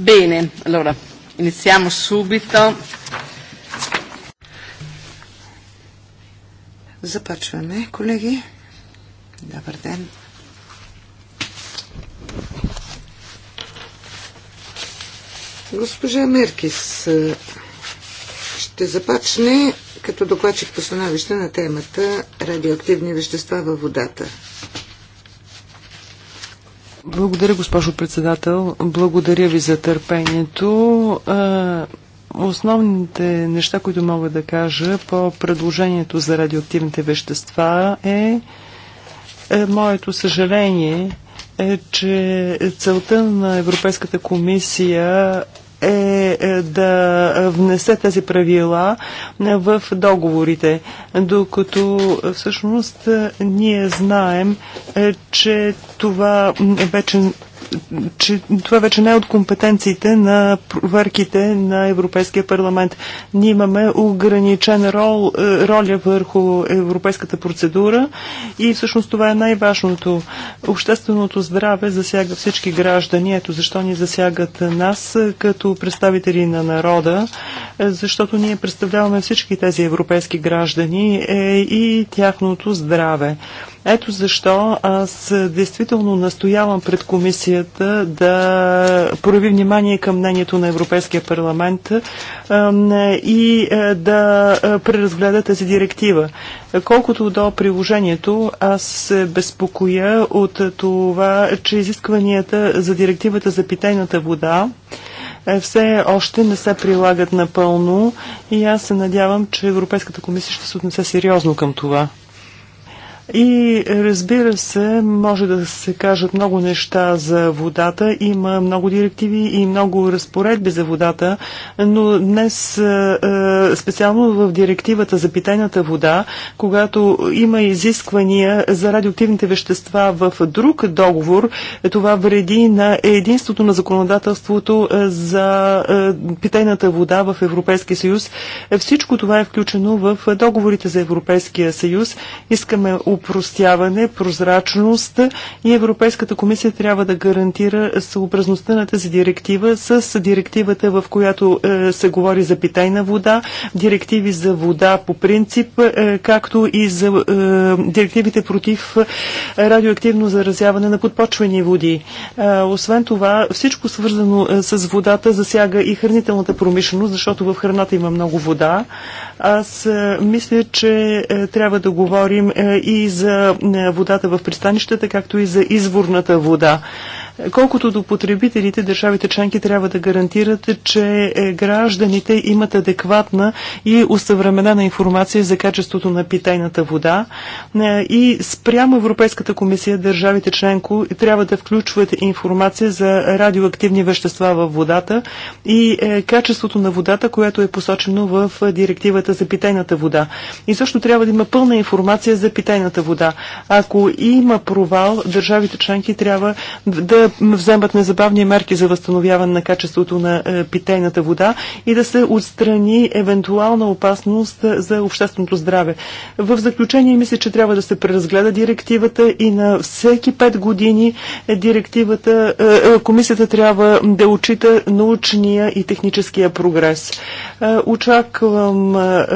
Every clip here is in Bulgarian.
Bene, allora iniziamo subito. Започваме, колеги. Da partendo. Госпожа Меркис ще започне като докладчик по становище на темата радиоактивни вещества във водата. Благодаря, госпожо председател. Благодаря ви за търпението. Основните неща, които мога да кажа по предложението за радиоактивните вещества е, е моето съжаление е, че целта на Европейската комисия е, е да внесе тези правила в договорите, докато е, всъщност е, ние знаем, че това вече че това вече не е от компетенциите на проверките на Европейския парламент. Ние имаме ограничен рол, е, роля върху европейската процедура и всъщност това е най-важното. Общественото здраве засяга всички граждани. Ето защо ни засягат нас като представители на народа, е, защото ние представляваме всички тези европейски граждани е, и тяхното здраве. Ето защо аз действително настоявам пред комисията да прояви внимание към мнението на Европейския парламент и е, да е, преразгледа тази директива. Колкото до приложението, аз се безпокоя от това, че изискванията за директивата за питейната вода е, все още не се прилагат напълно и аз се надявам, че Европейската комисия ще се отнесе сериозно към това. И разбира се, може да се кажат много неща за водата. Има много директиви и много разпоредби за водата, но днес е, е, специално в директивата за питейната вода, когато има изисквания за радиоактивните вещества в друг договор, това вреди на единството на законодателството е, за питейната вода в Европейския съюз. Всичко това е включено в договорите за Европейския съюз. Искаме упростяване, прозрачност и Европейската комисия трябва да гарантира съобразността на тази директива с директивата, в която е, се говори за питайна вода, директиви за вода по принцип, е, както и за е, директивите против радиоактивно заразяване на подпочвени води. Освен това, всичко свързано с водата засяга и хранителната промишленост, защото в храната има много вода. Аз е, мисля, че е, трябва да говорим е, и за водата в пристанищата, както и за изворната вода. Колкото до потребителите, държавите членки трябва да гарантират, че е, гражданите имат адекватна и усъвременена информация за качеството на питайната вода. Е, и спрямо Европейската комисия, държавите членко трябва да включват информация за радиоактивни вещества в водата и е, качеството на водата, което е посочено в директивата за питайната вода. И също трябва да има пълна информация за питайната вода. Ако има провал, държавите членки трябва да вземат незабавни мерки за възстановяване на качеството на е, питейната вода и да се отстрани евентуална опасност е, за общественото здраве. В заключение мисля, че трябва да се преразгледа директивата и на всеки 5 години е, директивата, комисията трябва да отчита научния и техническия прогрес. Очаквам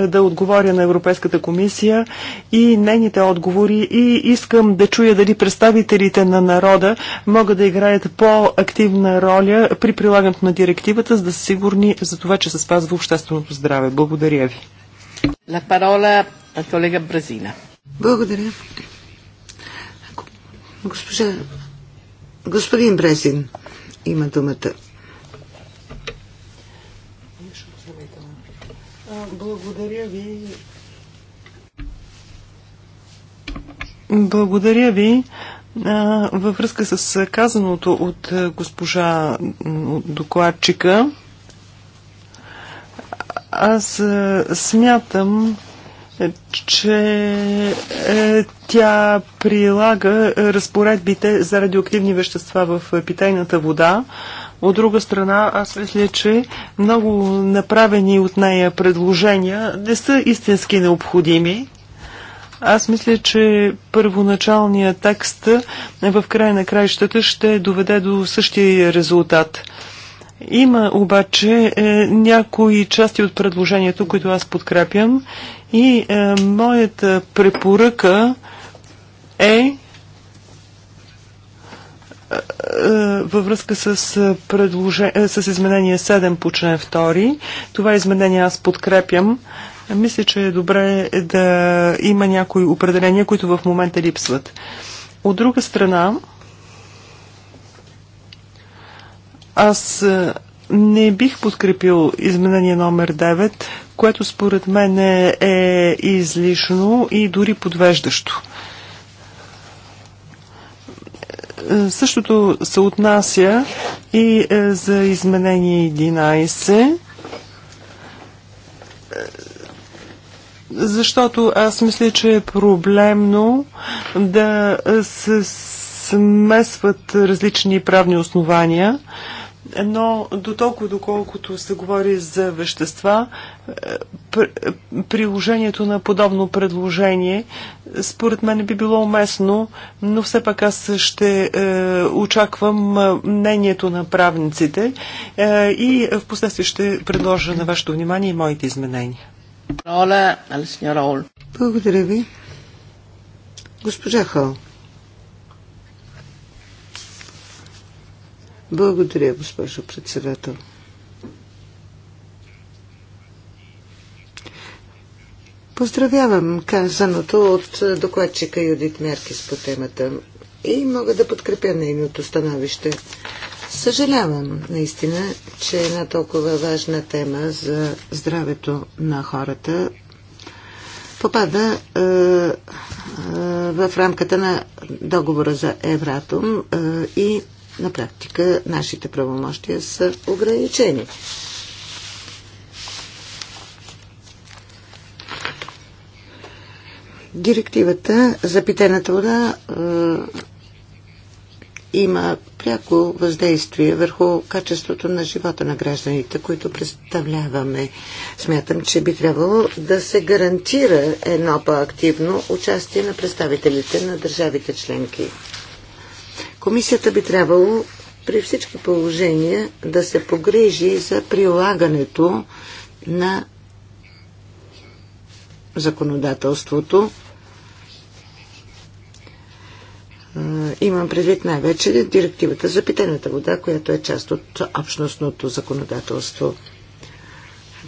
да отговоря на Европейската комисия и нейните отговори и искам да чуя дали представителите на народа могат да играят по-активна роля при прилагането на директивата, за да са сигурни за това, че се спазва общественото здраве. Благодаря ви. La parola колега collega Благодаря. Госпожа... Господин Брезин има думата. Благодаря ви. Благодаря ви. Във връзка с казаното от госпожа докладчика, аз смятам, че е, тя прилага разпоредбите за радиоактивни вещества в питейната вода. От друга страна, аз мисля, че много направени от нея предложения не са истински необходими. Аз мисля, че първоначалният текст в края на краищата ще доведе до същия резултат. Има обаче е, някои части от предложението, които аз подкрепям и е, моята препоръка е, е във връзка с, е, предложение, с изменение 7 по член 2. Това изменение аз подкрепям. Мисля, че е добре да има някои определения, които в момента липсват. От друга страна, аз е, не бих подкрепил изменение номер 9, което според мен е излишно и дори подвеждащо. Е, същото се отнася и е, за изменение 11 защото аз мисля, че е проблемно да се смесват различни правни основания но до толкова доколкото се говори за вещества, е, приложението на подобно предложение според мен би било уместно, но все пак аз ще е, очаквам е, мнението на правниците е, и в последствие ще предложа на вашето внимание и моите изменения. Благодаря ви. Госпожа Хол. Благодаря, госпожо председател. Поздравявам казаното от докладчика Юдит Меркис по темата и мога да подкрепя нейното становище. Съжалявам наистина, че е една толкова важна тема за здравето на хората попада е, е, в рамката на договора за Евратум е, и на практика нашите правомощия са ограничени. Директивата за питената вода е, има пряко въздействие върху качеството на живота на гражданите, които представляваме. Смятам, че би трябвало да се гарантира едно по-активно участие на представителите на държавите членки. Комисията би трябвало при всички положения да се погрижи за прилагането на законодателството Имам предвид най-вече директивата за питената вода, която е част от общностното законодателство.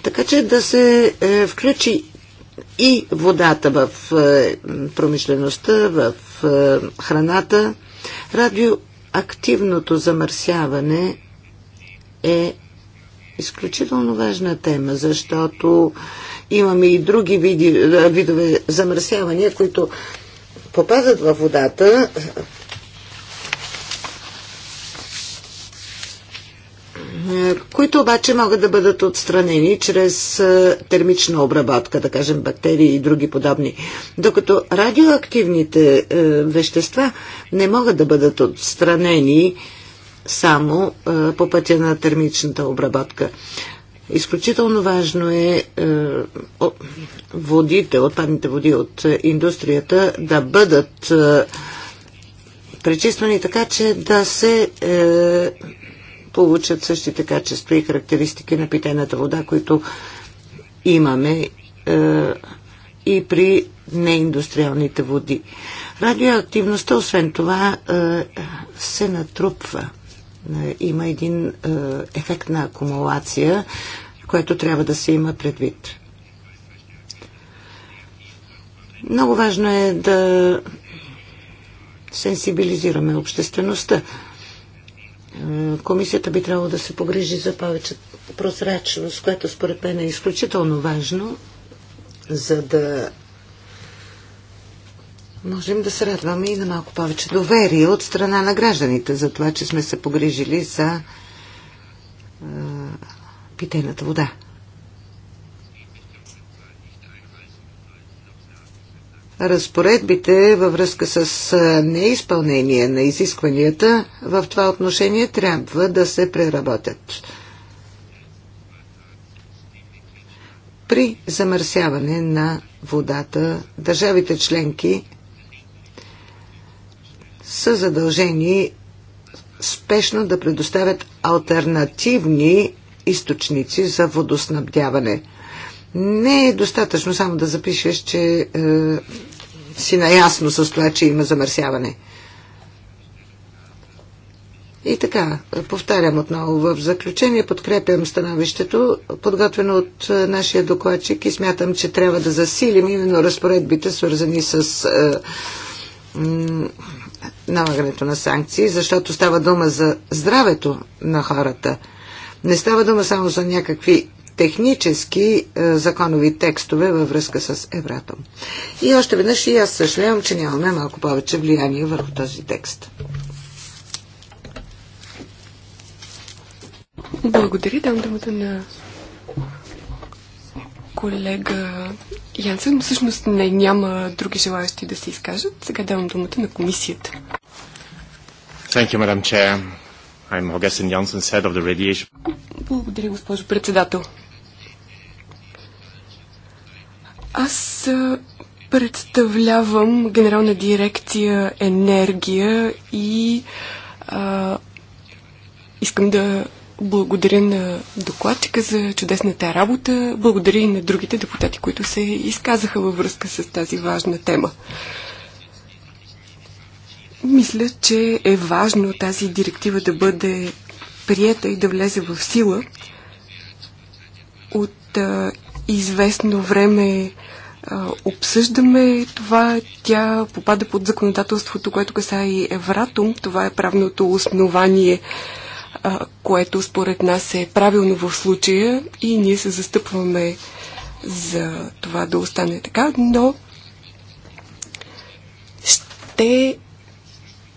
Така че да се е, включи и водата в е, промишлеността, в е, храната. Радиоактивното замърсяване е изключително важна тема, защото имаме и други види, видове замърсявания, които попадат във водата, които обаче могат да бъдат отстранени чрез термична обработка, да кажем бактерии и други подобни. Докато радиоактивните вещества не могат да бъдат отстранени само по пътя на термичната обработка. Изключително важно е, е водите, отпадните води от е, индустрията да бъдат е, пречиствани така, че да се е, получат същите качества и характеристики на питейната вода, които имаме е, и при неиндустриалните води. Радиоактивността, освен това, е, се натрупва е, има един е, ефект на акумулация, което трябва да се има предвид. Много важно е да сенсибилизираме обществеността. Е, комисията би трябвало да се погрижи за повече прозрачност, което според мен е изключително важно, за да можем да се радваме и на малко повече доверие от страна на гражданите за това, че сме се погрижили за е, питейната вода. Разпоредбите във връзка с неизпълнение на изискванията в това отношение трябва да се преработят. При замърсяване на водата държавите членки са задължени спешно да предоставят альтернативни източници за водоснабдяване. Не е достатъчно само да запишеш, че е, си наясно с това, че има замърсяване. И така, повтарям отново в заключение, подкрепям становището, подготвено от е, нашия докладчик и смятам, че трябва да засилим именно разпоредбите, свързани с е, налагането на санкции, защото става дума за здравето на хората. Не става дума само за някакви технически е, законови текстове във връзка с Евратом. И още веднъж и аз съжалявам, че нямаме малко повече влияние върху този текст. Благодаря. Дам думата на колега Янсен. Всъщност не, няма други желаящи да се изкажат. Сега давам думата на комисията. Thank you, Madam Chair. I'm Augustin Janssen, head of the radiation. Благодаря, госпожо председател. Аз представлявам Генерална дирекция енергия и а, искам да благодаря на докладчика за чудесната работа. Благодаря и на другите депутати, които се изказаха във връзка с тази важна тема. Мисля, че е важно тази директива да бъде приета и да влезе в сила. От а, известно време а, обсъждаме това. Тя попада под законодателството, което касае и Евратум. Това е правното основание а, което според нас е правилно в случая и ние се застъпваме за това да остане така, но ще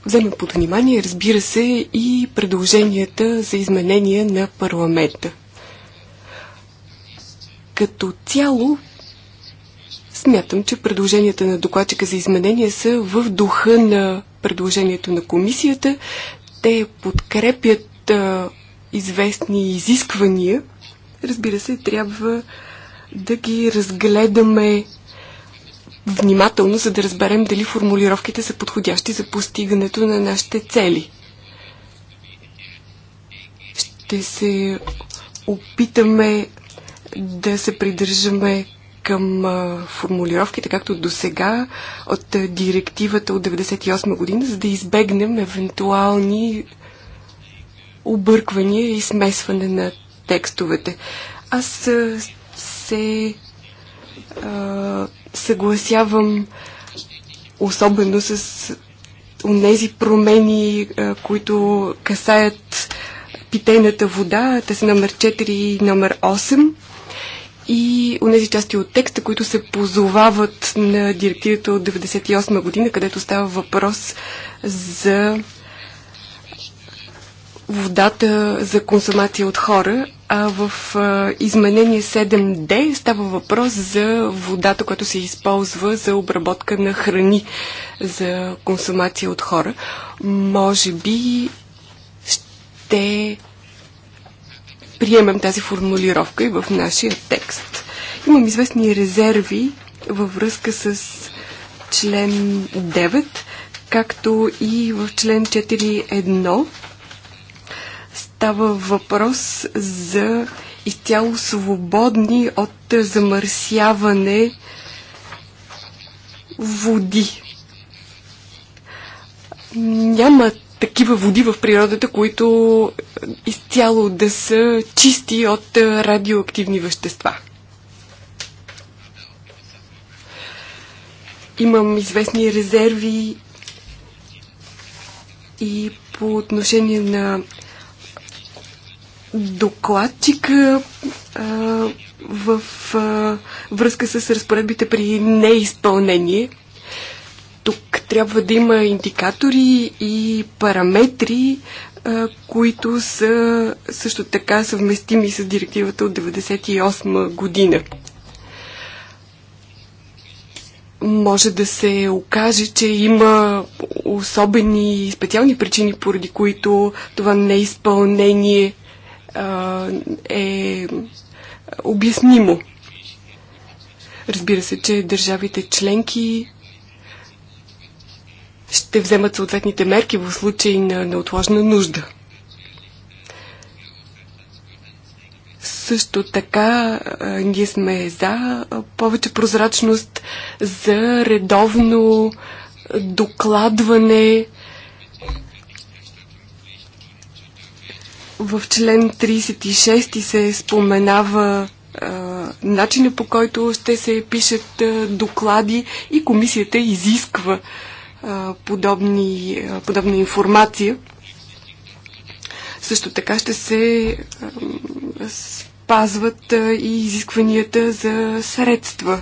вземем под внимание, разбира се, и предложенията за изменения на парламента. Като цяло, смятам, че предложенията на докладчика за изменения са в духа на предложението на комисията. Те подкрепят а, известни изисквания, разбира се, трябва да ги разгледаме внимателно, за да разберем дали формулировките са подходящи за постигането на нашите цели. Ще се опитаме да се придържаме към формулировките, както до сега, от директивата от 1998 година, за да избегнем евентуални обърквания и смесване на текстовете. Аз се а, съгласявам особено с тези промени, а, които касаят питейната вода. тези са номер 4 и номер 8 и онези части от текста, които се позовават на директивата от 1998 година, където става въпрос за водата за консумация от хора, а в а, изменение 7D става въпрос за водата, която се използва за обработка на храни за консумация от хора. Може би ще приемем тази формулировка и в нашия текст. Имам известни резерви във връзка с член 9, както и в член Става въпрос за изцяло свободни от замърсяване води. Няма такива води в природата, които изцяло да са чисти от радиоактивни вещества. Имам известни резерви и по отношение на Докладчик а, в а, връзка с разпоредбите при неизпълнение. Тук трябва да има индикатори и параметри, а, които са също така съвместими с директивата от 1998 година. Може да се окаже, че има особени специални причини, поради които това неизпълнение е обяснимо. Разбира се, че държавите членки ще вземат съответните мерки в случай на неотложна нужда. Също така ние сме за повече прозрачност, за редовно докладване В член 36 се споменава начина по който ще се пишат доклади и комисията изисква подобни, подобна информация. Също така ще се спазват и изискванията за средства.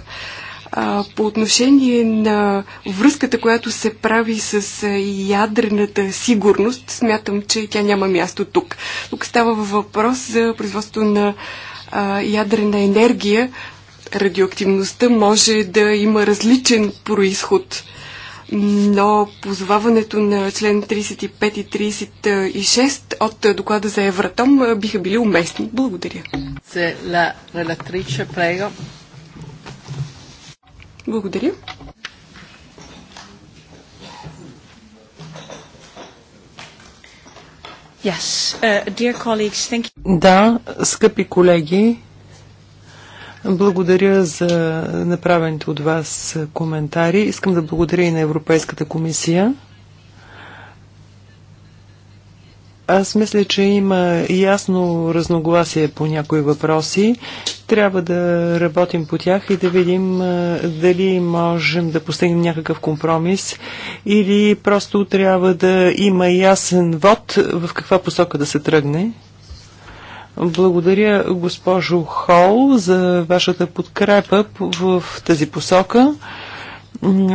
А, по отношение на връзката, която се прави с ядрената сигурност, смятам, че тя няма място тук. Тук става въпрос за производство на а, ядрена енергия. Радиоактивността може да има различен происход но позоваването на член 35 и 36 от доклада за Евратом биха били уместни. Благодаря. Благодаря. Yes. Uh, да, скъпи колеги, благодаря за направените от вас коментари. Искам да благодаря и на Европейската комисия. Аз мисля, че има ясно разногласие по някои въпроси. Трябва да работим по тях и да видим дали можем да постигнем някакъв компромис или просто трябва да има ясен вод в каква посока да се тръгне. Благодаря, госпожо Хол, за вашата подкрепа в тази посока.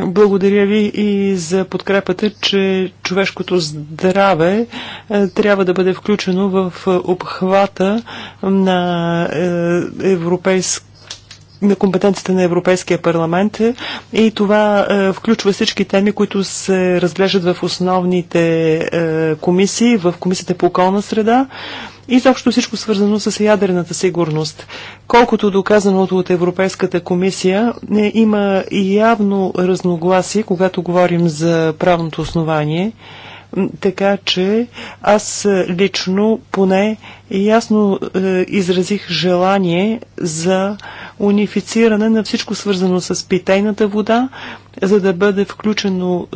Благодаря ви и за подкрепата, че човешкото здраве е, трябва да бъде включено в е, обхвата на е, европейска на компетенцията на Европейския парламент и това е, включва всички теми, които се разглеждат в основните е, комисии, в Комисията по околна среда. Е, и изобщо всичко свързано с ядрената сигурност. Колкото доказаното от Европейската комисия, е, има явно разногласие, когато говорим за правното основание. Така че аз е, лично поне ясно е, изразих желание за унифициране на всичко свързано с питейната вода, за да бъде включено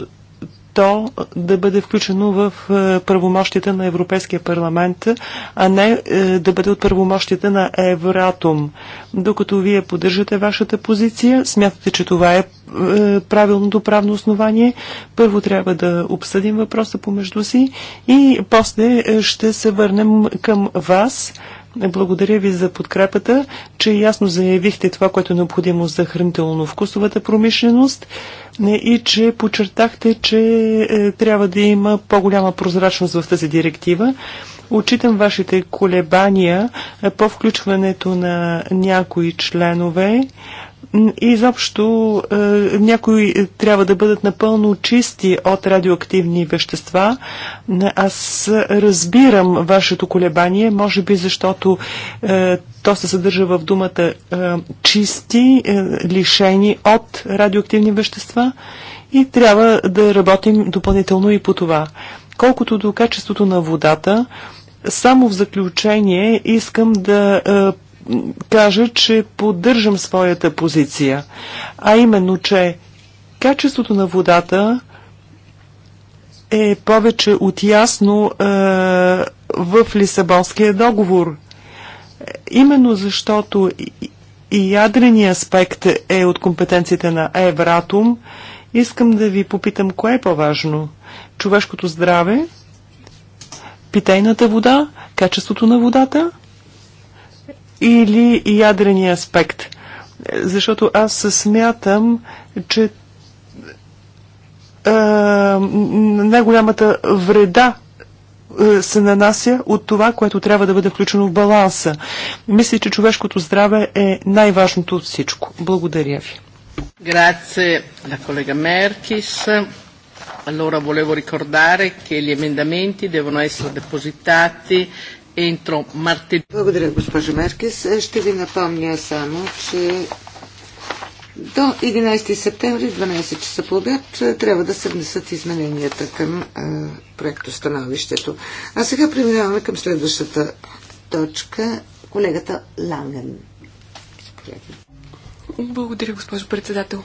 то да бъде включено в е, правомощите на Европейския парламент, а не е, да бъде от правомощите на Евратом. Докато вие поддържате вашата позиция, смятате, че това е, е правилното правно основание, първо трябва да обсъдим въпроса помежду си и после ще се върнем към вас е, благодаря ви за подкрепата, че ясно заявихте това, което е необходимо за хранително-вкусовата промишленост е, и че подчертахте, че е, трябва да има по-голяма прозрачност в тази директива. Отчитам вашите колебания по включването на някои членове изобщо е, някои трябва да бъдат напълно чисти от радиоактивни вещества. Аз разбирам вашето колебание, може би защото е, то се съдържа в думата е, чисти, лишени от радиоактивни вещества и трябва да работим допълнително и по това. Колкото до качеството на водата, само в заключение искам да кажа, че поддържам своята позиция, а именно, че качеството на водата е повече от ясно е, в Лисабонския договор. Именно защото и ядрения аспект е от компетенциите на Евратум, искам да ви попитам кое е по-важно. Човешкото здраве, питейната вода, качеството на водата – или ядрения аспект. Защото аз смятам, че е, най-голямата вреда е, се нанася от това, което трябва да бъде включено в баланса. Мисля, че човешкото здраве е най-важното от всичко. Благодаря ви. Grazie alla collega Merkis. Allora volevo ricordare che gli emendamenti devono essere depositati благодаря, госпожо Меркес. Е, ще ви напомня само, че до 11 септември, 12 часа по обяд, е, трябва да се внесат измененията към а, е, проектостановището. А сега преминаваме към следващата точка. Колегата Ланген. Благодаря, госпожо председател.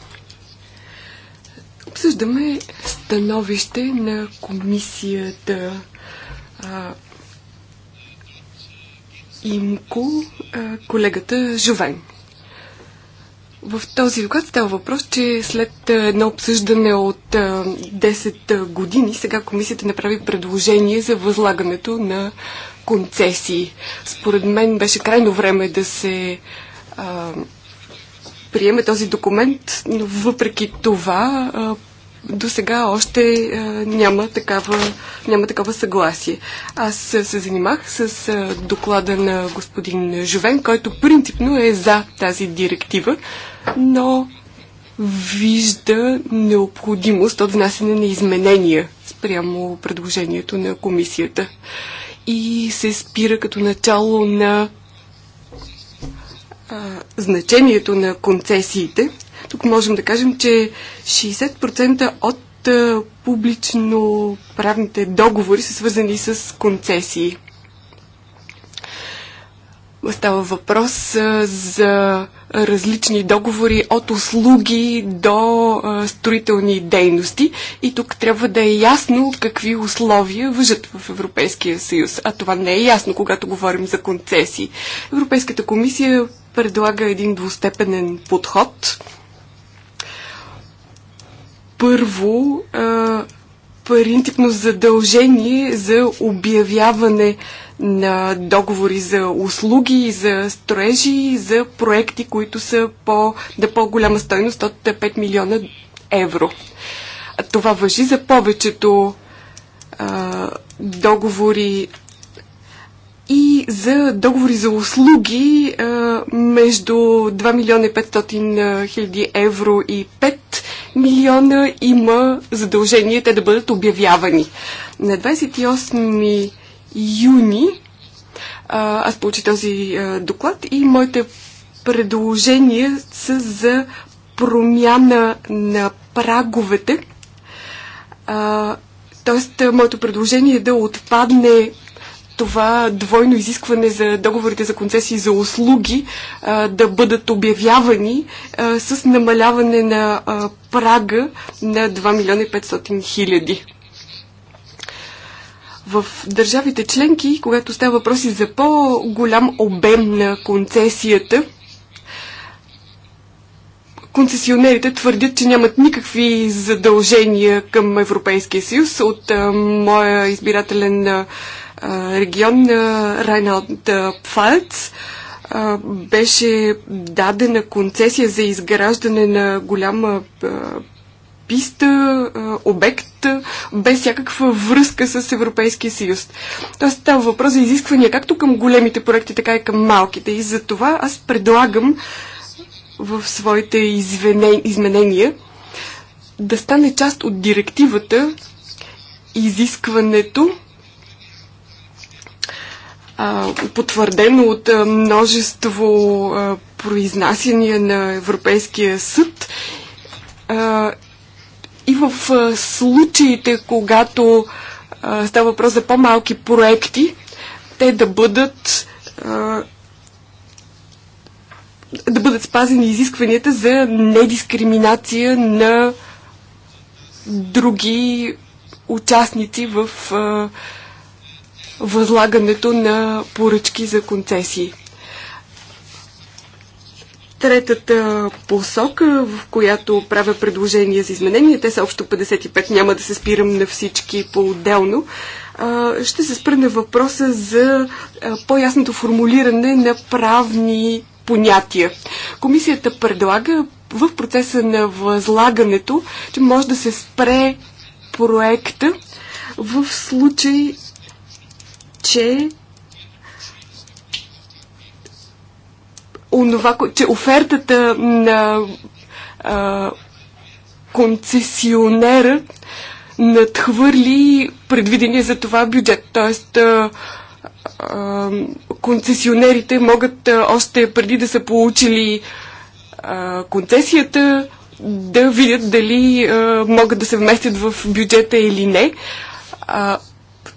Обсъждаме становище на комисията а, ИМКО колегата Жовен. В този доклад става въпрос, че след едно обсъждане от 10 години, сега комисията направи предложение за възлагането на концесии. Според мен беше крайно време да се а, приеме този документ, но въпреки това а, до сега още а, е, няма, такава, няма такава съгласие. Аз се занимах с а, е, доклада на господин Жовен, който принципно е за тази директива, но вижда необходимост от внасяне на изменения спрямо предложението на комисията. И се спира като начало на а, значението на концесиите – тук можем да кажем, че 60% от публично правните договори са свързани с концесии. Става въпрос за различни договори от услуги до строителни дейности и тук трябва да е ясно какви условия въжат в Европейския съюз, а това не е ясно, когато говорим за концесии. Европейската комисия предлага един двустепенен подход – първо, принципно задължение за обявяване на договори за услуги, за строежи, за проекти, които са по, да по-голяма стойност от 5 милиона евро. Това въжи за повечето а, договори и за договори за услуги а, между 2 милиона и 500 хиляди евро и 5 милиона има задължение те да бъдат обявявани. На 28 юни а, аз получи този а, доклад и моите предложения са за промяна на праговете. Тоест, моето предложение е да отпадне това двойно изискване за договорите за концесии за услуги а, да бъдат обявявани а, с намаляване на а, прага на 2 милиона и 500 хиляди. В държавите членки, когато става въпроси за по-голям обем на концесията, концесионерите твърдят, че нямат никакви задължения към Европейския съюз. От а, моя избирателен а, регион на Райналд-Пфалц беше дадена концесия за изграждане на голяма писта, обект, без всякаква връзка с Европейския съюз. Тоест става въпрос за изисквания както към големите проекти, така и към малките. И за това аз предлагам в своите изменения да стане част от директивата изискването потвърдено от множество произнасяния на Европейския съд. И в случаите, когато става въпрос за по-малки проекти, те да бъдат да бъдат спазени изискванията за недискриминация на други участници в а, възлагането на поръчки за концесии. Третата посока, в която правя предложения за изменения, те са общо 55, няма да се спирам на всички по-отделно, ще се спра на въпроса за по-ясното формулиране на правни понятия. Комисията предлага в процеса на възлагането, че може да се спре проекта в случай, че онова, че офертата на а, концесионера надхвърли предвидения за това бюджет. Тоест, а, а, концесионерите могат а, още преди да са получили а, концесията да видят дали а, могат да се вместят в бюджета или не. А,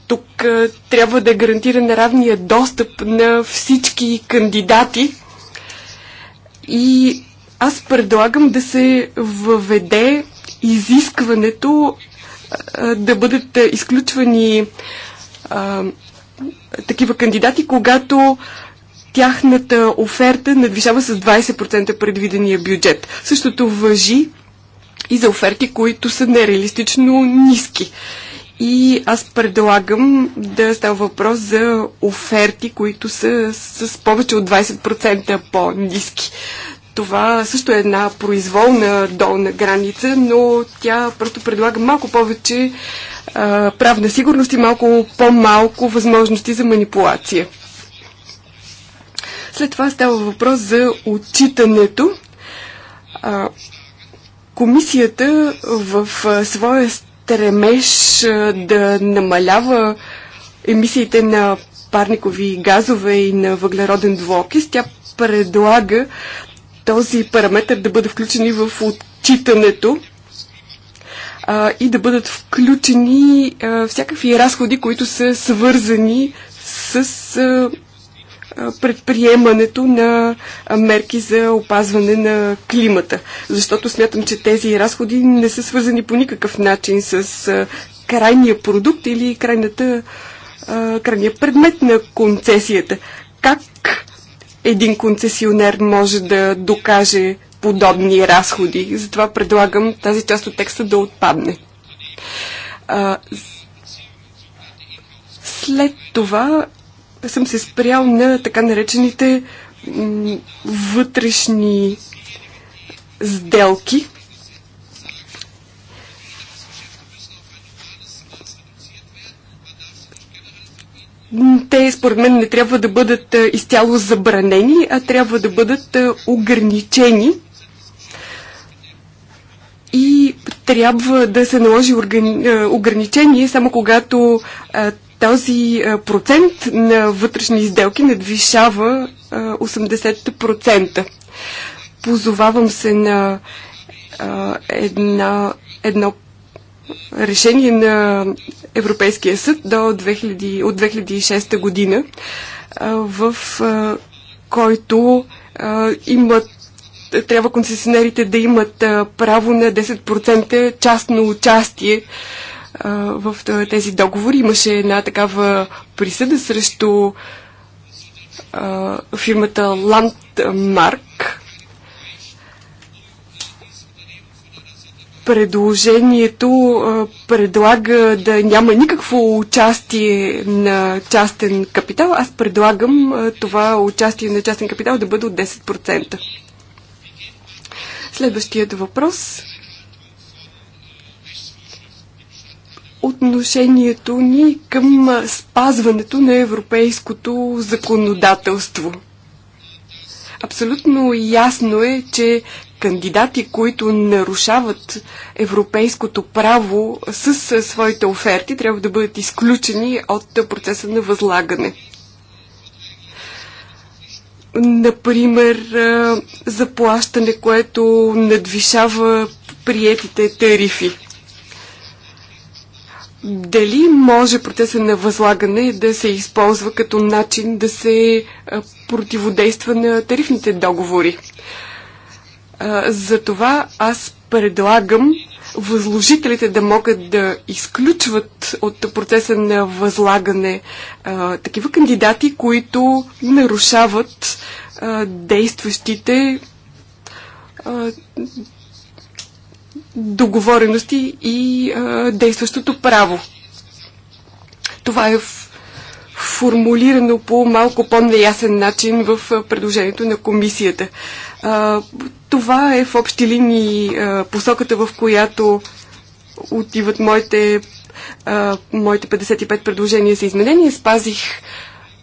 тук а, трябва да е гарантиран равния достъп на всички кандидати. И аз предлагам да се въведе изискването а, да бъдат изключвани а, такива кандидати, когато тяхната оферта надвишава с 20% предвидения бюджет. Същото въжи и за оферти, които са нереалистично ниски. И аз предлагам да става въпрос за оферти, които са с повече от 20% по-низки. Това също е една произволна долна граница, но тя просто предлага малко повече а, правна сигурност и малко по-малко възможности за манипулация. След това става въпрос за отчитането. А, комисията в а, своя стремеж да намалява емисиите на парникови газове и на въглероден двуокис, тя предлага този параметр да бъде включен и в отчитането а, и да бъдат включени а, всякакви разходи, които са свързани с а, предприемането на мерки за опазване на климата. Защото смятам, че тези разходи не са свързани по никакъв начин с крайния продукт или крайната, крайния предмет на концесията. Как един концесионер може да докаже подобни разходи? Затова предлагам тази част от текста да отпадне. След това съм се спрял на така наречените вътрешни сделки. Те, според мен, не трябва да бъдат е, изцяло забранени, а трябва да бъдат е, ограничени и трябва да се наложи органи... Е, ограничение само когато а, този е, процент на вътрешни изделки надвишава 80%. Е, Позовавам се на е, една, едно решение на Европейския съд до 2000, от 2006 година, в който имат трябва концесионерите да имат право на 10% частно участие в тези договори. Имаше една такава присъда срещу фирмата Landmark. Предложението предлага да няма никакво участие на частен капитал. Аз предлагам това участие на частен капитал да бъде от 10%. Следващият въпрос отношението ни към спазването на европейското законодателство. Абсолютно ясно е, че кандидати, които нарушават европейското право с своите оферти, трябва да бъдат изключени от процеса на възлагане. Например, заплащане, което надвишава приетите тарифи. Дали може процеса на възлагане да се използва като начин да се противодейства на тарифните договори? За това аз предлагам възложителите да могат да изключват от процеса на възлагане такива кандидати, които нарушават действащите договорености и а, действащото право. Това е формулирано по малко по-неясен начин в предложението на комисията. А, това е в общи линии а, посоката, в която отиват моите, а, моите 55 предложения за изменения. Спазих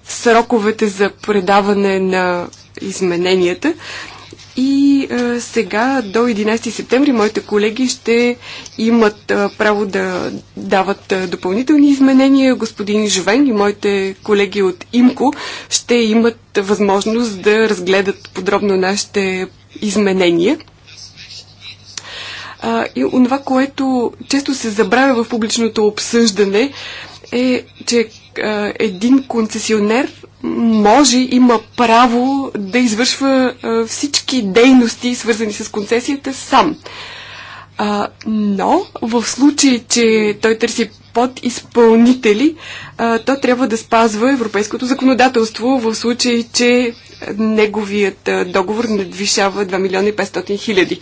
сроковете за предаване на измененията. И а, е, сега до 11 септември моите колеги ще имат а, е, право да дават а, е, допълнителни изменения. Господин Жовен и моите колеги от ИМКО ще имат възможност да разгледат подробно нашите изменения. А, и онова, което често се забравя в публичното обсъждане, е, че е, един концесионер може, има право да извършва е, всички дейности, свързани с концесията, сам. но в случай, че той търси подизпълнители, то трябва да спазва европейското законодателство в случай, че неговият е, договор надвишава 2 милиона и 500 хиляди.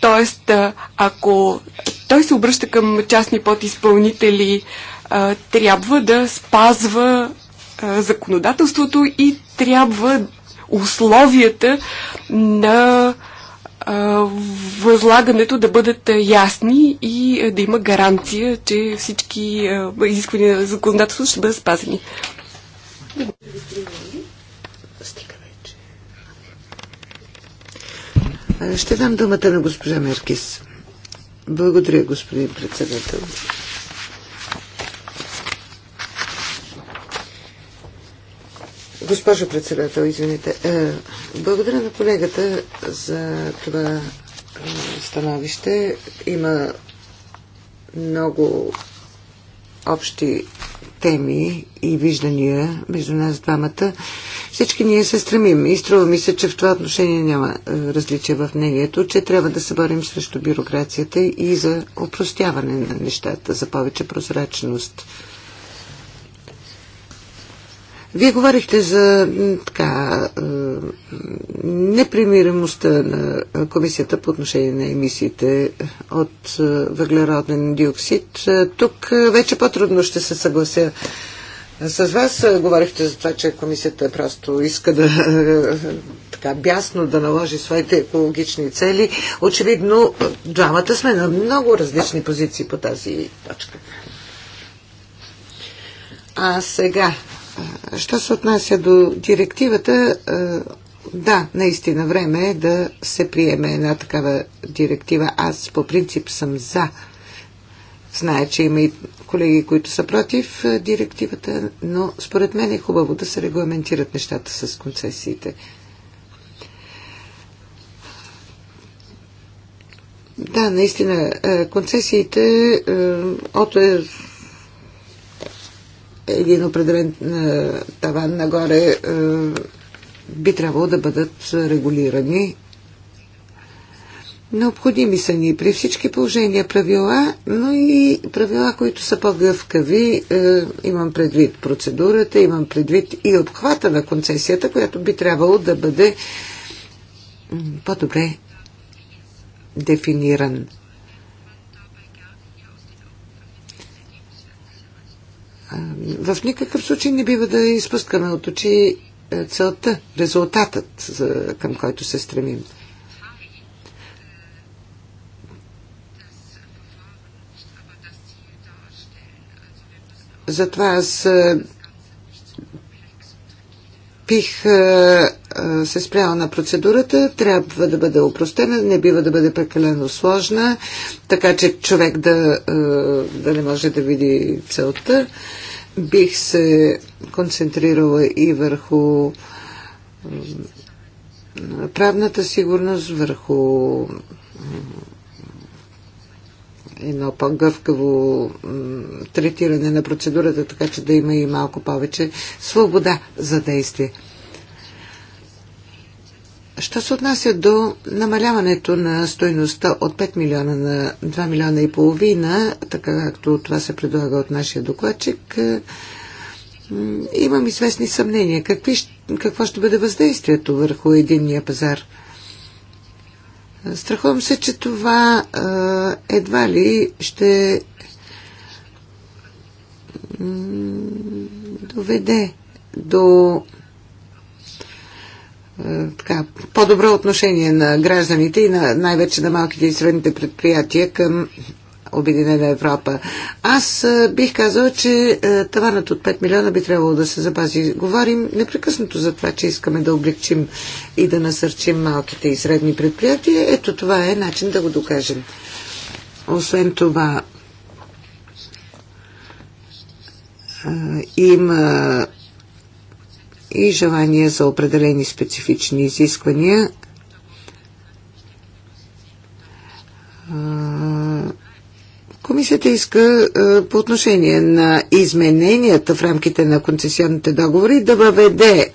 Тоест, ако той се обръща към частни подизпълнители, а, трябва да спазва а, законодателството и трябва условията на а, възлагането да бъдат ясни и да има гаранция, че всички изисквания на законодателството ще бъдат спазени. Ще дам думата на госпожа Меркис. Благодаря, господин председател. Госпожо председател, извинете. Е, благодаря на колегата за това е, становище. Има много общи теми и виждания между нас двамата. Всички ние се стремим и струва ми се, че в това отношение няма е, различия в мнението, че трябва да се борим срещу бюрокрацията и за опростяване на нещата, за повече прозрачност. Вие говорихте за така, е, непримиримостта на комисията по отношение на емисиите от е, въглероден диоксид. Е, тук вече по-трудно ще се съглася с вас. Говорихте за това, че комисията просто иска да така бясно да наложи своите екологични цели. Очевидно, двамата сме на много различни позиции по тази точка. А сега Що се отнася до директивата, е, да, наистина време е да се приеме една такава директива. Аз по принцип съм за. Зная, че има и колеги, които са против е, директивата, но според мен е хубаво да се регламентират нещата с концесиите. Да, наистина, е, концесиите от един определен е, таван нагоре е, би трябвало да бъдат регулирани. Необходими са ни при всички положения правила, но и правила, които са по-гъвкави. Е, имам предвид процедурата, имам предвид и обхвата на концесията, която би трябвало да бъде по-добре дефиниран. В никакъв случай не бива да изпускаме от очи е, целта, резултатът, към който се стремим. Затова аз е, бих е, се спряла на процедурата. Трябва да бъде опростена, не бива да бъде прекалено сложна, така че човек да, да не може да види целта бих се концентрирала и върху правната сигурност, върху едно по-гъвкаво третиране на процедурата, така че да има и малко повече свобода за действие. Що се отнася до намаляването на стойността от 5 милиона на 2 милиона и половина, така както това се предлага от нашия докладчик, е, имам известни съмнения. Какви, какво ще бъде въздействието върху единния пазар? Страхувам се, че това е, едва ли ще доведе до е, така, по-добро отношение на гражданите и на, най-вече на малките и средните предприятия към Обединена Европа. Аз е, бих казала, че е, таванът от 5 милиона би трябвало да се запази. Говорим непрекъснато за това, че искаме да облегчим и да насърчим малките и средни предприятия. Ето това е начин да го докажем. Освен това, има и желание за определени специфични изисквания. Комисията иска по отношение на измененията в рамките на концесионните договори да въведе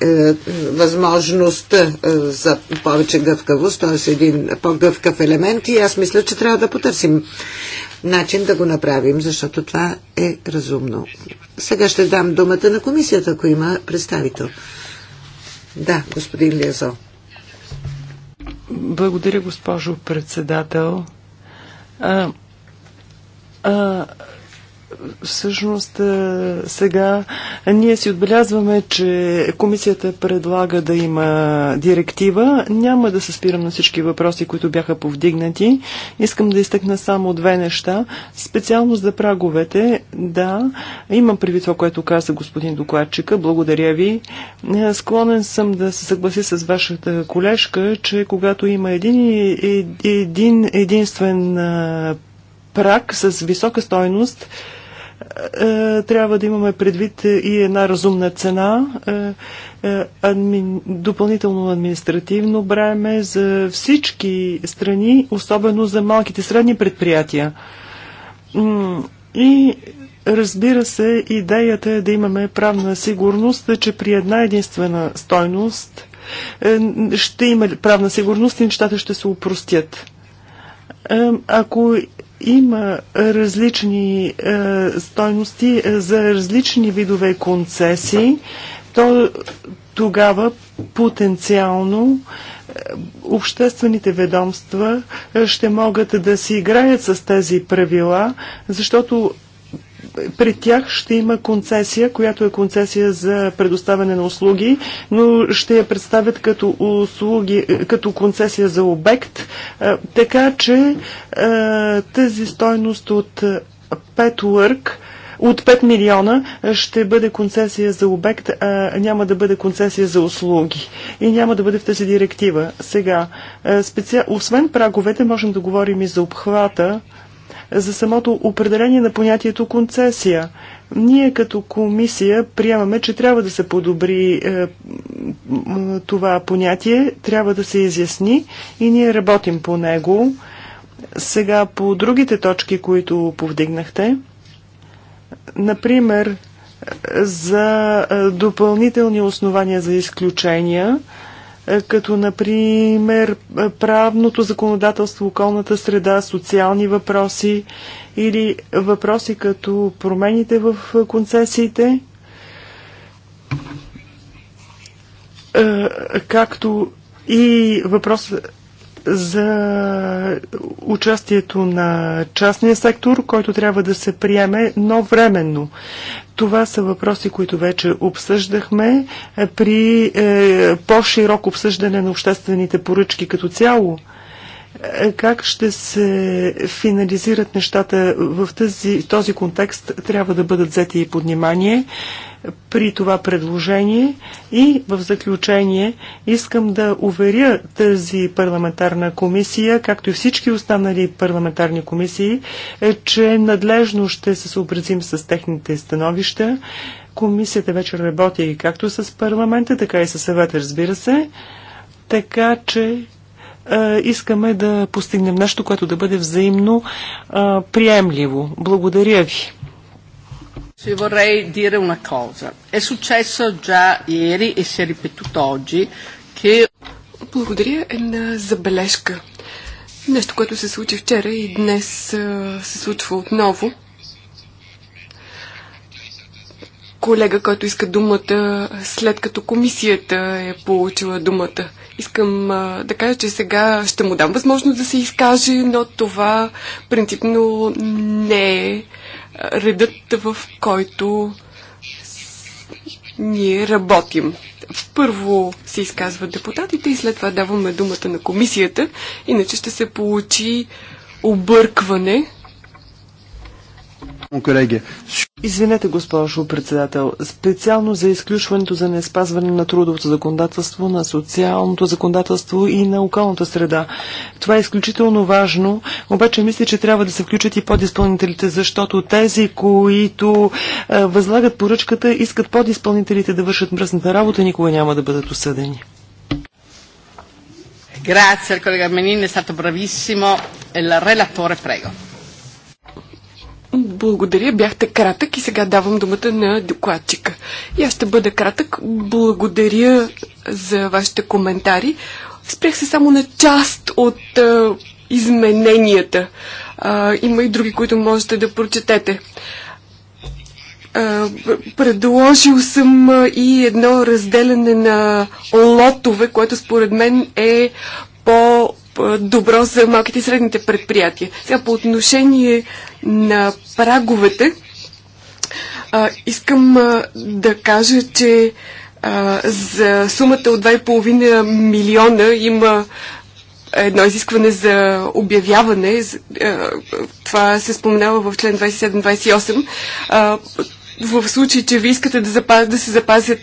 възможността за повече гъвкавост, т.е. един по-гъвкав елемент и аз мисля, че трябва да потърсим начин да го направим, защото това е разумно. Сега ще дам думата на комисията, ако има представител. Да, господин Лязо. Благодаря, госпожо председател. А, а, Всъщност е, сега ние си отбелязваме, че комисията предлага да има директива. Няма да се спирам на всички въпроси, които бяха повдигнати. Искам да изтъкна само две неща. Специално за праговете, да, имам предвид това, което каза господин докладчика. Благодаря ви. Е, склонен съм да се съгласи с вашата колежка, че когато има един, един единствен е, прак с висока стойност, е, трябва да имаме предвид и една разумна цена, е, е, допълнително административно бреме за всички страни, особено за малките средни предприятия. И разбира се, идеята е да имаме правна сигурност, че при една единствена стойност ще има правна сигурност и нещата ще се упростят ако има различни е, стойности е, за различни видове концесии. То тогава потенциално е, обществените ведомства е, ще могат да си играят с тези правила, защото при тях ще има концесия, която е концесия за предоставяне на услуги, но ще я представят като, услуги, като концесия за обект. Е, така че е, тази стойност от 5 лърк от 5 милиона е, ще бъде концесия за обект, а няма да бъде концесия за услуги. И няма да бъде в тази директива. Сега, специ... освен праговете, можем да говорим и за обхвата за самото определение на понятието концесия. Ние като комисия приемаме, че трябва да се подобри е, това понятие, трябва да се изясни и ние работим по него. Сега по другите точки, които повдигнахте, например за е, допълнителни основания за изключения, е, като например е, правното законодателство, околната среда, социални въпроси или въпроси като промените в концесиите, е, както и въпрос за участието на частния сектор, който трябва да се приеме, но временно. Това са въпроси, които вече обсъждахме е, при е, по-широко обсъждане на обществените поръчки като цяло. Как ще се финализират нещата в тази, този контекст трябва да бъдат взети и под внимание при това предложение и в заключение искам да уверя тази парламентарна комисия, както и всички останали парламентарни комисии, е, че надлежно ще се съобразим с техните становища. Комисията вече работи както с парламента, така и с съвета, разбира се. Така че е, искаме да постигнем нещо, което да бъде взаимно а, е, приемливо. Благодаря ви. Se vorrei dire una cosa. È successo già ieri e si è ripetuto oggi che... Благодаря една забележка. Нещо, което се случи вчера и днес е, се случва отново. колега, който иска думата, след като комисията е получила думата. Искам а, да кажа, че сега ще му дам възможност да се изкаже, но това принципно не е редът, в който ние работим. Първо се изказват депутатите и след това даваме думата на комисията, иначе ще се получи объркване Извинете, госпожо председател, специално за изключването за неспазване на трудовото законодателство, на социалното законодателство и на околната среда. Това е изключително важно, обаче мисля, че трябва да се включат и подизпълнителите, защото тези, които е, възлагат поръчката, искат подизпълнителите да вършат мръсната работа, никога няма да бъдат осъдени. Grazie al collega Menin, è stato bravissimo. Il e relatore, prego. Благодаря, бяхте кратък и сега давам думата на докладчика. И аз ще бъда кратък. Благодаря за вашите коментари. Спрях се само на част от а, измененията. А, има и други, които можете да прочетете. А, предложил съм и едно разделяне на лотове, което според мен е по добро за малките и средните предприятия. Сега по отношение на праговете, а, искам а, да кажа, че а, за сумата от 2,5 милиона има едно изискване за обявяване. Това се споменава в член 27-28. В случай, че ви искате да, запаз, да се запазят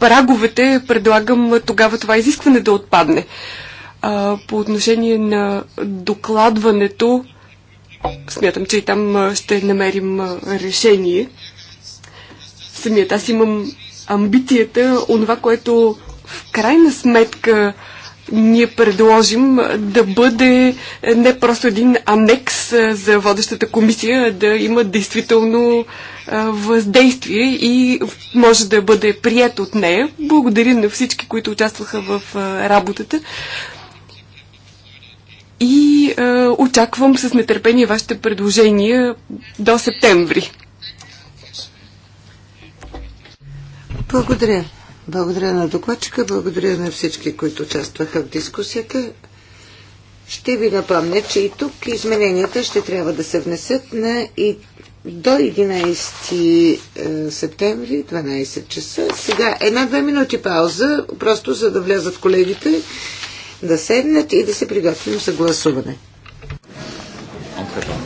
праговете, предлагам тогава това изискване да отпадне. А, по отношение на докладването, смятам, че и там ще намерим решение. Самият аз имам амбицията, онова, което в крайна сметка ние предложим да бъде не просто един анекс за водещата комисия, да има действително въздействие и може да бъде прият от нея. Благодаря на всички, които участваха в работата и е, очаквам с нетърпение вашите предложения до септември. Благодаря. Благодаря на докладчика, благодаря на всички, които участваха в дискусията. Ще ви напомня, че и тук измененията ще трябва да се внесат на и до 11 е, септември, 12 часа. Сега една-две минути пауза, просто за да влязат колегите да седнат и да се приготвим за гласуване. Okay.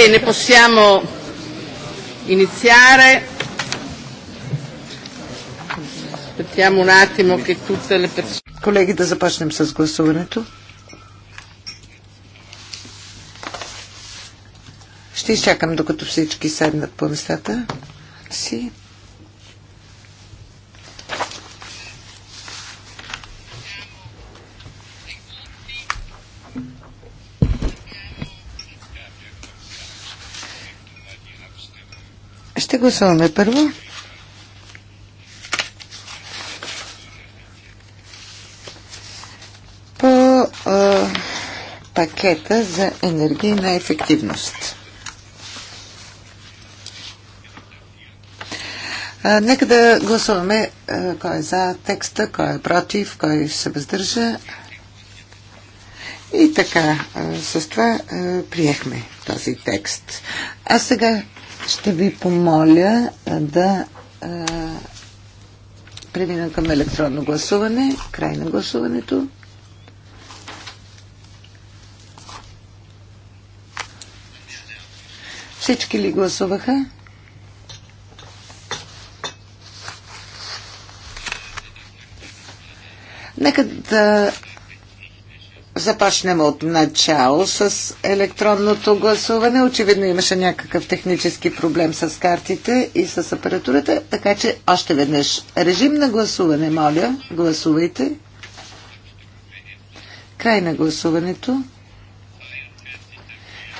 Bene, possiamo iniziare. Aspettiamo un attimo che tutte le persone. Colleghi, да започнем с гласуването. Ще изчакам докато всички седнат по местата. гласуваме първо. По а, пакета за енергийна ефективност. А, нека да гласуваме а, кой е за текста, кой е против, кой се въздържа. И така, с това приехме този текст. А сега ще ви помоля да а, премина към електронно гласуване. Край на гласуването. Всички ли гласуваха? Нека да започнем от начало с електронното гласуване. Очевидно имаше някакъв технически проблем с картите и с апаратурата, така че още веднъж режим на гласуване, моля, гласувайте. Край на гласуването.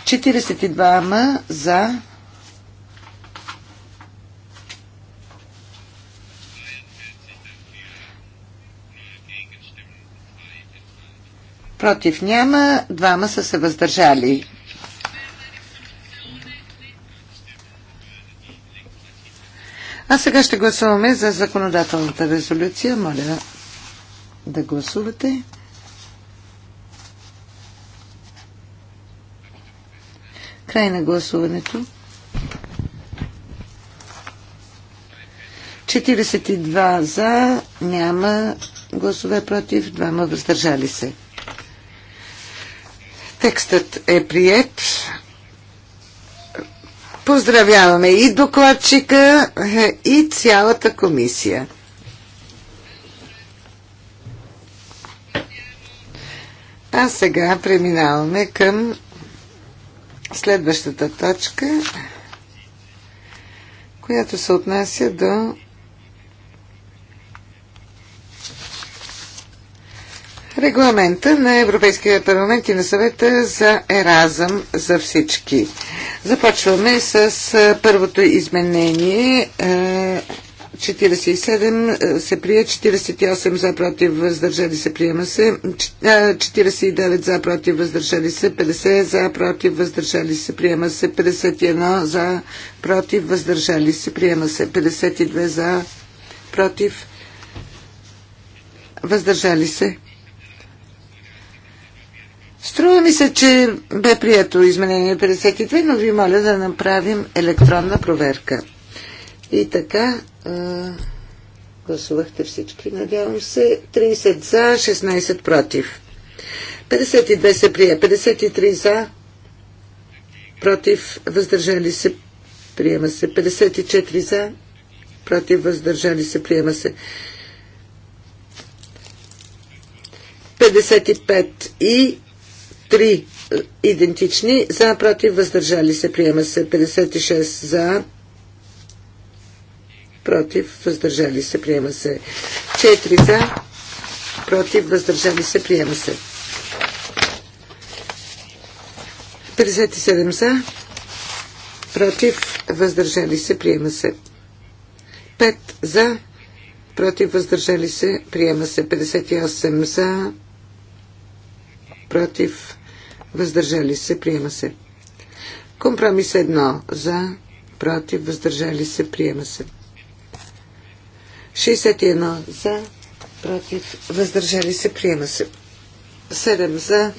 42 ма за против няма, двама са се въздържали. А сега ще гласуваме за законодателната резолюция. Моля да гласувате. Край на гласуването. 42 за, няма гласове против, двама въздържали се. Текстът е прият. Поздравяваме и докладчика, е, и цялата комисия. А сега преминаваме към следващата точка, която се отнася до регламента на Европейския парламент и на съвета за еразъм за всички. Започваме с първото изменение. 47 се прие, 48 за против въздържали се приема се, 49 за против въздържали се, 50 за против въздържали се приема се, 51 за против въздържали се приема се, 52 за против въздържали се Струва ми се, че бе прието изменение 52, но ви моля да направим електронна проверка. И така, гласувахте всички, надявам се, 30 за, 16 против. 52 се прие, 53 за, против, въздържали се, приема се. 54 за, против, въздържали се, приема се. 55 и 3 е, идентични, за, против, въздържали се, приема се 56 за, против, въздържали се, приема се 4 за, против, въздържали се, приема се 57 за, против, въздържали се, приема се 5 за, против, въздържали се, приема се 58 за, против, въздържали се, приема се. Компромис 1 за, против, въздържали се, приема се. 61 за, против, въздържали се, приема се. 7 за,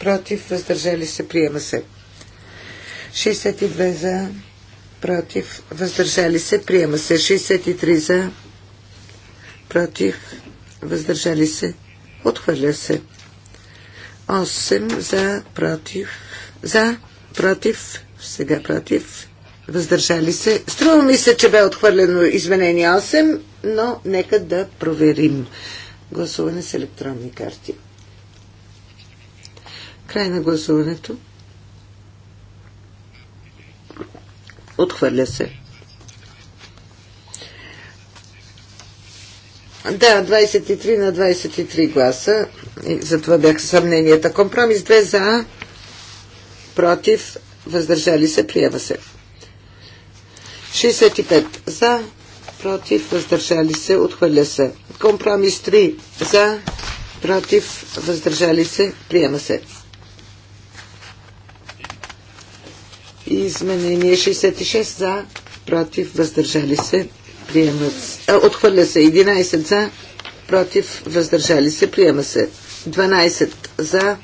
против, въздържали се, приема се. 62 за, против, въздържали се, приема се. 63 за, против, въздържали се, отхвърля се. 8 за против. За против. Сега против. Въздържали се. Струва ми се, че бе отхвърлено изменение 8, но нека да проверим. Гласуване с електронни карти. Край на гласуването. Отхвърля се. Да, 23 на 23 гласа. И затова бяха съмненията. Компромис 2 за, против, въздържали се, приема се. 65 за, против, въздържали се, отхвърля се. Компромис 3 за, против, въздържали се, приема се. Изменение 66 за, против, въздържали се, приема се, отхвърля се 11 за, против, въздържали се, приема се 12 за,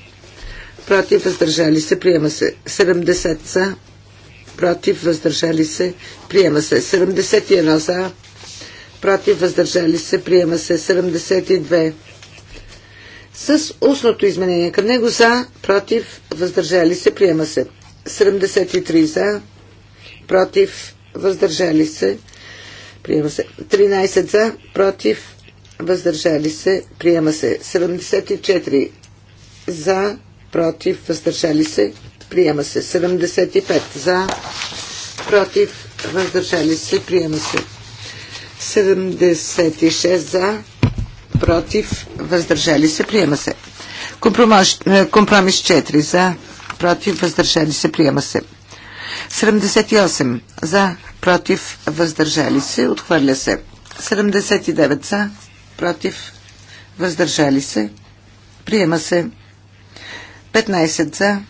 против, въздържали се, приема се 70 за, против, въздържали се, приема се 71 за, против, въздържали се, приема се 72 с устното изменение към него за, против, въздържали се, приема се 73 за, против, въздържали се, Приема се. 13 за, против, въздържали се. Приема се. 74 за, против, въздържали се. Приема се. 75 за, против, въздържали се. Приема се. 76 за, против, въздържали се. Приема се. Компромис, 4 е, за, против, въздържали се. Приема се. 78 за, против, въздържали се, отхвърля се. 79 за, против, въздържали се, приема се. 15 за,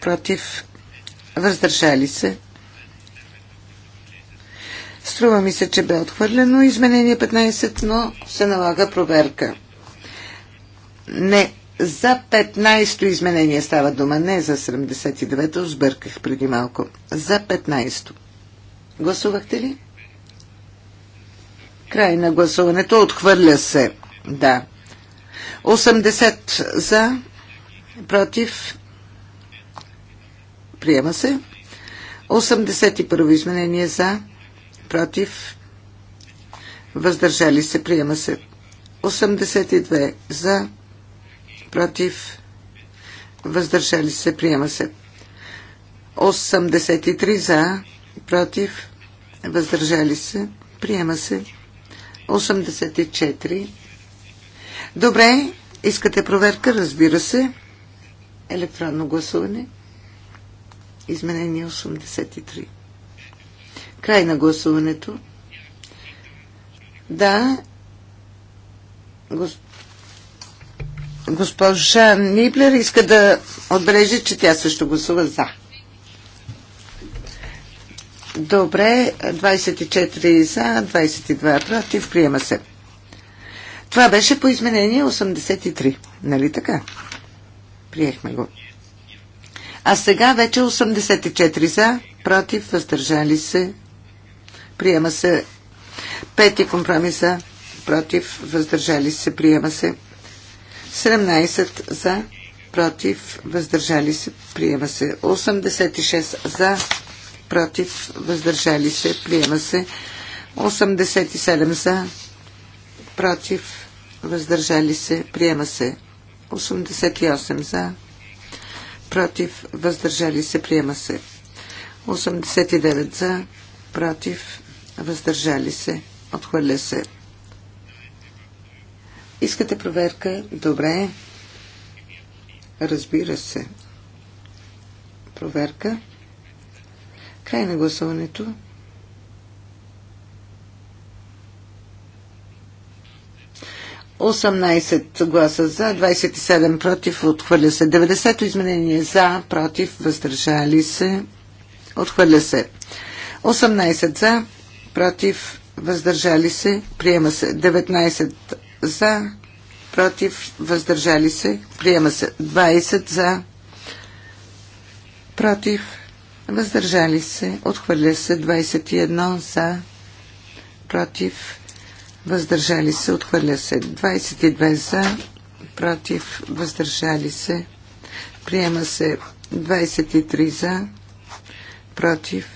против, въздържали се. Струва ми се, че бе отхвърлено изменение 15, но се налага проверка. Не за 15-то изменение става дума, не за 79-то, сбърках преди малко. За 15-то. Гласувахте ли? Край на гласуването. Отхвърля се. Да. 80 за, против, приема се. 81 изменение за, против, въздържали се, приема се. 82 за, против, против, въздържали се, приема се. 83 за, против, въздържали се, приема се. 84. Добре, искате проверка, разбира се. Електронно гласуване. Изменение 83. Край на гласуването. Да, господин. Госпожа Ниблер иска да отбележи, че тя също гласува за. Добре, 24 за, 22 против, приема се. Това беше по изменение 83, нали така? Приехме го. А сега вече 84 за, против, въздържали се. Приема се. Пети компромиса, против, въздържали се, приема се. 17 за, против, въздържали се, приема се. 86 за, против, въздържали се, приема се. 87 за, против, въздържали се, приема се. 88 за, против, въздържали се, приема се. 89 за, против, въздържали се, отхвърля се. Искате проверка? Добре. Разбира се. Проверка. Край на гласуването. Осемнайсет гласа за, 27 против, отхвърля се. 90-то изменение за, против, въздържали се, отхвърля се. 18 за, против, въздържали се, приема се. 19 за, против, въздържали се, приема се 20 за, против, въздържали се, отхвърля се 21 за, против, въздържали се, отхвърля се 22 за, против, въздържали се, приема се 23 за, против,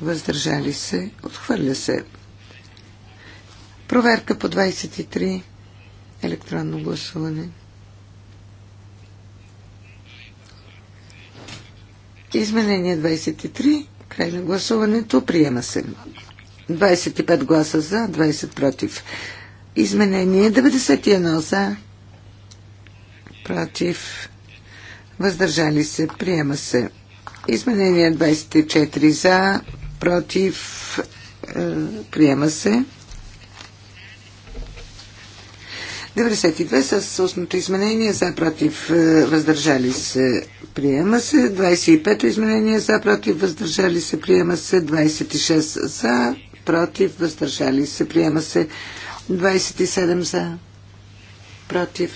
въздържали се, отхвърля се Проверка по 23. Електронно гласуване. Изменение 23. Край на гласуването. Приема се. 25 гласа за, 20 против. Изменение 91 за, против, въздържали се, приема се. Изменение 24 за, против, е, приема се. 92 с устното е, изменение за против въздържали се приема се. 25 изменение за против въздържали се приема се. 26 за против въздържали се приема се. 27 за против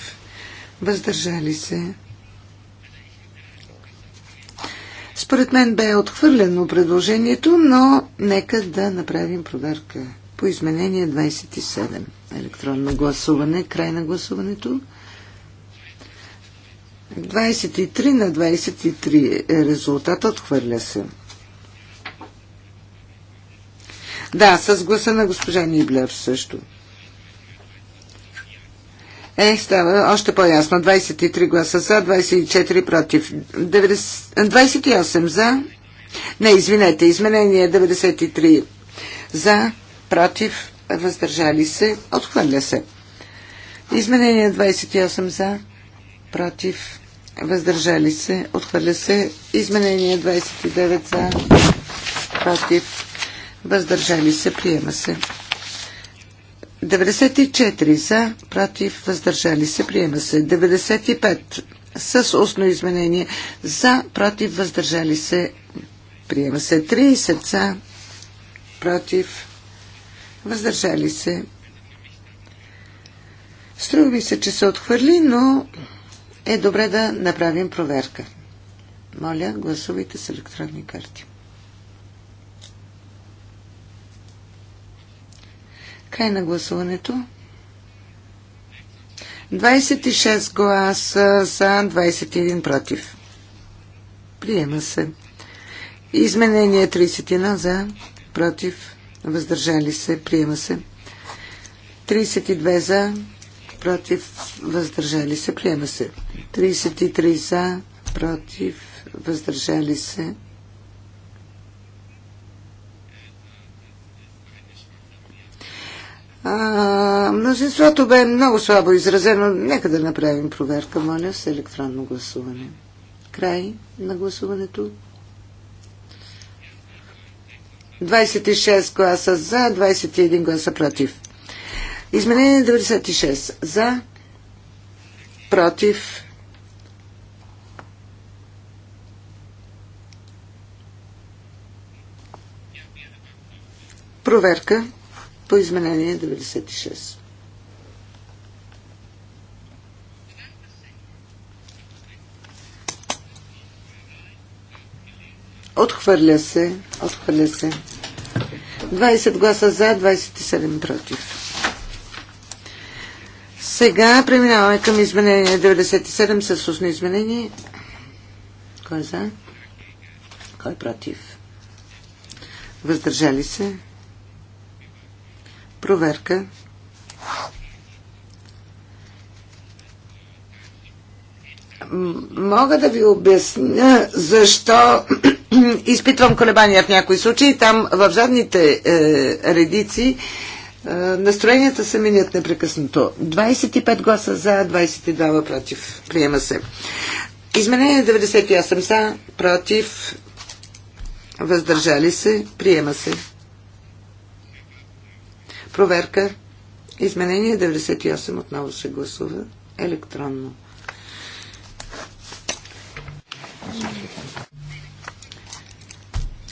въздържали се. Според мен бе отхвърлено предложението, но нека да направим проверка по изменение 27 електронно гласуване. Край на гласуването. 23 на 23 е резултат. Отхвърля се. Да, с гласа на госпожа Ниблер също. Е, става още по-ясно. 23 гласа за, 24 против. 90, 28 за. Не, извинете, изменение 93 за, против, въздържали се, отхвърля се. Изменение 28 за, против, въздържали се, отхвърля се. Изменение 29 за, против, въздържали се, приема се. 94 за, против, въздържали се, приема се. 95 с устно изменение за, против, въздържали се, приема се. 30 за, против, въздържали се. Струва ми се, че се отхвърли, но е добре да направим проверка. Моля, гласувайте с електронни карти. Край на гласуването. 26 гласа за, 21 против. Приема се. Изменение 31 за, против въздържали се, приема се. 32 за, против, въздържали се, приема се. 33 за, против, въздържали се. А, мнозинството бе много слабо изразено. Нека да направим проверка, моля, с електронно гласуване. Край на гласуването. 26 гласа за, 21 гласа против. Изменение 96 за, против. Проверка по изменение 96. Отхвърля се. Отхвърля се. 20 гласа за, 27 против. Сега преминаваме към изменение 97 с устно изменение. Кой е за? Кой е против? Въздържали се? Проверка. Мога да ви обясня защо изпитвам колебания в някои случаи. Там в задните е, редици е, настроенията се минят непрекъснато. 25 гласа за, 22 против. Приема се. Изменение 98 за, против, въздържали се, приема се. Проверка. Изменение 98 отново се гласува електронно.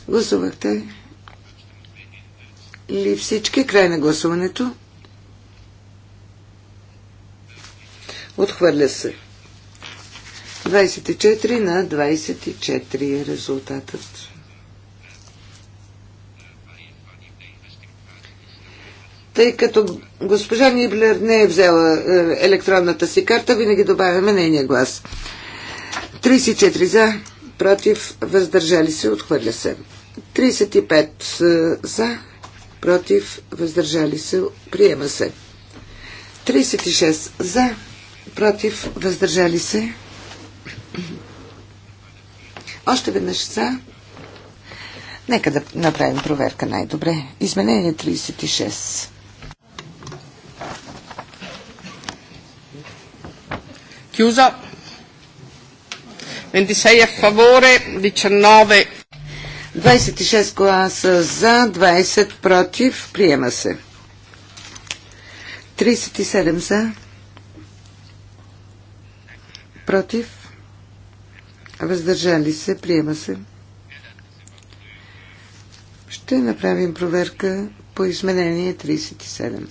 Гласувахте ли всички? Край на гласуването. Отхвърля се. 24 на 24 е резултатът. Тъй като госпожа Ниблер не е взела е, електронната си карта, винаги добавяме нейния глас. 34 за, против, въздържали се, отхвърля се. 35 е, за, против, въздържали се, приема се. 36 за, против, въздържали се. Още веднъж за. Нека да направим проверка най-добре. Изменение 36. Кюза. 26 a favore, 19. 26 гласа за, 20 против. Приема се. 37 за. Против. Въздържали се. Приема се. Ще направим проверка по изменение 37.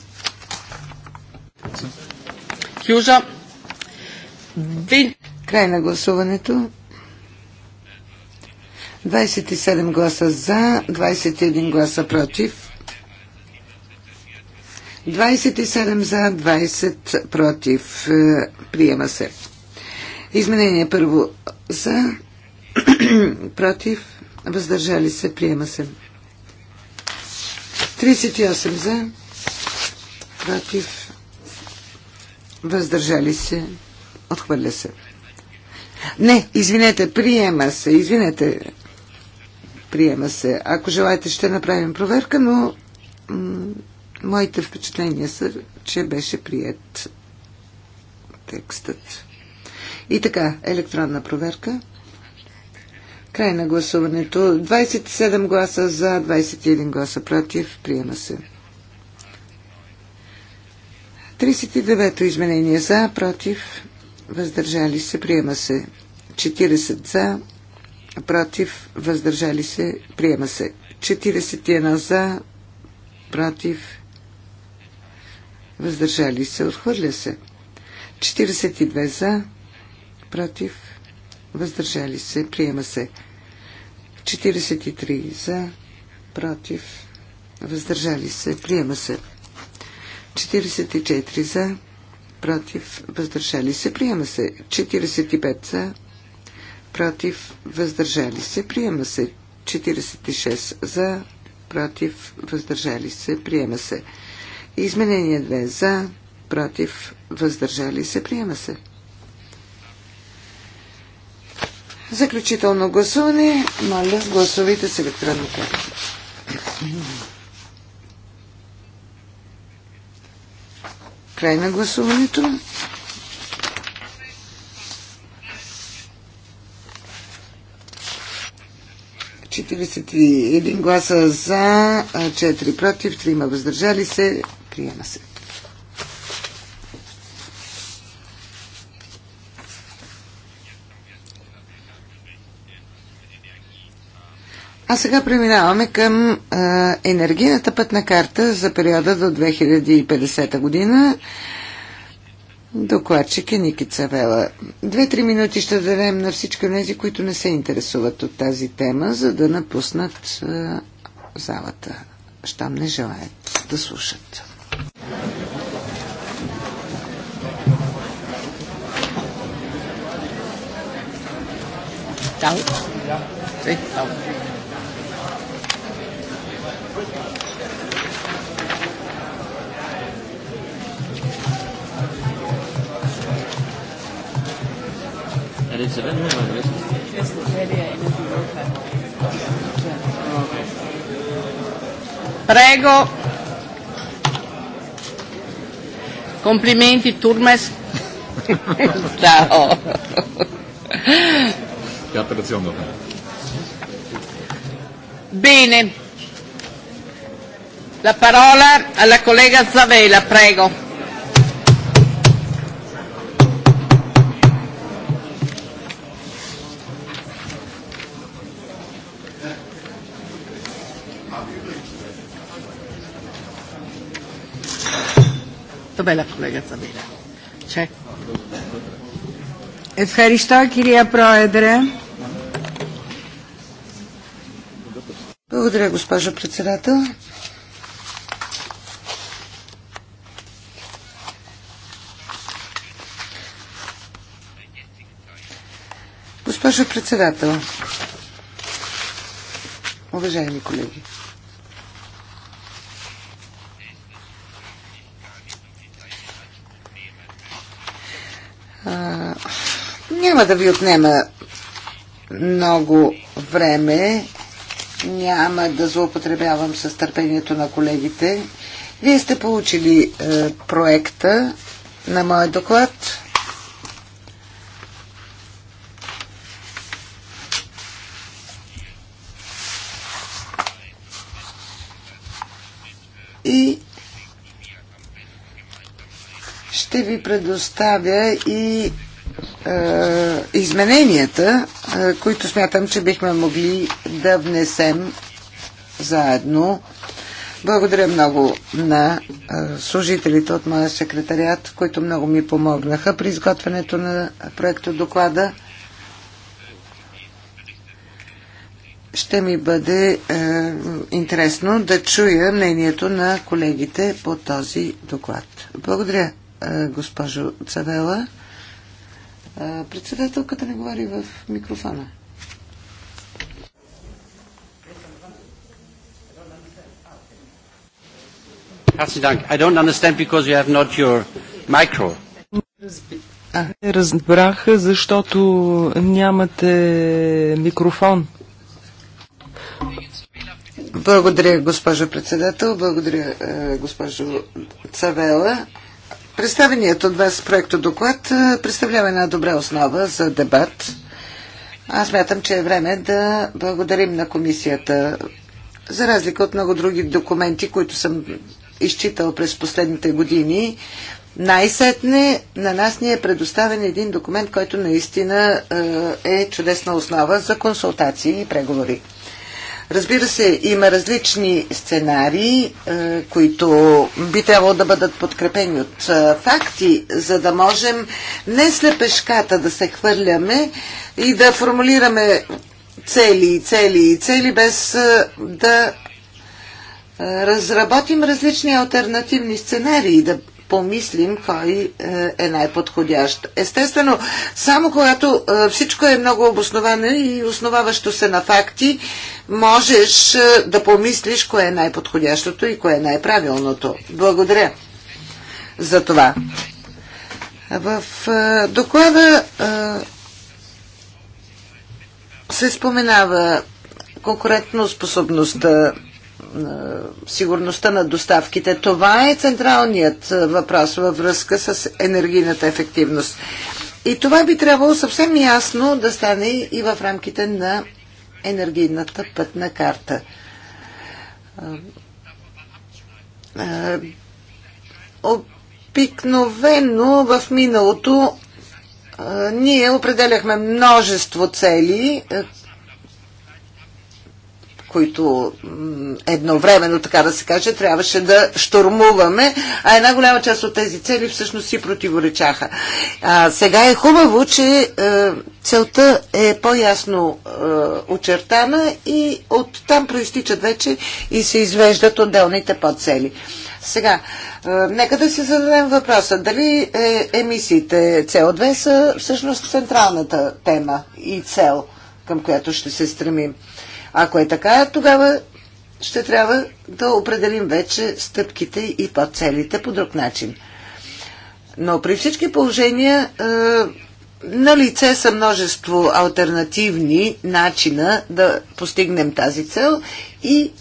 Хюжа. 20 Край на гласуването. 27 гласа за, 21 гласа против. 27 за, 20 против. Е, приема се. Изменение първо за, против, въздържали се, приема се. 38 за, против, въздържали се, отхвърля се. Не, извинете, приема се, извинете. Приема се. Ако желаете, ще направим проверка, но моите впечатления са, че беше прият текстът. И така, електронна проверка. Край на гласуването. 27 гласа за, 21 гласа против. Приема се. 39-то изменение за, против въздържали се, приема се. 40 за, против, въздържали се, приема се. 41 за, против, въздържали се, отхвърля се. 42 за, против, въздържали се, приема се. 43 за, против, въздържали се, приема се. 44 за, против, въздържали се, приема се. 45 за, против, въздържали се, приема се. 46 за, против, въздържали се, приема се. Изменение 2 за, против, въздържали се, приема се. Заключително гласуване. Моля, гласовите с електронни карти. Край на гласуването. Четиридесет един гласа за, 4 против, 3 въздържали се. Приема се. А сега преминаваме към а, енергийната пътна карта за периода до 2050 година. Докладчик е Ники Цавела. Две-три минути ще дадем на всички тези, които не се интересуват от тази тема, за да напуснат а, залата. Щам не желаят да слушат. Ciao. Ja. Elizabeth, Prego. Complimenti, Turmes. Ciao. Bene. La parola alla collega Zavela, prego. Τομέλα λόγια Τσαβίρα. Ευχαριστώ κυρία Πρόεδρε. Благодаря, госпожо председател. Госпожо председател, уважаеми колеги, А, няма да ви отнема много време. Няма да злоупотребявам с търпението на колегите. Вие сте получили е, проекта на моят доклад. ще ви предоставя и е, измененията, е, които смятам, че бихме могли да внесем заедно. Благодаря много на е, служителите от моя секретариат, които много ми помогнаха при изготвянето на проекта доклада. Ще ми бъде е, интересно да чуя мнението на колегите по този доклад. Благодаря госпожо Цавела. Председателката не говори в микрофона. Не разбрах, защото нямате микрофон. Благодаря, госпожо председател. Благодаря, е, госпожо Цавела. Представеният от вас проекто доклад е, представлява една добра основа за дебат. Аз мятам, че е време да благодарим на комисията за разлика от много други документи, които съм изчитал през последните години. Най-сетне на нас ни е предоставен един документ, който наистина е, е чудесна основа за консултации и преговори. Разбира се, има различни сценарии, е, които би трябвало да бъдат подкрепени от е, факти, за да можем не слепешката да се хвърляме и да формулираме цели и цели и цели, без е, да разработим различни альтернативни сценарии, да помислим кой е, е най-подходящ. Естествено, само когато е, всичко е много обосновано и основаващо се на факти, можеш е, да помислиш кое е най-подходящото и кое е най-правилното. Благодаря за това. В доклада се споменава конкурентно способността е, сигурността на доставките. Това е централният е, въпрос във връзка с енергийната ефективност. И това би трябвало съвсем ясно да стане и в рамките на енергийната пътна карта. Е, обикновено в миналото ние определяхме множество цели, които едновременно, така да се каже, трябваше да штурмуваме, а една голяма част от тези цели всъщност си противоречаха. А, сега е хубаво, че е, целта е по-ясно е, очертана и от там проистичат вече и се извеждат отделните подцели. Сега, е, нека да си зададем въпроса. Дали е, емисиите CO2 са всъщност централната тема и цел, към която ще се стремим? Ако е така, тогава ще трябва да определим вече стъпките и подцелите по друг начин. Но при всички положения е, на лице са множество альтернативни начина да постигнем тази цел и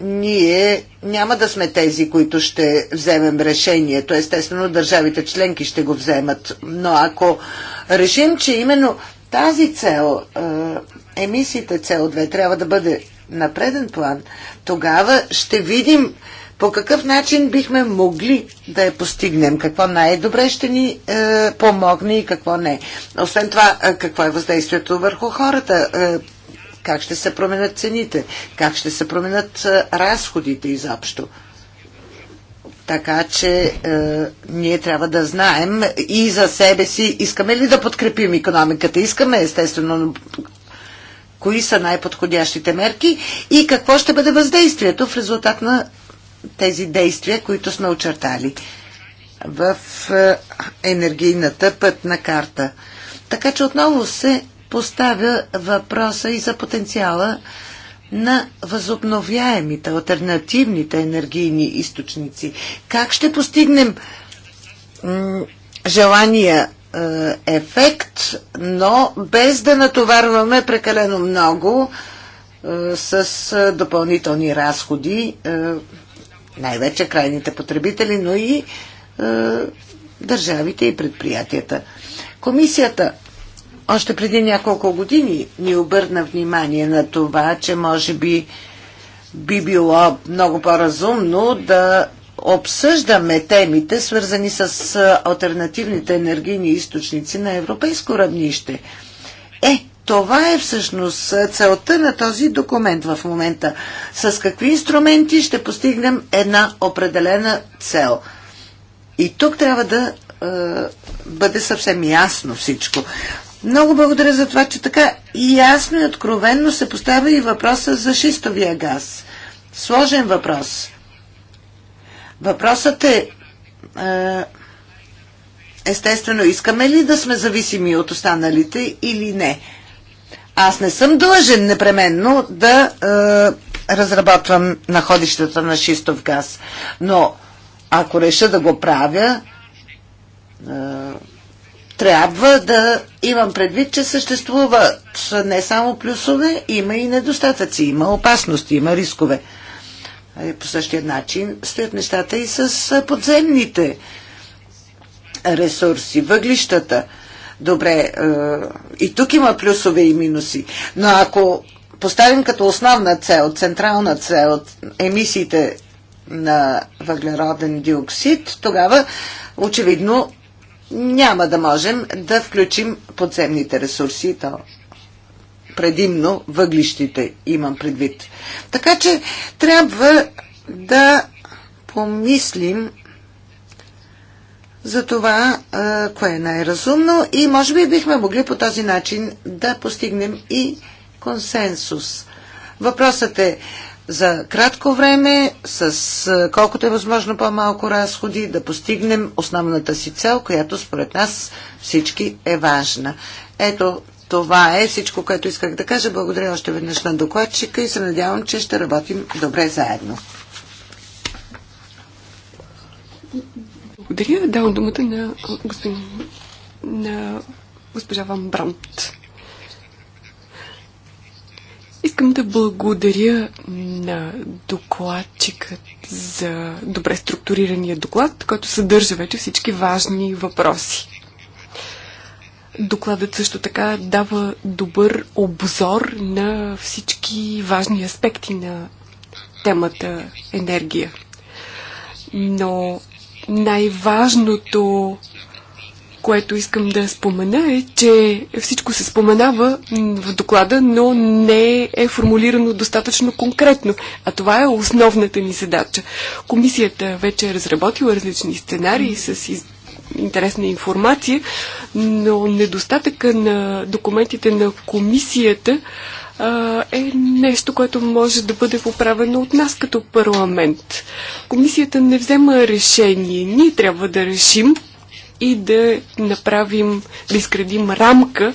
ние няма да сме тези, които ще вземем решението. Естествено, държавите членки ще го вземат. Но ако решим, че именно тази цел, е, емисиите CO2 трябва да бъде на преден план, тогава ще видим по какъв начин бихме могли да я постигнем, какво най-добре ще ни е, помогне и какво не. Освен това, е, какво е въздействието върху хората, е, как ще се променят цените, как ще се променят е, разходите изобщо. Така че е, ние трябва да знаем и за себе си, искаме ли да подкрепим економиката, искаме естествено, кои са най-подходящите мерки и какво ще бъде въздействието в резултат на тези действия, които сме очертали в е, енергийната пътна карта. Така че отново се поставя въпроса и за потенциала на възобновяемите, альтернативните енергийни източници? Как ще постигнем желания е, ефект, но без да натоварваме прекалено много е, с е, допълнителни разходи, най-вече крайните потребители, но и държавите и предприятията. Комисията още преди няколко години ни обърна внимание на това, че може би би било много по-разумно да обсъждаме темите, свързани с альтернативните енергийни източници на европейско равнище. Е, това е всъщност целта на този документ в момента. С какви инструменти ще постигнем една определена цел? И тук трябва да е, бъде съвсем ясно всичко. Много благодаря за това, че така ясно и откровенно се поставя и въпроса за шистовия газ. Сложен въпрос. Въпросът е, е естествено, искаме ли да сме зависими от останалите или не. Аз не съм длъжен непременно да е, разработвам находищата на шистов газ, но ако реша да го правя, е, трябва да имам предвид, че съществуват не само плюсове, има и недостатъци, има опасности, има рискове. Е, по същия начин стоят нещата и с подземните ресурси, въглищата. Добре, е, и тук има плюсове и минуси, но ако поставим като основна цел, централна цел емисиите на въглероден диоксид, тогава очевидно няма да можем да включим подземните ресурси, то предимно въглищите имам предвид. Така че трябва да помислим за това, кое е най-разумно и може би бихме могли по този начин да постигнем и консенсус. Въпросът е за кратко време, с колкото е възможно по-малко разходи, да постигнем основната си цел, която според нас всички е важна. Ето, това е всичко, което исках да кажа. Благодаря още веднъж на докладчика и се надявам, че ще работим добре заедно. Благодаря. Давам думата на, господин, на госпожа Ван Брант. Искам да благодаря на докладчикът за добре структурирания доклад, който съдържа вече всички важни въпроси. Докладът също така дава добър обзор на всички важни аспекти на темата енергия. Но най-важното което искам да спомена е, че всичко се споменава в доклада, но не е формулирано достатъчно конкретно. А това е основната ни задача. Комисията вече е разработила различни сценарии с из... интересна информация, но недостатъка на документите на комисията е нещо, което може да бъде поправено от нас като парламент. Комисията не взема решение. Ние трябва да решим и да направим, да изградим рамка,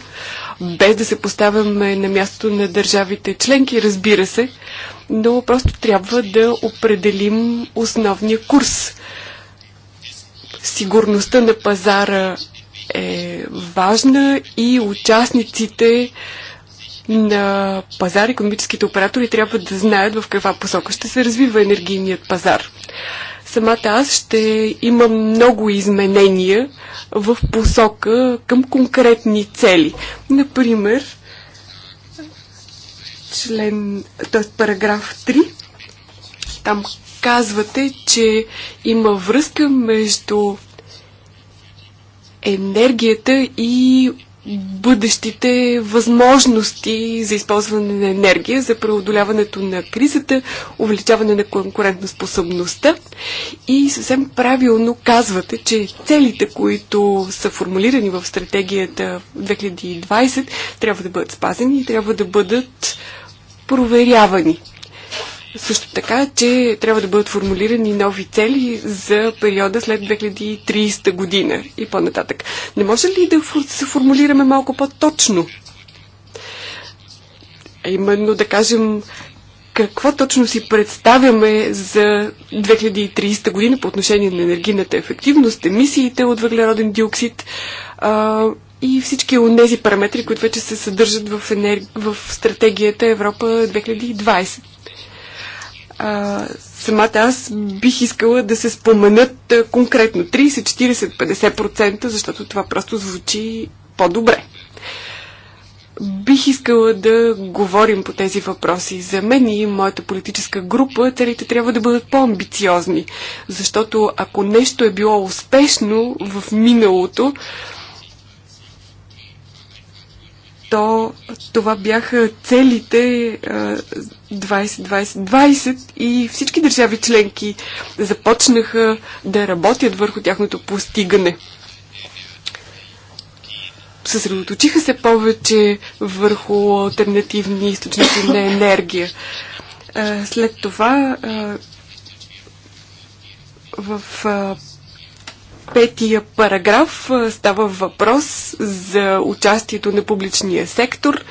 без да се поставяме на мястото на държавите членки, разбира се, но просто трябва да определим основния курс. Сигурността на пазара е важна и участниците на пазар, економическите оператори трябва да знаят в каква посока ще се развива енергийният пазар самата аз ще има много изменения в посока към конкретни цели. Например, член, т.е. параграф 3, там казвате, че има връзка между енергията и бъдещите възможности за използване на енергия, за преодоляването на кризата, увеличаване на конкурентоспособността. И съвсем правилно казвате, че целите, които са формулирани в стратегията 2020, трябва да бъдат спазени и трябва да бъдат проверявани. Също така, че трябва да бъдат формулирани нови цели за периода след 2030 година и по-нататък. Не може ли да се формулираме малко по-точно? А именно да кажем какво точно си представяме за 2030 година по отношение на енергийната ефективност, емисиите от въглероден диоксид а, и всички от тези параметри, които вече се съдържат в, енер... в стратегията Европа 2020 а, самата аз бих искала да се споменат а, конкретно 30, 40, 50%, защото това просто звучи по-добре. Бих искала да говорим по тези въпроси. За мен и моята политическа група целите трябва да бъдат по-амбициозни, защото ако нещо е било успешно в миналото, то това бяха целите а, 20-20-20 и всички държави членки започнаха да работят върху тяхното постигане. Съсредоточиха се повече върху альтернативни източници на енергия. След това в петия параграф става въпрос за участието на публичния сектор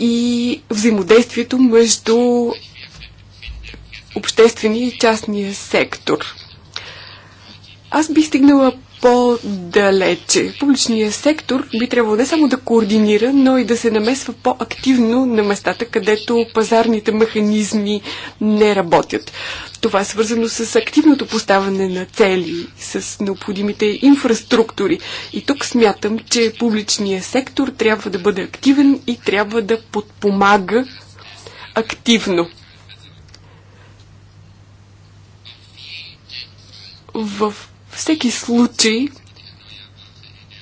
и взаимодействието между обществения и частния сектор. Аз бих стигнала по-далече. Публичният сектор би трябвало не само да координира, но и да се намесва по-активно на местата, където пазарните механизми не работят. Това е свързано с активното поставане на цели, с необходимите инфраструктури. И тук смятам, че публичният сектор трябва да бъде активен и трябва да подпомага активно. В всеки случай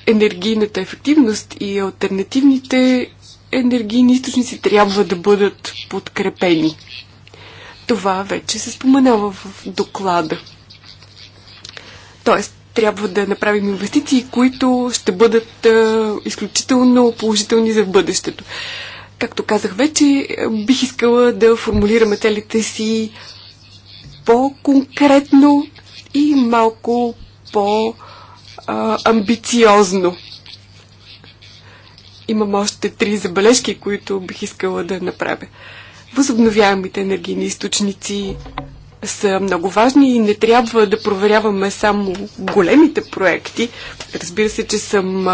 енергийната ефективност и альтернативните енергийни източници трябва да бъдат подкрепени. Това вече се споменава в доклада. Тоест, трябва да направим инвестиции, които ще бъдат а, изключително положителни за бъдещето. Както казах вече, бих искала да формулираме целите си по-конкретно и малко по-амбициозно. Имам още три забележки, които бих искала да направя. Възобновяемите енергийни източници са много важни и не трябва да проверяваме само големите проекти. Разбира се, че съм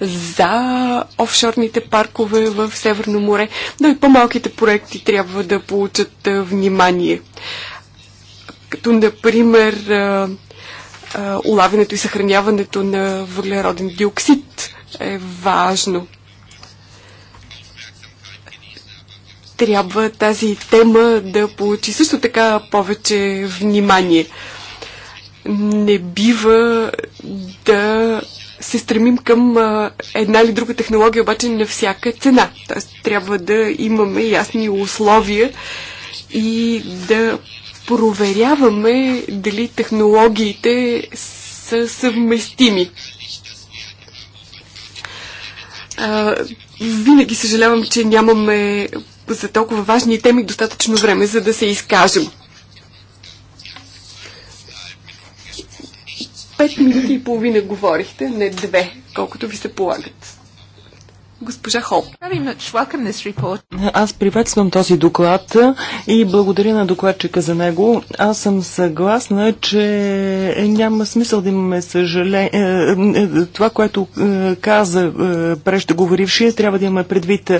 за офшорните паркове в Северно море, но и по-малките проекти трябва да получат внимание като например улавянето и съхраняването на въглероден диоксид е важно. Трябва тази тема да получи също така повече внимание. Не бива да се стремим към една или друга технология, обаче на всяка цена. Тоест, трябва да имаме ясни условия и да проверяваме дали технологиите са съвместими. А, винаги съжалявам, че нямаме за толкова важни теми достатъчно време, за да се изкажем. Пет минути и половина говорихте, не две, колкото ви се полагат. Госпожа Хол. Аз приветствам този доклад и благодаря на докладчика за него. Аз съм съгласна, че няма смисъл да имаме съжаление. Е, това, което е, каза е, преждеговорившия, трябва да имаме предвид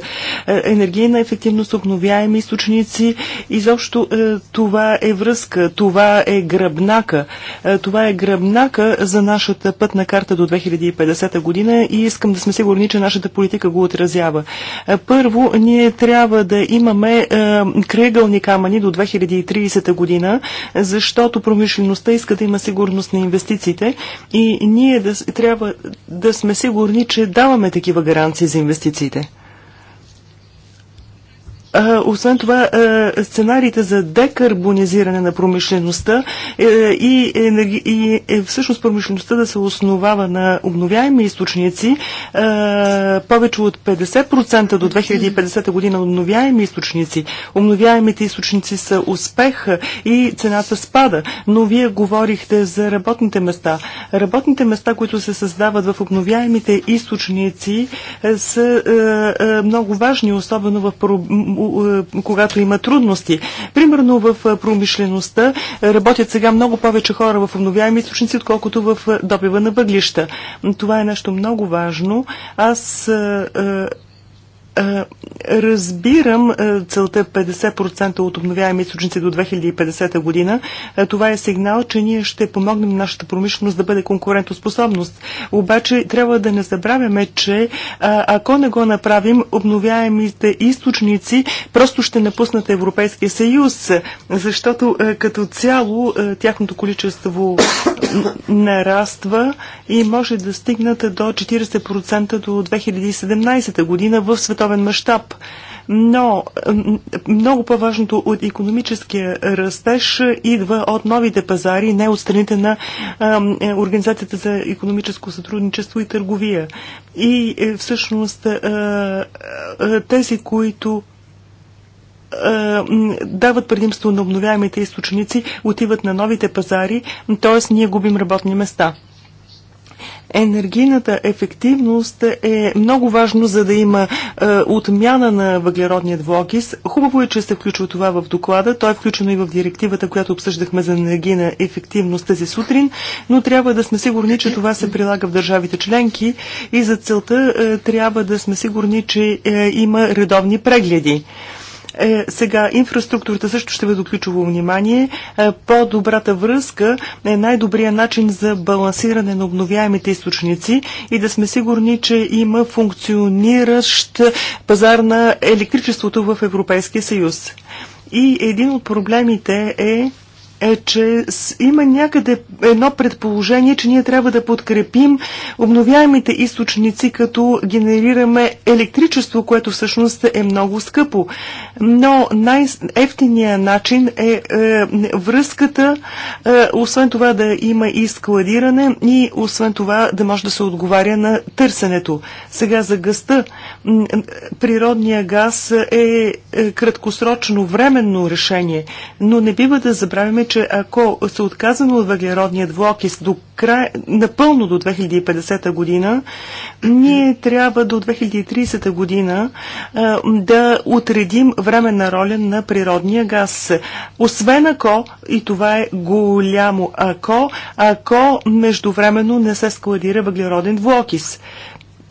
енергийна ефективност, обновяеми източници. Изобщо това е връзка, това е гръбнака. Това е гръбнака за нашата пътна карта до 2050 година и искам да сме сигурни, че нашата политика го отразява. Е, първо, ние трябва да имаме е, кръгълни камъни до 2030 година, защото промишлеността иска да има сигурност на инвестициите и ние да, трябва да сме сигурни, че даваме такива гаранции за инвестициите. Освен това, сценариите за декарбонизиране на промишлеността е, и, енерги... и е, всъщност промишлеността да се основава на обновяеми източници, повече от 50% до 2050 година обновяеми източници. Обновяемите източници са успех и цената спада. Но вие говорихте за работните места. Работните места, които се създават в обновяемите източници, е, са много важни, особено в когато има трудности. Примерно в промишлеността работят сега много повече хора в обновяеми източници, отколкото в добива на въглища. Това е нещо много важно. Аз е, разбирам е, целта 50% е от обновяеми източници до 2050 година. Това е сигнал, че ние ще помогнем нашата промишленост да бъде конкурентоспособност. Обаче трябва да не забравяме, че ако не го направим, обновяемите източници просто ще напуснат Европейския съюз, защото като цяло тяхното количество нараства и може да стигнат до 40% до 2017 година в света световен мащаб. Но много по-важното от економическия растеж идва от новите пазари, не от страните на а, е, Организацията за економическо сътрудничество и търговия. И е, всъщност а, тези, които дават предимство на обновяемите източници, отиват на новите пазари, т.е. ние губим работни места енергийната ефективност е много важно, за да има е, отмяна на въглеродния двуокис. Хубаво е, че се включва това в доклада. Той е включено и в директивата, която обсъждахме за енергийна ефективност тази сутрин, но трябва да сме сигурни, че това се прилага в държавите членки и за целта е, трябва да сме сигурни, че е, има редовни прегледи. Е, сега инфраструктурата също ще бъде ключово внимание. Е, по-добрата връзка е най-добрият начин за балансиране на обновяемите източници и да сме сигурни, че има функциониращ пазар на електричеството в Европейския съюз. И един от проблемите е е, че има някъде едно предположение, че ние трябва да подкрепим обновяемите източници, като генерираме електричество, което всъщност е много скъпо. Но най-ефтиният начин е, е връзката, е, освен това да има и складиране и освен това да може да се отговаря на търсенето. Сега за гъста природния газ е, е краткосрочно временно решение, но не бива да забравяме, че ако се отказано от въглеродният двуокис до край, напълно до 2050 година, ние трябва до 2030 година а, да отредим временна роля на природния газ. Освен ако, и това е голямо ако, ако междувременно не се складира въглероден двуокис.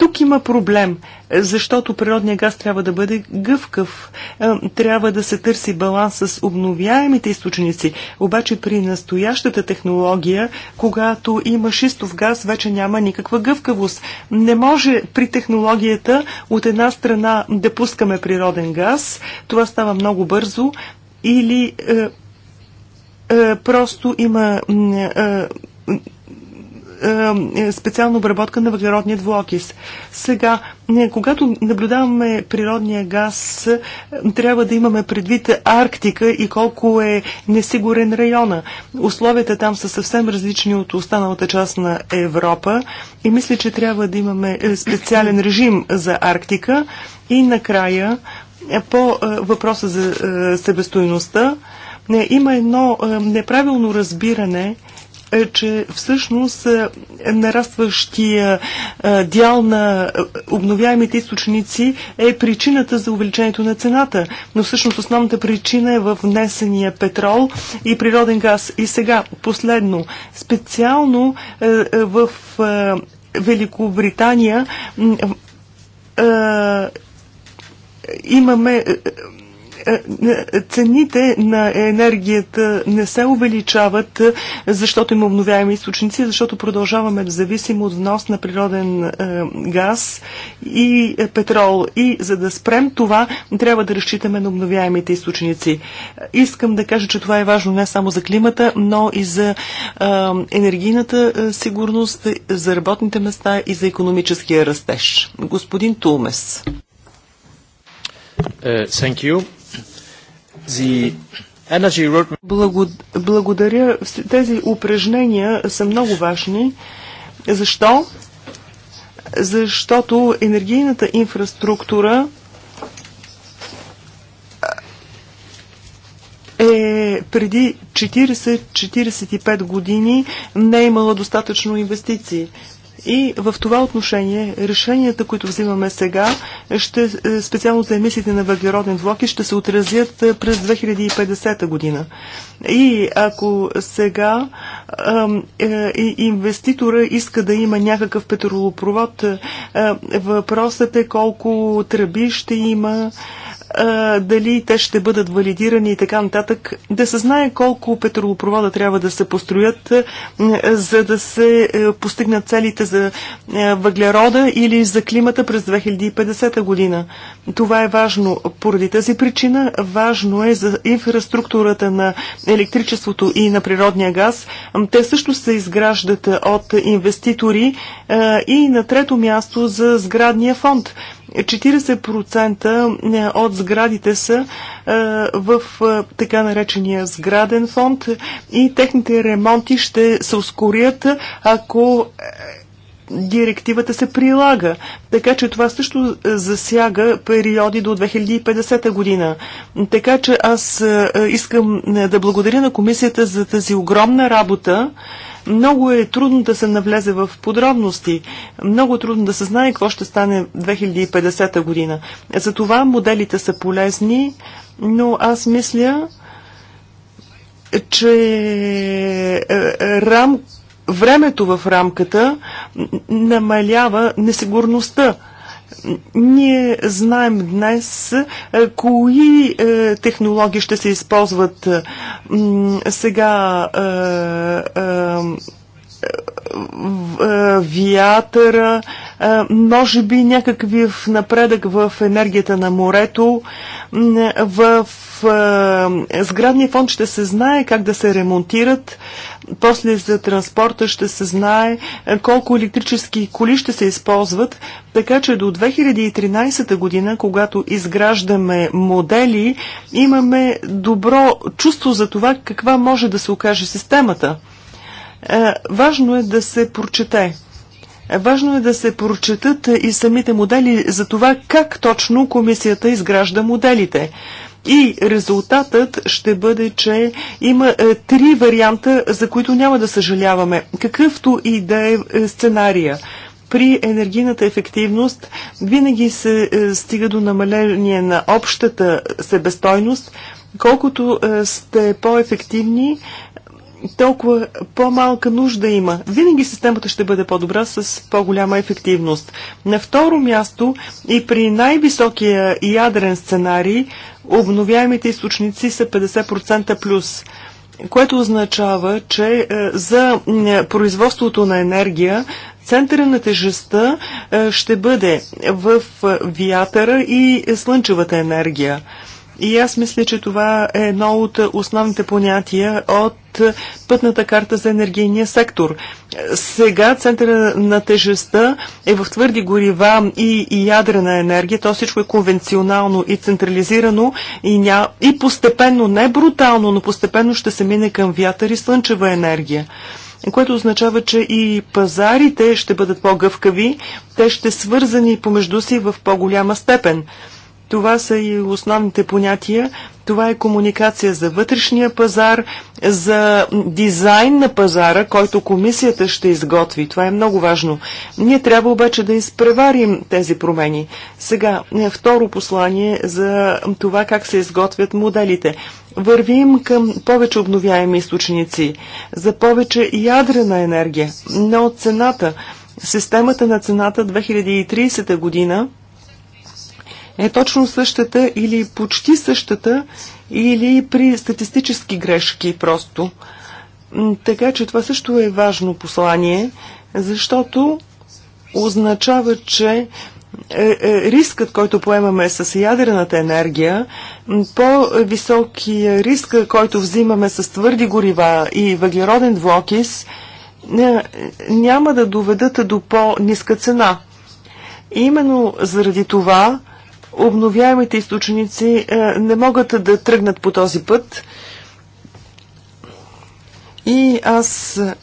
Тук има проблем, защото природния газ трябва да бъде гъвкав. Е, трябва да се търси баланс с обновяемите източници. Обаче при настоящата технология, когато има шистов газ, вече няма никаква гъвкавост. Не може при технологията от една страна да пускаме природен газ. Това става много бързо. Или е, е, просто има. Е, е, е, специална обработка на въглеродния двуокис. Сега, е, когато наблюдаваме природния газ, трябва да имаме предвид Арктика и колко е несигурен района. Условията там са съвсем различни от останалата част на Европа и мисля, че трябва да имаме специален режим за Арктика. И накрая, по въпроса за себестойността, има едно неправилно разбиране – е, че всъщност е, нарастващия е, дял на е, обновяемите източници е причината за увеличението на цената. Но всъщност основната причина е в внесения петрол и природен газ. И сега, последно, специално в Великобритания имаме е, цените на енергията не се увеличават, е, защото има обновяеми източници, защото продължаваме да зависим от внос на природен е, газ и петрол. И за да спрем това, трябва да разчитаме на обновяемите източници. Искам да кажа, че това е важно не само за климата, но и за енергийната сигурност, за работните места и за економическия растеж. Господин Тулмес. Uh, благодаря. Тези упражнения са много важни. Защо? Защото енергийната инфраструктура е преди 40-45 години не е имала достатъчно инвестиции. И в това отношение решенията, които взимаме сега, ще, е, специално за емисиите на въглероден влоки, ще се отразят е, през 2050 година. И ако сега е, инвеститора иска да има някакъв петролопровод, е, е въпросът е колко тръби ще има, дали те ще бъдат валидирани и така нататък, да се знае колко петролопровода трябва да се построят, за да се постигнат целите за въглерода или за климата през 2050 година. Това е важно. Поради тази причина важно е за инфраструктурата на електричеството и на природния газ. Те също се изграждат от инвеститори и на трето място за сградния фонд. 40% е, от сградите са е, в е, така наречения сграден фонд и техните ремонти ще се ускорят, ако директивата се прилага. Така че това също е, засяга периоди до 2050 година. Така че аз е, е, искам да благодаря на комисията за тази огромна работа. Много е трудно да се навлезе в подробности. Много е трудно да се знае какво ще стане 2050 година. Затова моделите са полезни, но аз мисля, че рамка времето в рамката намалява несигурността. Ние знаем днес е, кои е, технологии ще се използват сега е, е, вятъра, е, може би някакви напредък в енергията на морето, в е, сградния фонд ще се знае как да се ремонтират, после за транспорта ще се знае колко електрически коли ще се използват, така че до 2013 година, когато изграждаме модели, имаме добро чувство за това каква може да се окаже системата. Е, важно е да се прочете. Важно е да се прочетат и самите модели за това как точно комисията изгражда моделите. И резултатът ще бъде, че има е, три варианта, за които няма да съжаляваме. Какъвто и да е, е сценария. При енергийната ефективност винаги се е, стига до намаление на общата себестойност. Колкото е, сте по-ефективни, толкова по-малка нужда има. Винаги системата ще бъде по-добра с по-голяма ефективност. На второ място и при най-високия ядрен сценарий обновяемите източници са 50% плюс което означава, че е, за е, производството на енергия центъра на тежестта е, ще бъде в вятъра и слънчевата енергия. И аз мисля, че това е едно от основните понятия от пътната карта за енергийния сектор. Сега центъра на тежестта е в твърди горива и, и ядрена енергия. То всичко е конвенционално и централизирано и, ня... и постепенно, не брутално, но постепенно ще се мине към вятър и слънчева енергия което означава, че и пазарите ще бъдат по-гъвкави, те ще свързани помежду си в по-голяма степен. Това са и основните понятия. Това е комуникация за вътрешния пазар, за дизайн на пазара, който комисията ще изготви. Това е много важно. Ние трябва обаче да изпреварим тези промени. Сега, е, второ послание за това как се изготвят моделите. Вървим към повече обновяеми източници, за повече ядрена енергия, но цената, системата на цената 2030 година е точно същата или почти същата или при статистически грешки просто. Така че това също е важно послание, защото означава, че е, е, рискът, който поемаме с ядрената енергия, по-високия риск, който взимаме с твърди горива и въглероден двокис, е, няма да доведат до по-ниска цена. И именно заради това обновяемите източници е, не могат да тръгнат по този път. И аз е,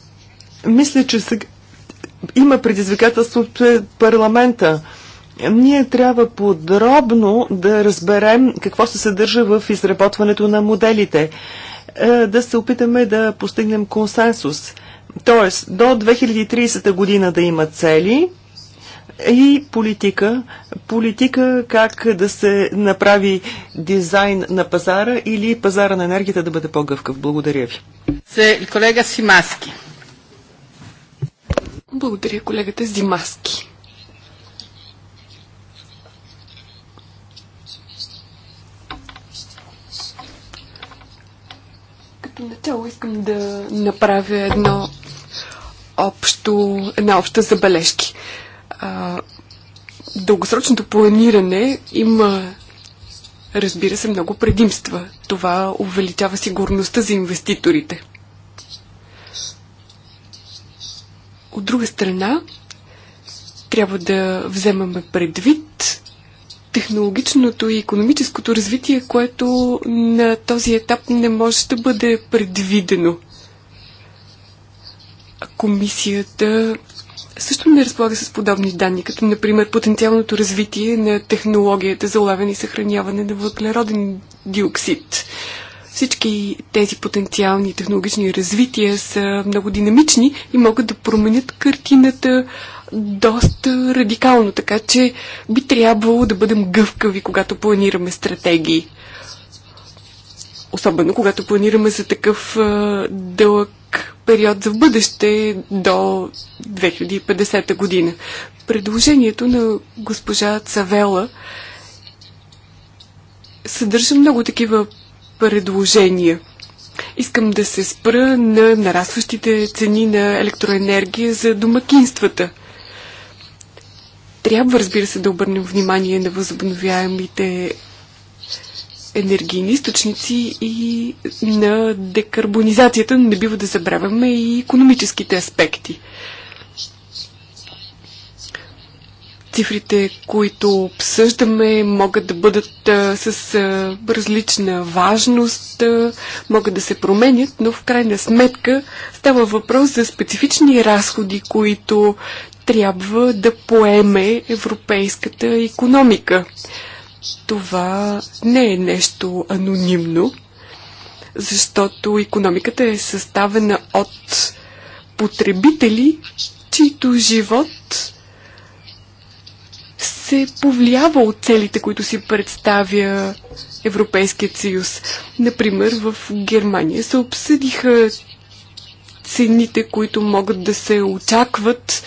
мисля, че сега има предизвикателство от е парламента. Ние трябва подробно да разберем какво се съдържа в изработването на моделите. Да се опитаме да постигнем консенсус. Тоест, до 2030 година да има цели, и политика. Политика как да се направи дизайн на пазара или пазара на енергията да бъде по-гъвкав. Благодаря ви. Се колега Симаски. Благодаря колегата Зимаски. Като начало искам да направя едно общо, една обща забележки дългосрочното планиране има, разбира се, много предимства. Това увеличава сигурността за инвеститорите. От друга страна, трябва да вземаме предвид технологичното и економическото развитие, което на този етап не може да бъде предвидено. Комисията също не разполага с подобни данни, като например потенциалното развитие на технологията за улавяне и съхраняване на въглероден диоксид. Всички тези потенциални технологични развития са много динамични и могат да променят картината доста радикално, така че би трябвало да бъдем гъвкави, когато планираме стратегии особено когато планираме за такъв а, дълъг период за в бъдеще до 2050 година. Предложението на госпожа Цавела съдържа много такива предложения. Искам да се спра на нарастващите цени на електроенергия за домакинствата. Трябва, разбира се, да обърнем внимание на възобновяемите енергийни източници и на декарбонизацията, не бива да забравяме и економическите аспекти. Цифрите, които обсъждаме, могат да бъдат а, с а, различна важност, а, могат да се променят, но в крайна сметка става въпрос за специфични разходи, които трябва да поеме европейската економика това не е нещо анонимно, защото економиката е съставена от потребители, чийто живот се повлиява от целите, които си представя Европейският съюз. Например, в Германия се обсъдиха цените, които могат да се очакват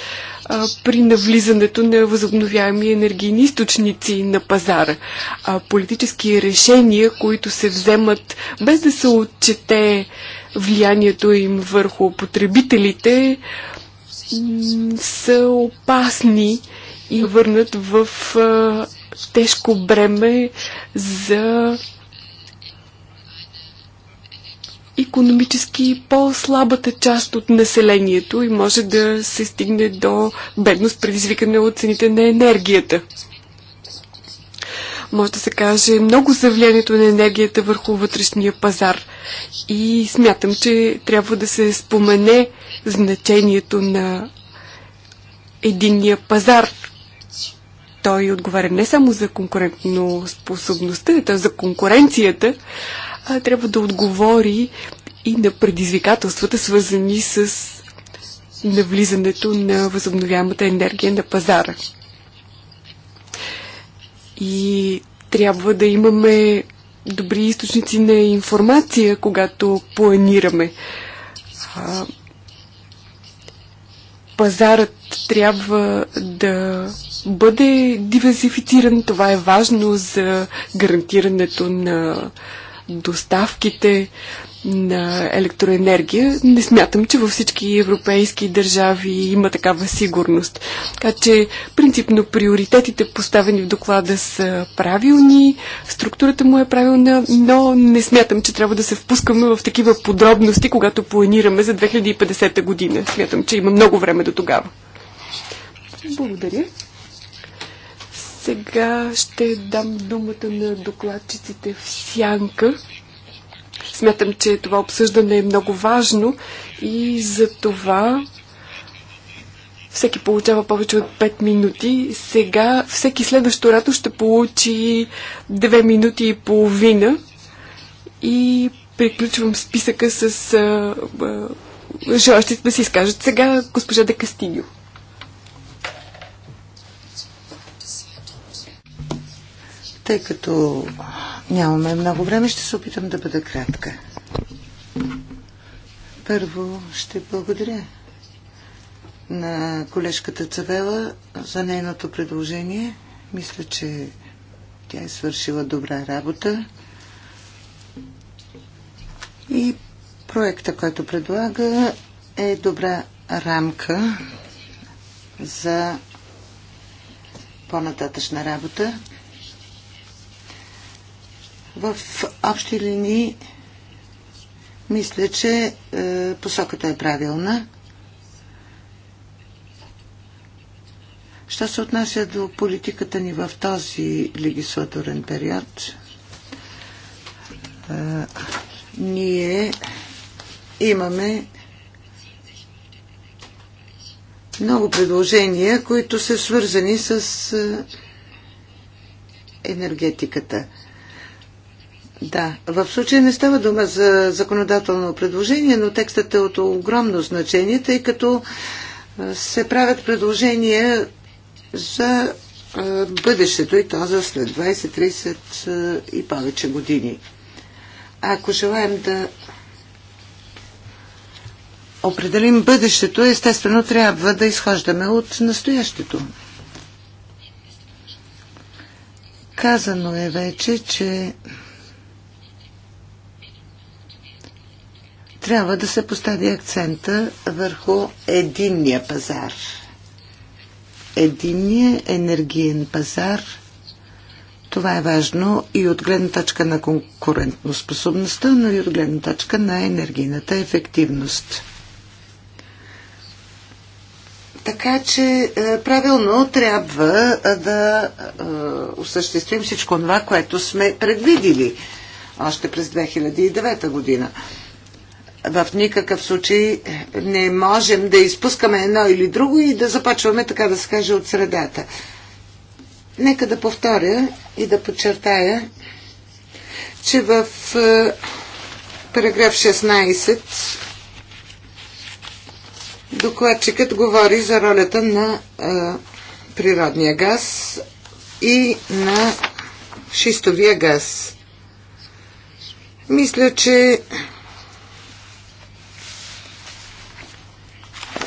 а, при навлизането на възобновяеми енергийни източници на пазара. А, политически решения, които се вземат без да се отчете влиянието им върху потребителите, са опасни и върнат в а, тежко бреме за економически по-слабата част от населението и може да се стигне до бедност, предизвикане от цените на енергията. Може да се каже много за влиянието на енергията върху вътрешния пазар. И смятам, че трябва да се спомене значението на единния пазар. Той отговаря не само за конкурентно способността, т.е. за конкуренцията, а, трябва да отговори и на предизвикателствата, свързани с навлизането на възобновяемата енергия на пазара. И трябва да имаме добри източници на информация, когато планираме. А, пазарът трябва да бъде диверсифициран. Това е важно за гарантирането на доставките на електроенергия. Не смятам, че във всички европейски държави има такава сигурност. Така че, принципно, приоритетите поставени в доклада са правилни, структурата му е правилна, но не смятам, че трябва да се впускаме в такива подробности, когато планираме за 2050 година. Смятам, че има много време до тогава. Благодаря. Сега ще дам думата на докладчиците в сянка. Смятам, че това обсъждане е много важно и за това всеки получава повече от 5 минути. Сега всеки следващо рато ще получи 2 минути и половина и приключвам списъка с а, а, желащите да си изкажат. Сега госпожа Де Тъй като нямаме много време, ще се опитам да бъда кратка. Първо ще благодаря на колежката Цавела за нейното предложение. Мисля, че тя е свършила добра работа. И проекта, който предлага, е добра рамка за по-нататъчна работа. В общи линии мисля, че е, посоката е правилна. Що се отнася до политиката ни в този легислатурен период, е, ние имаме много предложения, които са свързани с е, енергетиката. Да, в случая не става дума за законодателно предложение, но текстът е от огромно значение, тъй като се правят предложения за бъдещето и то за след 20, 30 и повече години. Ако желаем да определим бъдещето, естествено трябва да изхождаме от настоящето. Казано е вече, че трябва да се постави акцента върху единния пазар. Единния енергиен пазар. Това е важно и от гледна точка на конкурентоспособността, но и от гледна точка на енергийната ефективност. Така че е, правилно трябва е, да е, осъществим всичко това, което сме предвидили още през 2009 година в никакъв случай не можем да изпускаме едно или друго и да започваме, така да се каже, от средата. Нека да повторя и да подчертая, че в е, параграф 16 докладчикът говори за ролята на а, е, природния газ и на шистовия газ. Мисля, че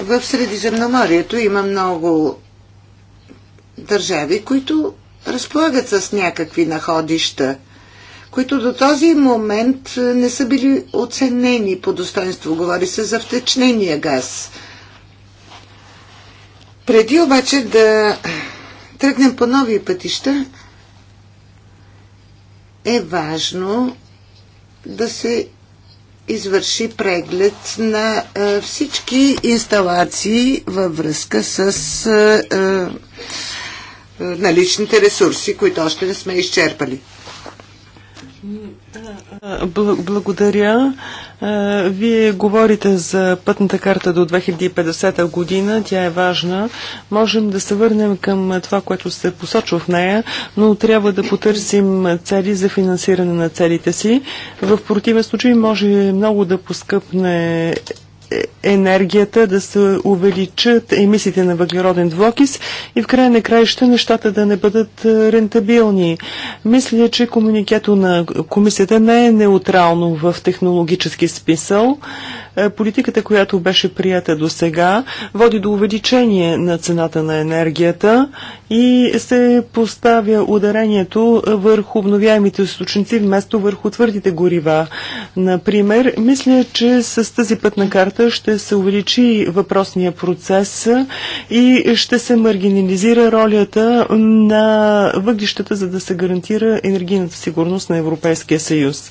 В Средиземноморието има много държави, които разполагат с някакви находища, които до този момент е, не са били оценени по достоинство. Говори се за втечнения газ. Преди обаче да тръгнем по нови пътища, е важно да се извърши преглед на е, всички инсталации във връзка с е, е, наличните ресурси, които още не сме изчерпали. Благодаря. Вие говорите за пътната карта до 2050 година. Тя е важна. Можем да се върнем към това, което се посочва в нея, но трябва да потърсим цели за финансиране на целите си. В противен случай може много да поскъпне енергията, да се увеличат емисиите на въглероден двокис и в края на краища нещата да не бъдат е, рентабилни. Мисля, че комуникето на комисията не е неутрално в технологически смисъл. Е, политиката, която беше прията до сега, води до увеличение на цената на енергията и се поставя ударението върху обновяемите източници вместо върху твърдите горива. Например, мисля, че с тази пътна карта ще се увеличи въпросния процес и ще се маргинализира ролята на въглищата, за да се гарантира енергийната сигурност на Европейския съюз.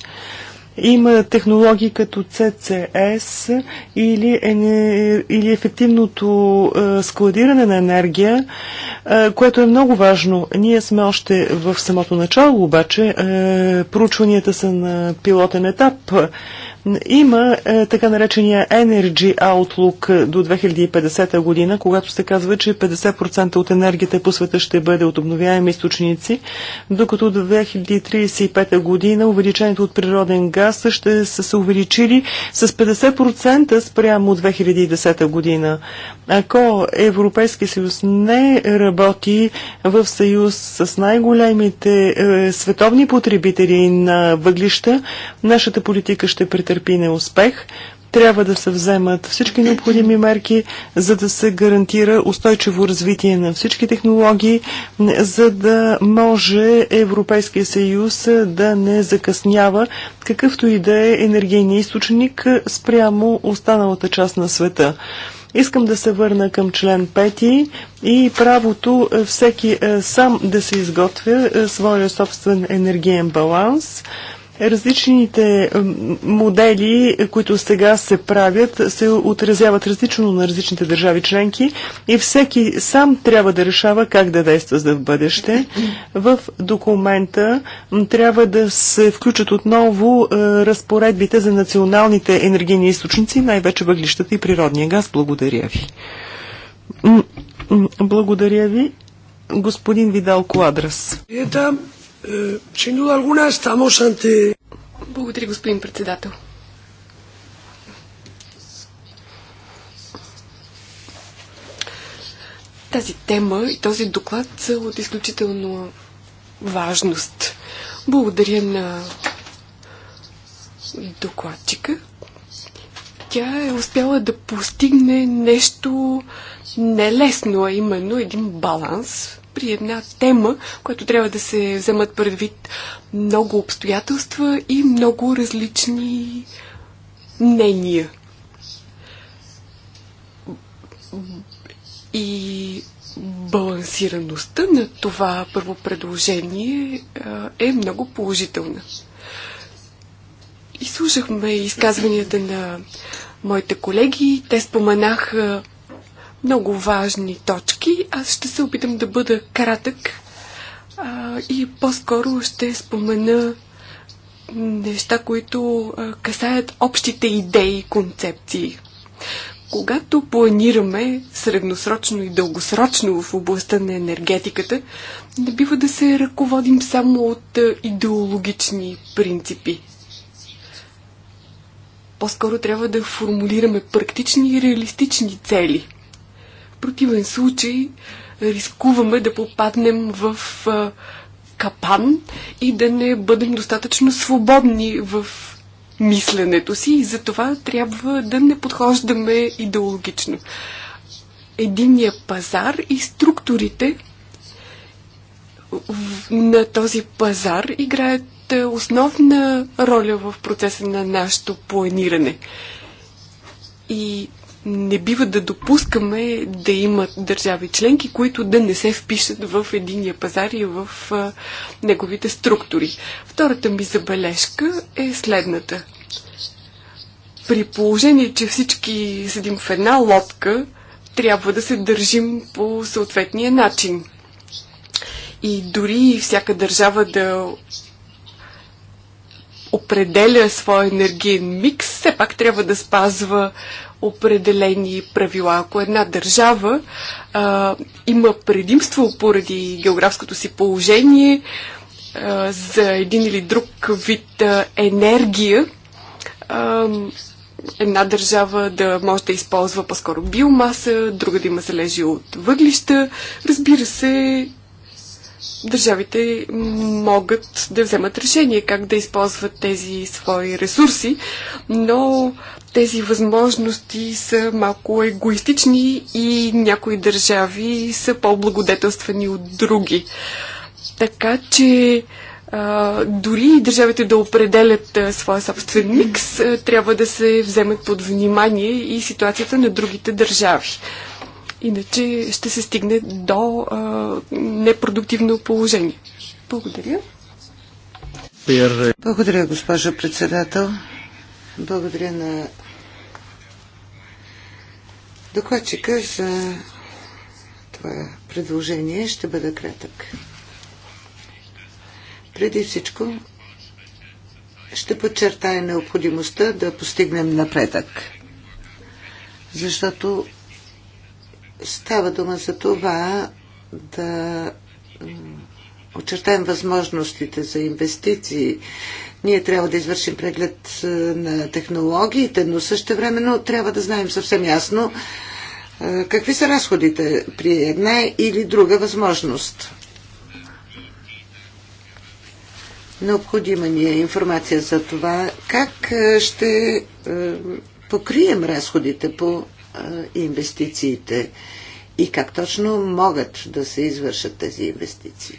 Има технологии като CCS или, е или ефективното е, складиране на енергия, е, което е много важно. Ние сме още в самото начало, обаче проучванията са на пилотен етап. Има е, така наречения Energy Outlook до 2050 година, когато се казва, че 50% от енергията по света ще бъде от обновяеми източници, докато до 2035 година увеличението от природен газ ще са се увеличили с 50% спрямо 2010 година. Ако Европейски съюз не работи в съюз с най-големите е, световни потребители на въглища, нашата политика ще претърпи претърпи неуспех, трябва да се вземат всички необходими мерки, за да се гарантира устойчиво развитие на всички технологии, за да може Европейския съюз да не закъснява какъвто и да е енергийния източник спрямо останалата част на света. Искам да се върна към член 5 и правото всеки е, сам да се изготвя е, своя собствен енергиен баланс – различните модели, които сега се правят, се отразяват различно на различните държави членки и всеки сам трябва да решава как да действа за бъдеще. В документа трябва да се включат отново е, разпоредбите за националните енергийни източници, най-вече въглищата и природния газ. Благодаря ви. Благодаря ви, господин Видал Куадрас. Eh, Благодаря, господин председател. Тази тема и този доклад са от изключително важност. Благодаря на докладчика. Тя е успяла да постигне нещо нелесно, а именно един баланс при една тема, която трябва да се вземат предвид много обстоятелства и много различни мнения. И балансираността на това първо предложение е много положителна. И слушахме изказванията на моите колеги. Те споменаха много важни точки. Аз ще се опитам да бъда кратък а, и по-скоро ще спомена неща, които а, касаят общите идеи и концепции. Когато планираме средносрочно и дългосрочно в областта на енергетиката, не бива да се ръководим само от идеологични принципи. По-скоро трябва да формулираме практични и реалистични цели противен случай рискуваме да попаднем в капан и да не бъдем достатъчно свободни в мисленето си и за това трябва да не подхождаме идеологично. Единия пазар и структурите на този пазар играят основна роля в процеса на нашето планиране. И не бива да допускаме да има държави членки, които да не се впишат в единия пазар и в а, неговите структури. Втората ми забележка е следната. При положение, че всички седим в една лодка, трябва да се държим по съответния начин. И дори всяка държава да определя своя енергиен микс, все пак трябва да спазва определени правила. Ако една държава а, има предимство поради географското си положение а, за един или друг вид а, енергия, а, една държава да може да използва по-скоро биомаса, друга да има залежи от въглища. Разбира се, държавите могат да вземат решение как да използват тези свои ресурси, но тези възможности са малко егоистични и някои държави са по-благодетелствани от други. Така че а, дори държавите да определят а, своя собствен микс, а, трябва да се вземат под внимание и ситуацията на другите държави. Иначе ще се стигне до а, непродуктивно положение. Благодаря. Благодаря, госпожа председател. Благодаря на докладчика за това предложение. Ще бъда кратък. Преди всичко ще подчертая необходимостта да постигнем напредък. Защото Става дума за това да очертаем възможностите за инвестиции. Ние трябва да извършим преглед е, на технологиите, но също времено трябва да знаем съвсем ясно е, какви са разходите при една или друга възможност. Необходима ни е информация за това как е, ще покрием разходите по инвестициите и как точно могат да се извършат тези инвестиции.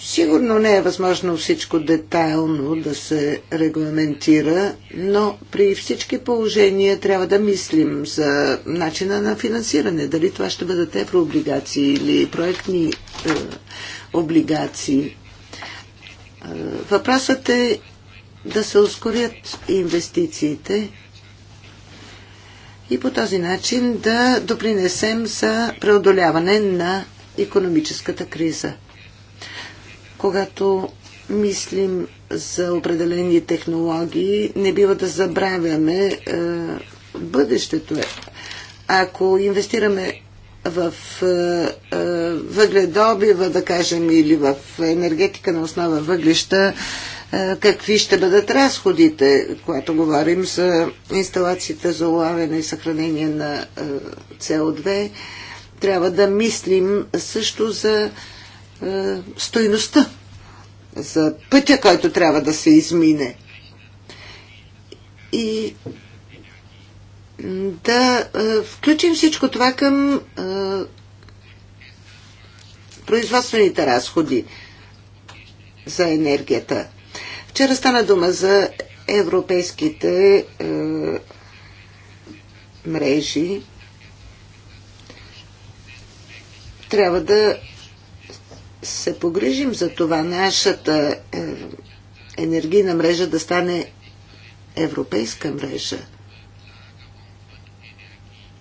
Сигурно не е възможно всичко детайлно да се регламентира, но при всички положения трябва да мислим за начина на финансиране. Дали това ще бъдат еврооблигации или проектни е, облигации. Е, въпросът е да се ускорят инвестициите и по този начин да допринесем за преодоляване на економическата криза. Когато мислим за определени технологии, не бива да забравяме е, бъдещето. Е. Ако инвестираме в е, е, въгледобива, да кажем, или в енергетика на основа въглища, е, какви ще бъдат разходите, когато говорим за инсталацията за улавяне и съхранение на CO2. Е, трябва да мислим също за е, стойността, за пътя, който трябва да се измине. И да включим всичко това към производствените разходи за енергията. Вчера стана дума за европейските е, мрежи. Трябва да се погрижим за това нашата е, енергийна мрежа да стане европейска мрежа.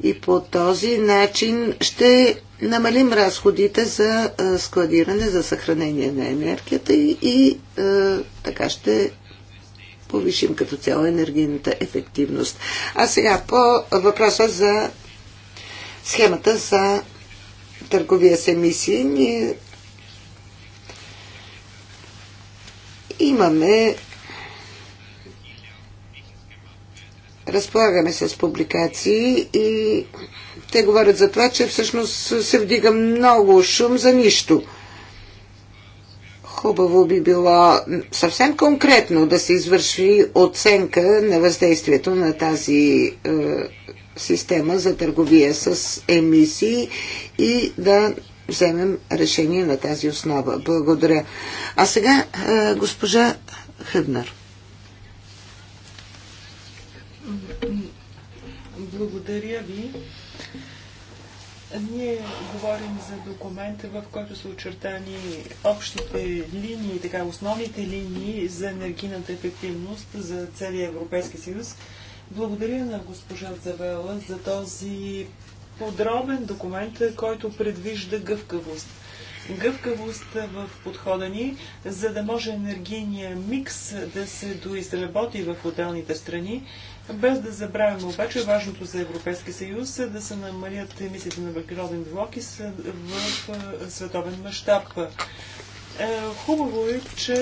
И по този начин ще намалим разходите за складиране, за съхранение на енергията и, и така ще повишим като цяло енергийната ефективност. А сега по въпроса за схемата за търговия с емисии. Ние имаме разполагаме с публикации и те говорят за това, че всъщност се вдига много шум за нищо. Хубаво би било съвсем конкретно да се извърши оценка на въздействието на тази е, система за търговия с емисии и да вземем решение на тази основа. Благодаря. А сега е, госпожа Хъбнар. Благодаря ви. Ние говорим за документа, в който са очертани общите линии, така основните линии за енергийната ефективност за целия Европейски съюз. Благодаря на госпожа Завела за този подробен документ, който предвижда гъвкавост. Гъвкавост в подхода ни, за да може енергийния микс да се доизработи в отделните страни без да забравяме обаче, важното за Европейския съюз е да се намалят емисиите на въглероден двуокис в е, световен мащаб. Е, хубаво е, че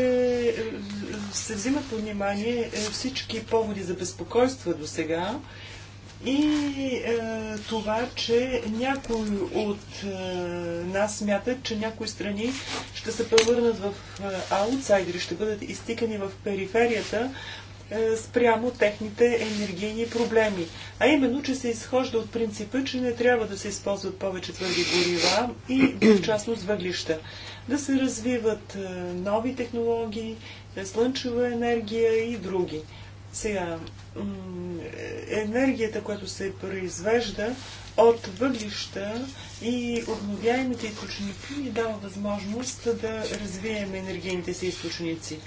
се взимат по внимание е, всички поводи за безпокойства до сега и това, че някой от нас смятат, че някои страни ще се превърнат в аутсайдери, ще бъдат изтикани в периферията е, спрямо техните енергийни проблеми. А именно, че се изхожда от принципа, че не трябва да се използват повече твърди горива и в частност въглища. Да се развиват е, нови технологии, е, слънчева енергия и други. Сега, енергията, която се произвежда от въглища и обновяемите източници ни дава възможност да развием енергийните си източници.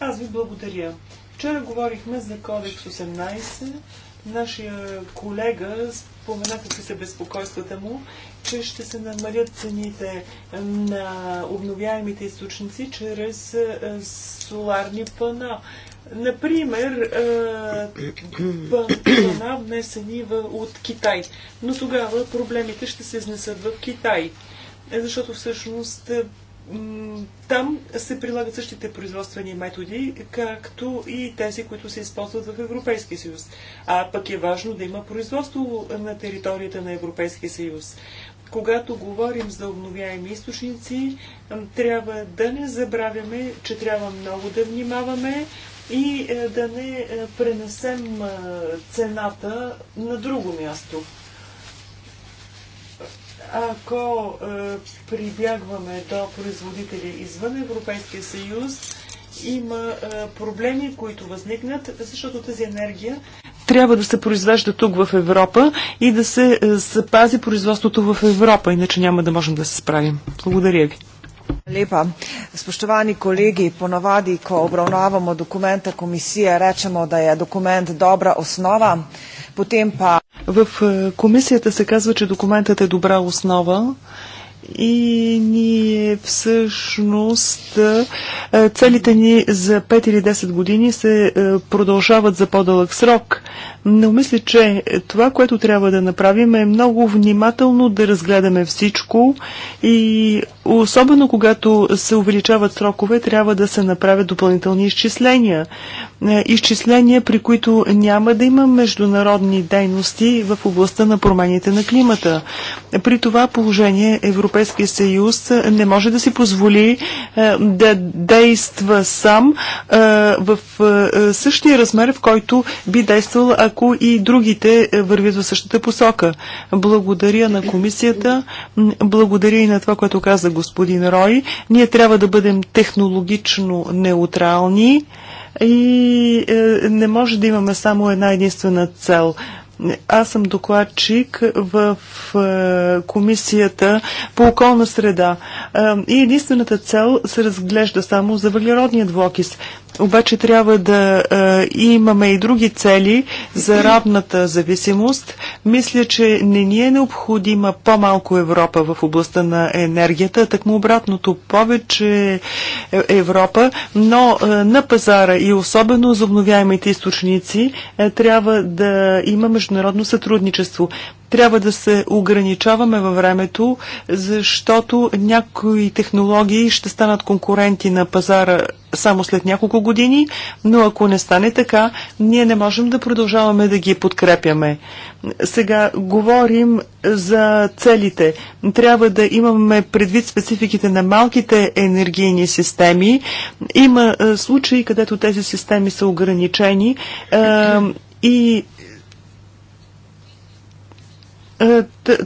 Аз ви благодаря. Вчера говорихме за Кодекс 18. Нашия колега спомена какви са безпокойствата му, че ще се намалят цените на обновяемите източници чрез е, соларни пана. Например, е, пана внесени от Китай. Но тогава проблемите ще се изнесат в Китай. Е, защото всъщност там се прилагат същите производствени методи, както и тези, които се използват в Европейския съюз. А пък е важно да има производство на територията на Европейския съюз. Когато говорим за обновяеми източници, трябва да не забравяме, че трябва много да внимаваме и е, да не е, пренесем е, цената на друго място ако е, прибягваме до производители извън Европейския съюз, има е, проблеми, които възникнат, защото тази енергия трябва да се произвежда тук в Европа и да се е, запази производството в Европа, иначе няма да можем да се справим. Благодаря ви. Lepa. Spoštovani kolegi, ponavadi, ko obravnavamo dokumente komisije, rečemo, da je dokument dobra osnova. Потем па... В е, комисията се казва, че документът е добра основа и ние всъщност е, е, целите ни за 5 или 10 години се продължават за по-дълъг срок. Но мисля, че това, което трябва да направим е много внимателно да разгледаме всичко и особено когато се увеличават срокове, трябва да се направят допълнителни изчисления. Е, изчисления, при които няма да има международни дейности в областта на промените на климата. При това положение Европейския съюз не може да си позволи е, да действа сам е, в същия размер, в който би действал, ако ако и другите е, вървят в същата посока. Благодаря на комисията, благодаря и на това, което каза господин Рой. Ние трябва да бъдем технологично неутрални и е, не може да имаме само една единствена цел. Аз съм докладчик в е, комисията по околна среда и единствената цел се разглежда само за въглеродният двокис. Обаче трябва да а, е, имаме и други цели за равната зависимост. Мисля, че не ни е необходима по-малко Европа в областта на енергията, так му обратното повече е, Европа, но а, е, на пазара и особено за обновяемите източници а, трябва да има международно сътрудничество трябва да се ограничаваме във времето, защото някои технологии ще станат конкуренти на пазара само след няколко години, но ако не стане така, ние не можем да продължаваме да ги подкрепяме. Сега говорим за целите. Трябва да имаме предвид спецификите на малките енергийни системи. Има случаи, където тези системи са ограничени и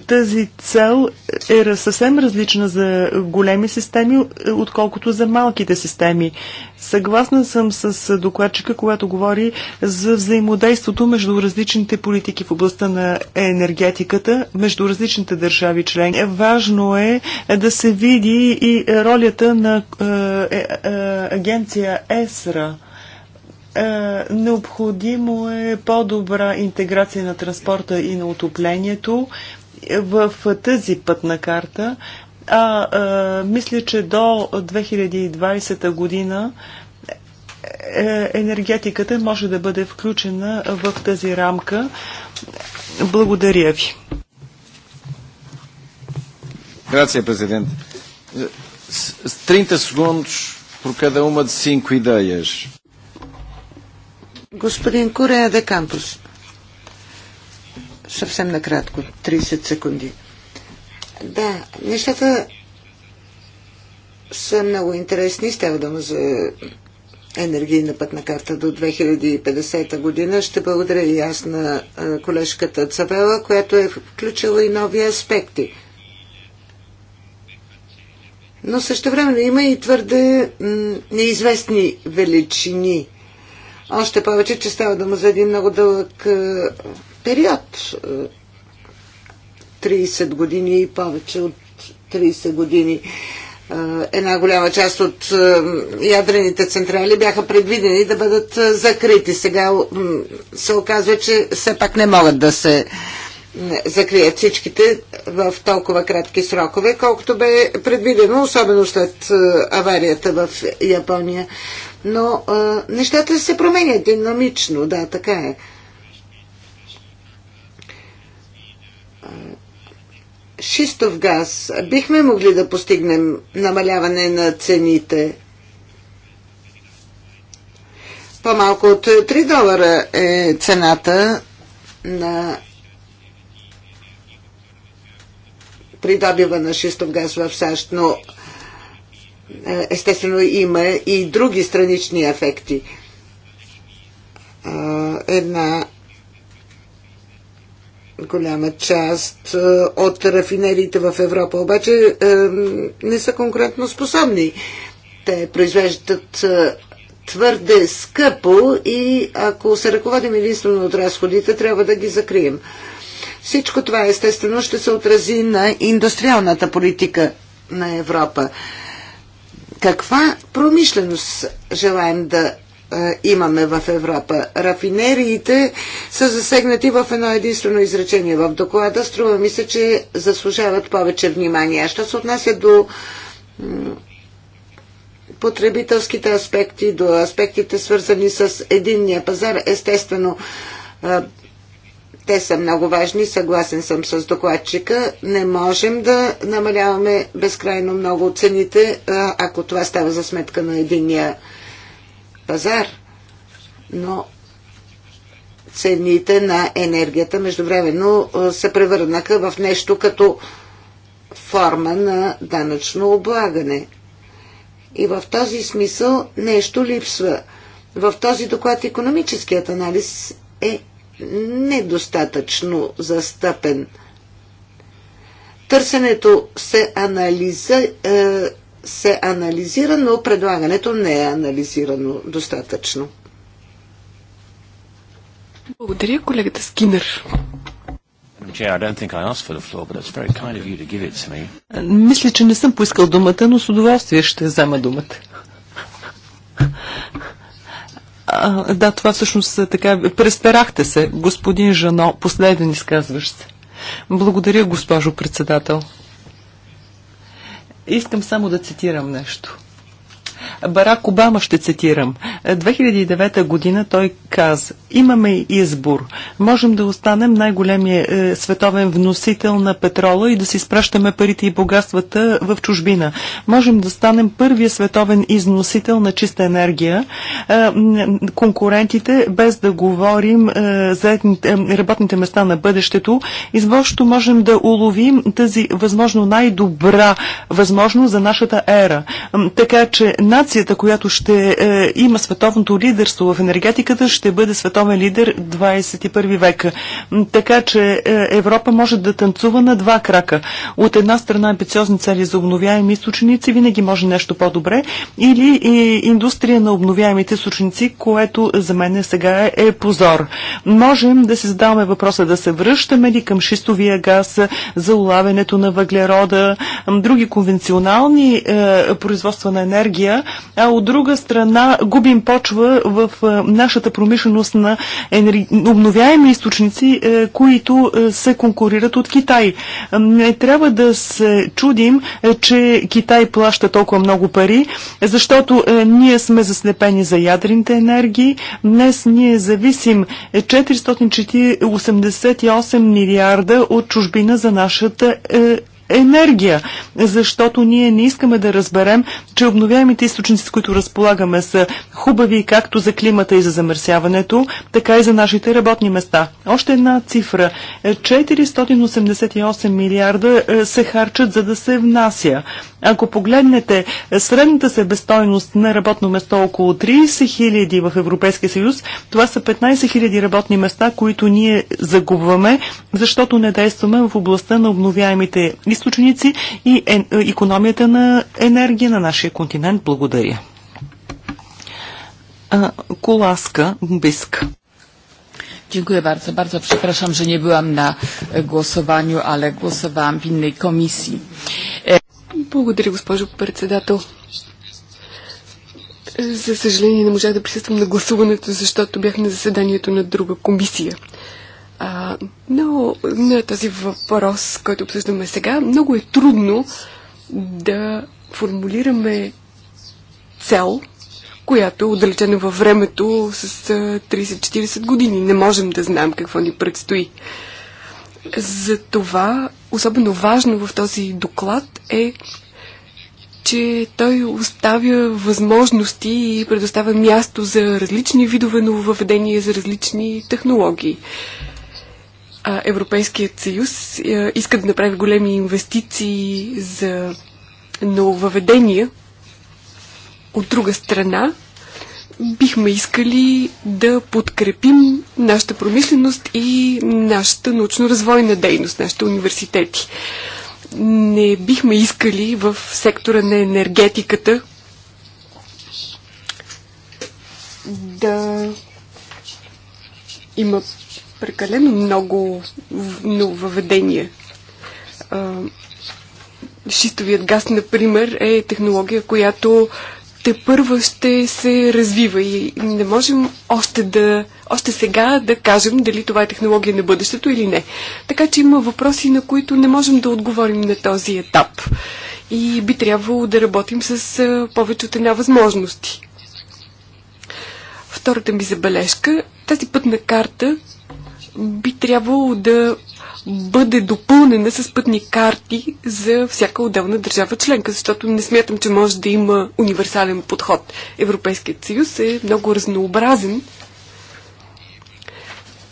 тази цел е съвсем различна за големи системи, е, отколкото за малките системи. Съгласна съм с докладчика, която говори за взаимодейството между различните политики в областта на енергетиката, между различните държави члени. Важно е да се види и ролята на е, е, агенция ЕСРА – е, необходимо е по-добра интеграция на транспорта и на отоплението в тази пътна карта. А, а е, мисля, че до 2020 година е, енергетиката може да бъде включена в тази рамка. Благодаря ви. Grazie, Presidente. 30 segundos por cada uma de cinco ideias. Господин Корея де Кампус. Съвсем накратко, 30 секунди. Да, нещата са много интересни. Става дума за енергийна пътна карта до 2050 година. Ще благодаря и аз на колежката Цавела, която е включила и нови аспекти. Но също време има и твърде неизвестни величини още повече, че става дума за един много дълъг е, период. 30 е, години и повече от 30 години. Е, една голяма част от ядрените централи бяха предвидени да бъдат закрити. Сега се оказва, че все пак не могат да се закрият всичките в толкова кратки срокове, колкото бе предвидено, особено след аварията в Япония но а, нещата се променят динамично, да, така е. Шистов газ. Бихме могли да постигнем намаляване на цените. По-малко от 3 долара е цената на придобива на шистов газ в САЩ, но е, естествено има и други странични ефекти. Е, една голяма част е, от рафинериите в Европа обаче не са конкретно способни. Те произвеждат твърде скъпо и ако се ръководим единствено от разходите, трябва да ги закрием. Всичко това естествено ще се отрази на индустриалната политика на Европа каква промишленост желаем да е, имаме в Европа. Рафинериите са засегнати в едно единствено изречение в доклада. Струва ми се, че заслужават повече внимание. Що се отнася до потребителските аспекти, до аспектите свързани с единния пазар, естествено е, те са много важни, съгласен съм с докладчика. Не можем да намаляваме безкрайно много цените, ако това става за сметка на единия пазар. Но цените на енергията междувременно се превърнаха в нещо като форма на данъчно облагане. И в този смисъл нещо липсва. В този доклад економическият анализ е недостатъчно застъпен. Търсенето се, анализа, е, се анализира, но предлагането не е анализирано достатъчно. Благодаря, колегата Скинър. Е, мисля, че не съм поискал думата, но с удоволствие ще взема думата. А, да, това всъщност е така. Престарахте се, господин Жано, последен изказващ се. Благодаря, госпожо председател. Искам само да цитирам нещо. Барак Обама ще цитирам. 2009 е, година той каза, имаме избор. Можем да останем най-големия е, световен вносител на петрола и да си спращаме парите и богатствата в чужбина. Можем да станем първия световен износител на чиста енергия. Е, конкурентите, без да говорим е, за етните, е, работните места на бъдещето, изобщо можем да уловим тази възможно най-добра възможност за нашата ера. Така че нацията, която ще е, има световното лидерство в енергетиката, ще бъде световен лидер 21 век. Така че е, Европа може да танцува на два крака. От една страна амбициозни цели за обновяеми източници, винаги може нещо по-добре, или и индустрия на обновяемите източници, което за мен сега е позор. Можем да си задаваме въпроса да се връщаме ли към шистовия газ за улавянето на въглерода, други конвенционални е, производства на енергия, а от друга страна губим почва в нашата промишленост на обновяеми източници, е, които е, се конкурират от Китай. Не трябва да се чудим, е, че Китай плаща толкова много пари, защото ние сме заслепени за ядрените енергии. Днес ние зависим 488 милиарда от чужбина за нашата енергия, защото ние не искаме да разберем, че обновяемите източници, с които разполагаме, са хубави както за климата и за замърсяването, така и за нашите работни места. Още една цифра. 488 милиарда е, се харчат за да се внася. Ако погледнете е, средната себестойност на работно место е около 30 хиляди в Европейския съюз, това са 15 хиляди работни места, които ние загубваме, защото не действаме в областта на обновяемите източници източници и е, економията на енергия на нашия континент. Благодаря. Коласка Биск. Dziękuję bardzo. Bardzo przepraszam, że nie byłam na głosowaniu, ale głosowałam w innej komisji. E, Благодаря, госпожо председател. За съжаление не можах да присъствам на гласуването, защото бях на заседанието на друга комисия. А, но на този въпрос, който обсъждаме сега, много е трудно да формулираме цел, която е отдалечена във времето с 30-40 години. Не можем да знаем какво ни предстои. За това особено важно в този доклад е, че той оставя възможности и предоставя място за различни видове нововъведения, за различни технологии. Европейският съюз иска да направи големи инвестиции за нововведения. От друга страна, бихме искали да подкрепим нашата промишленост и нашата научно-развойна дейност, нашите университети. Не бихме искали в сектора на енергетиката да има прекалено много нововведения. Шистовият газ, например, е технология, която те първо ще се развива и не можем още, да, още сега да кажем дали това е технология на бъдещето или не. Така че има въпроси, на които не можем да отговорим на този етап. И би трябвало да работим с повече от една възможности. Втората ми забележка, тази пътна карта би трябвало да бъде допълнена с пътни карти за всяка отделна държава членка, защото не смятам, че може да има универсален подход. Европейският съюз е много разнообразен.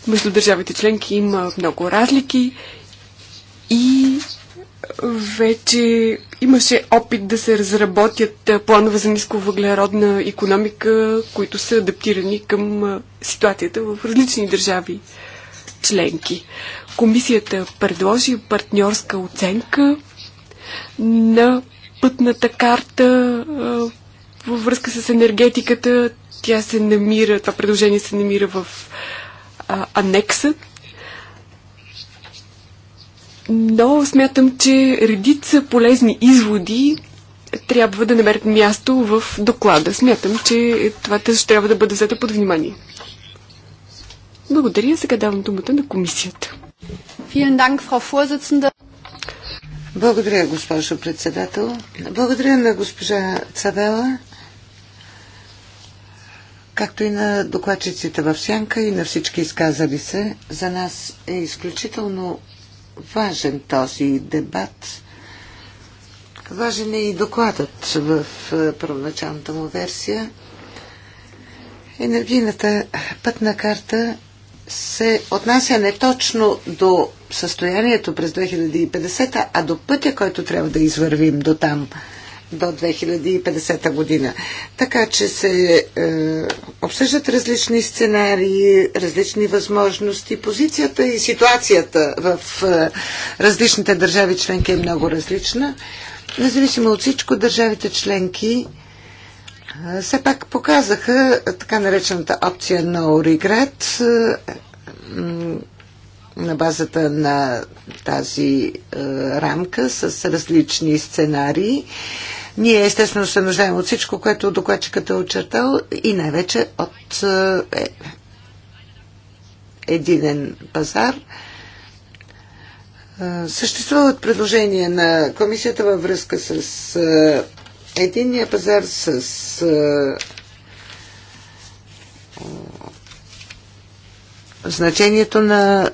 Между държавите членки има много разлики и вече имаше опит да се разработят планове за нисковъглеродна економика, които са адаптирани към ситуацията в различни държави членки. Комисията предложи партньорска оценка на пътната карта във връзка с енергетиката. Тя се намира, това предложение се намира в а, анекса. Но смятам, че редица полезни изводи трябва да намерят място в доклада. Смятам, че това също трябва да бъде взето под внимание. Благодаря. Сега давам думата на комисията. Благодаря, госпожо председател. Благодаря на госпожа Цавела, както и на докладчиците в Сянка и на всички изказали се. За нас е изключително важен този дебат. Важен е и докладът в е, първоначалната му версия. Енергийната пътна карта се отнася не точно до състоянието през 2050, а до пътя, който трябва да извървим до там, до 2050 година. Така че се е, обсъждат различни сценарии, различни възможности. Позицията и ситуацията в е, различните държави членки е много различна. Независимо от всичко, държавите членки все пак показаха така наречената опция на no regret на базата на тази е, рамка с различни сценарии. Ние естествено се нуждаем от всичко, което докладчикът е очертал и най-вече от е, единен пазар. Е, съществуват предложения на комисията във връзка с е, единния пазар с значението на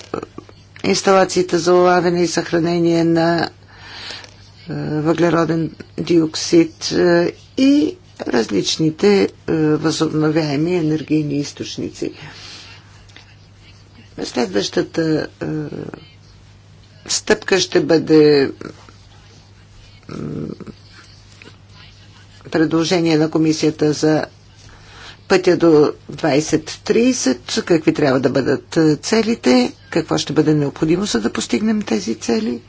инсталациите за улавяне и съхранение на въглероден диоксид и различните възобновяеми енергийни източници. Следващата стъпка ще бъде предложение на комисията за пътя до 2030, какви трябва да бъдат е, целите, какво ще бъде необходимо, за да постигнем тези цели.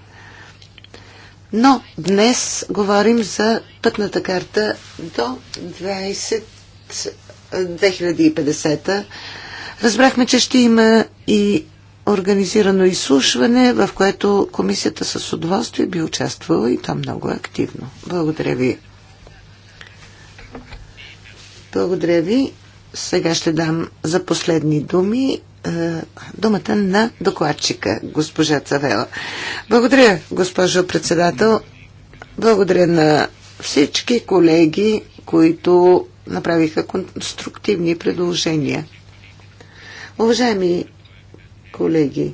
Но днес говорим за пътната карта до 20, 2050. Е, Разбрахме, че ще има и организирано изслушване, в което комисията с удоволствие би участвала и там много активно. Благодаря ви благодаря ви. Сега ще дам за последни думи е, думата на докладчика, госпожа Цавела. Благодаря, госпожо председател. Благодаря на всички колеги, които направиха конструктивни предложения. Уважаеми колеги,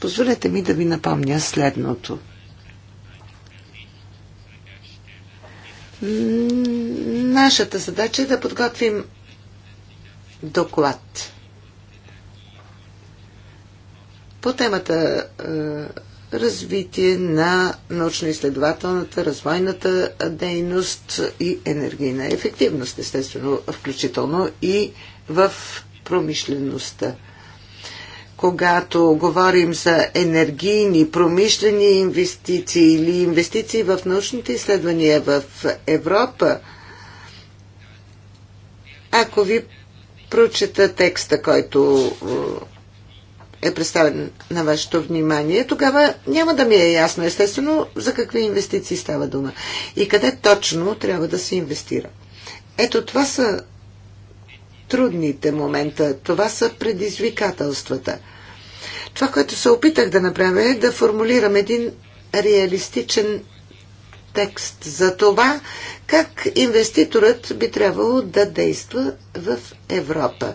позволете ми да ви напомня следното – Нашата задача е да подготвим доклад. По темата е, развитие на научно-изследователната, развойната дейност и енергийна ефективност, естествено, включително и в промишлеността когато говорим за енергийни, промишлени инвестиции или инвестиции в научните изследвания в Европа, ако ви прочета текста, който е представен на вашето внимание, тогава няма да ми е ясно, естествено, за какви инвестиции става дума и къде точно трябва да се инвестира. Ето това са трудните момента. Това са предизвикателствата. Това, което се опитах да направя е да формулирам един реалистичен текст за това как инвеститорът би трябвало да действа в Европа,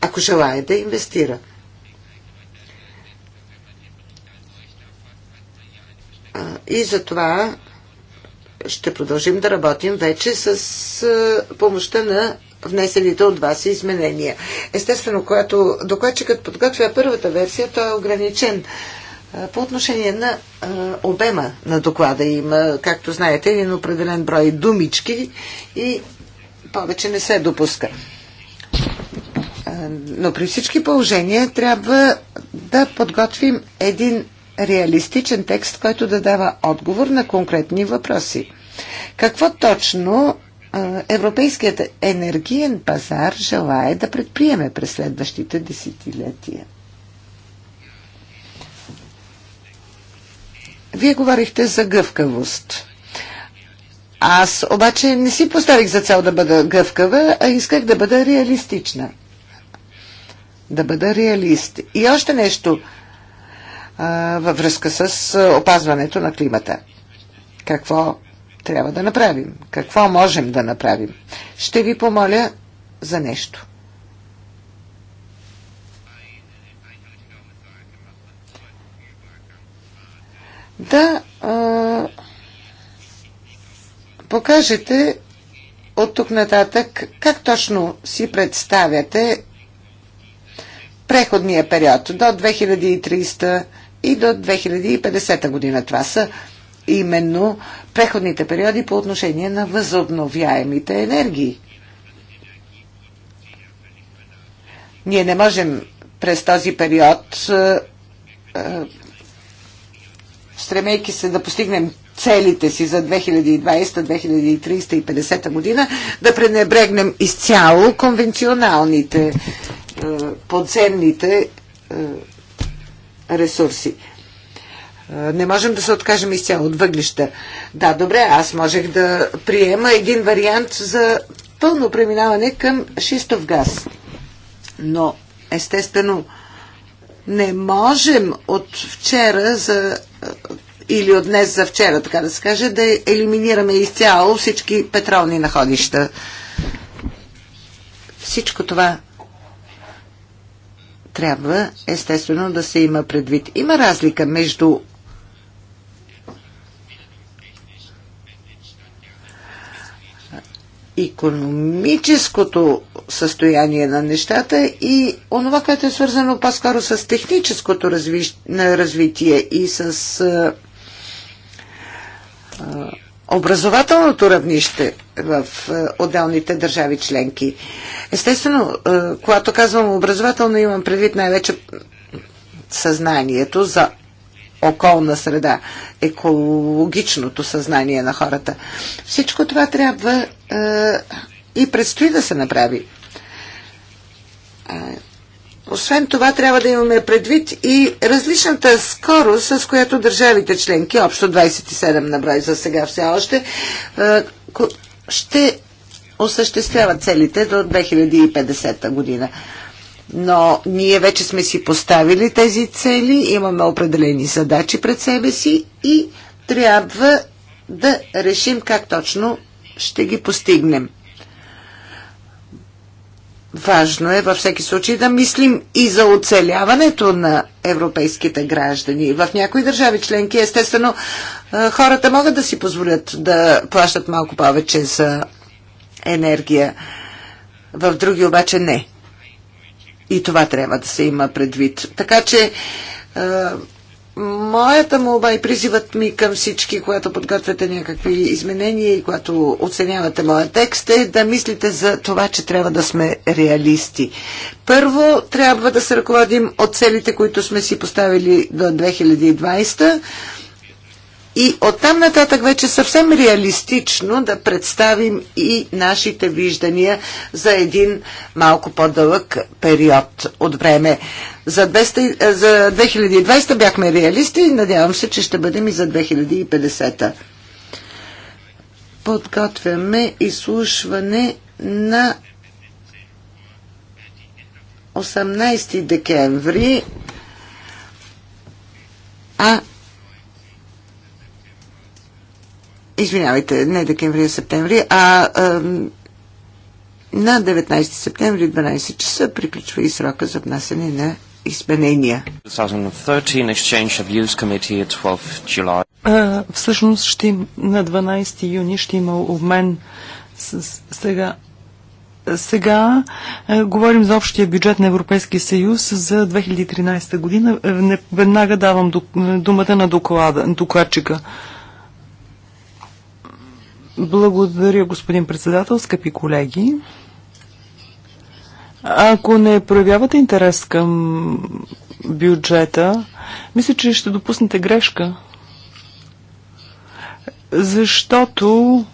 ако желая да инвестира. И за това ще продължим да работим вече с помощта на внесените от вас изменения. Естествено, когато докладчикът подготвя първата версия, той е ограничен. По отношение на а, обема на доклада има, както знаете, един определен брой думички и повече не се допуска. Но при всички положения трябва да подготвим един реалистичен текст, който да дава отговор на конкретни въпроси. Какво точно европейският енергиен пазар желае да предприеме през следващите десетилетия. Вие говорихте за гъвкавост. Аз обаче не си поставих за цел да бъда гъвкава, а исках да бъда реалистична. Да бъда реалист. И още нещо а, във връзка с опазването на климата. Какво трябва да направим? Какво можем да направим? Ще ви помоля за нещо. Да а, покажете от тук нататък как точно си представяте преходния период до 2300 и до 2050 година. Това са именно преходните периоди по отношение на възобновяемите енергии. Ние не можем през този период, е, е, стремейки се да постигнем целите си за 2020, 2030 и 50 година, да пренебрегнем изцяло конвенционалните е, подземните ресурси. Не можем да се откажем изцяло от въглища. Да, добре, аз можех да приема един вариант за пълно преминаване към шистов газ. Но, естествено, не можем от вчера за, или от днес за вчера, така да се каже, да елиминираме изцяло всички петролни находища. Всичко това трябва естествено да се има предвид. Има разлика между економическото състояние на нещата и онова, което е свързано по-скоро с техническото разви... развитие и с а, а, образователното равнище в а, отделните държави членки. Естествено, а, когато казвам образователно, имам предвид най-вече съзнанието за околна среда, екологичното съзнание на хората. Всичко това трябва е, и предстои да се направи. Е, освен това, трябва да имаме предвид и различната скорост, с която държавите членки, общо 27 на брой за сега все още, е, ще осъществяват целите до 2050 година но ние вече сме си поставили тези цели, имаме определени задачи пред себе си и трябва да решим как точно ще ги постигнем. Важно е във всеки случай да мислим и за оцеляването на европейските граждани. В някои държави членки, естествено, хората могат да си позволят да плащат малко повече за енергия. В други обаче не. И това трябва да се има предвид. Така че е, Моята молба и призивът ми към всички, когато подготвяте някакви изменения и когато оценявате моя текст е да мислите за това, че трябва да сме реалисти. Първо, трябва да се ръководим от целите, които сме си поставили до 2020 и оттам нататък вече съвсем реалистично да представим и нашите виждания за един малко по-дълъг период от време. За, 200, е, за 2020 бяхме реалисти и надявам се, че ще бъдем и за 2050. Подготвяме изслушване на 18 декември, а Извинявайте, не декември, а септември, а, а на 19 септември 12 часа приключва и срока за внасяне на изменения. всъщност ще, на 12 юни ще има обмен с, сега сега е, говорим за общия бюджет на Европейския съюз за 2013 година. Е, веднага давам думата на доклада, докладчика. Благодаря, господин председател, скъпи колеги. Ако не проявявате интерес към бюджета, мисля, че ще допуснете грешка. Защото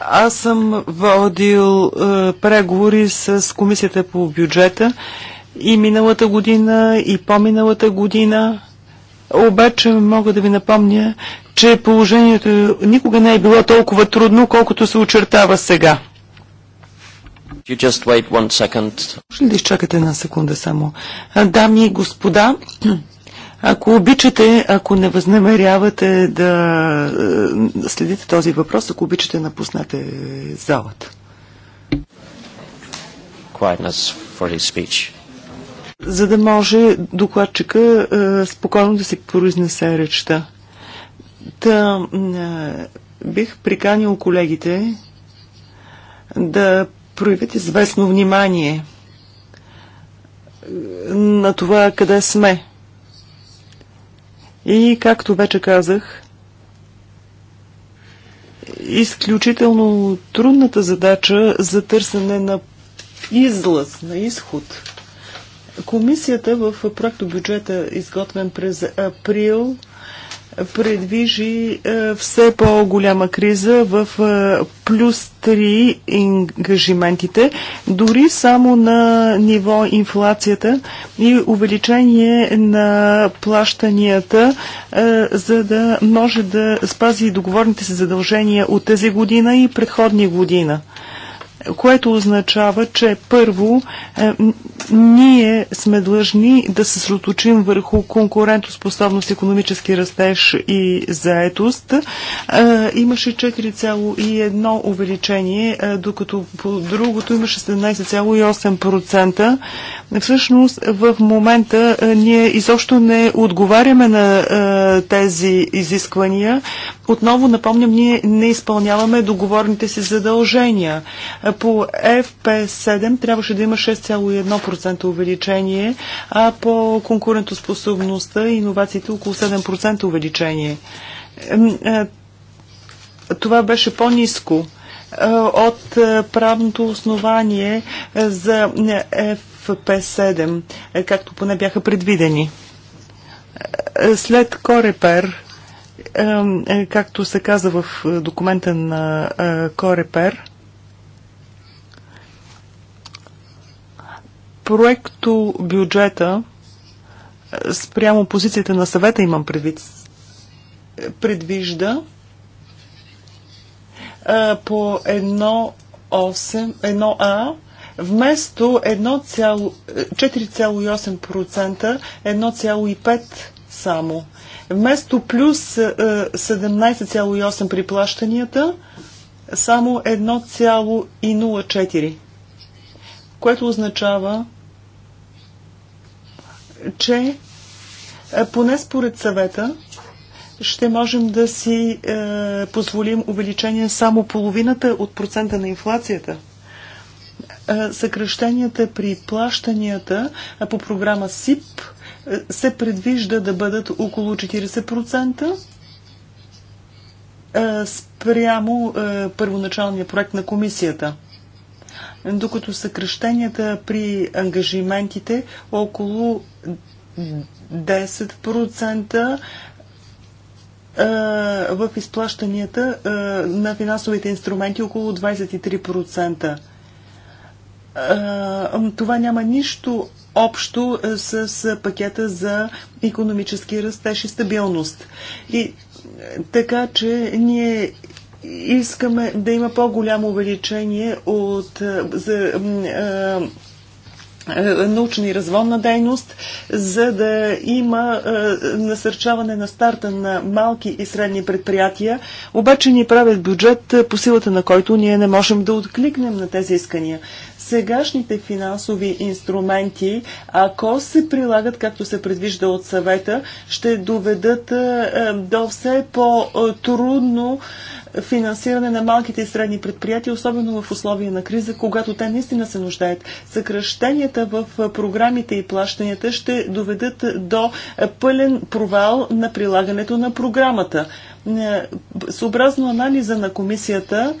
аз съм водил е, преговори с Комисията по бюджета и миналата година, и по-миналата година. Обаче мога да ви напомня, че положението никога не е било толкова трудно, колкото се очертава сега. You just wait one second. Може ли да изчакате една секунда само? Дами и господа, ако обичате, ако не възнамерявате да е, следите този въпрос, ако обичате, напуснете залата. Quietness for his speech за да може докладчика е, спокойно да си произнесе речта. Та, е, бих приканил колегите да проявят известно внимание е, на това къде сме. И, както вече казах, изключително трудната задача за търсене на излъз, на изход – Комисията в проекто бюджета, изготвен през април, предвижи е, все по-голяма криза в е, плюс 3 ангажиментите, дори само на ниво инфлацията и увеличение на плащанията, е, за да може да спази договорните си задължения от тази година и предходни година което означава, че първо е, ние сме длъжни да се сроточим върху конкурентоспособност, економически растеж и заетост. Е, имаше 4,1 увеличение, е, докато по другото имаше 17,8%. Всъщност в момента е, ние изобщо не отговаряме на е, тези изисквания. Отново напомням, ние не изпълняваме договорните си задължения. По FP7 трябваше да има 6,1% увеличение, а по конкурентоспособността и иновациите около 7% увеличение. Е, това беше по-низко е, от правното основание за FP7, е, както поне бяха предвидени. След Корепер е, както се каза в е, документа на е, Корепер, проекто бюджета спрямо позицията на съвета имам предвид предвижда по 1,8, вместо 4,8% 1,5% само. Вместо плюс 17,8 е, е, при плащанията, само 1,04, което означава, че е, поне според съвета ще можем да си е, позволим увеличение само половината от процента на инфлацията. Е, съкръщенията при плащанията по програма СИП – се предвижда да бъдат около 40% спрямо първоначалния проект на комисията докато съкръщенията при ангажиментите около 10% в изплащанията на финансовите инструменти около 23%. Това няма нищо общо е, с е, пакета за економически растеж и стабилност. И е, така че ние искаме да има по-голямо увеличение от, за, научна и развонна дейност, за да има е, насърчаване на старта на малки и средни предприятия. Обаче ни правят бюджет, по силата на който ние не можем да откликнем на тези искания сегашните финансови инструменти, ако се прилагат както се предвижда от съвета, ще доведат е, е, до все по-трудно финансиране на малките и средни предприятия, особено в условия на криза, когато те наистина се нуждаят. Съкръщенията в програмите и плащанията ще доведат до пълен провал на прилагането на програмата. Е, съобразно анализа на комисията,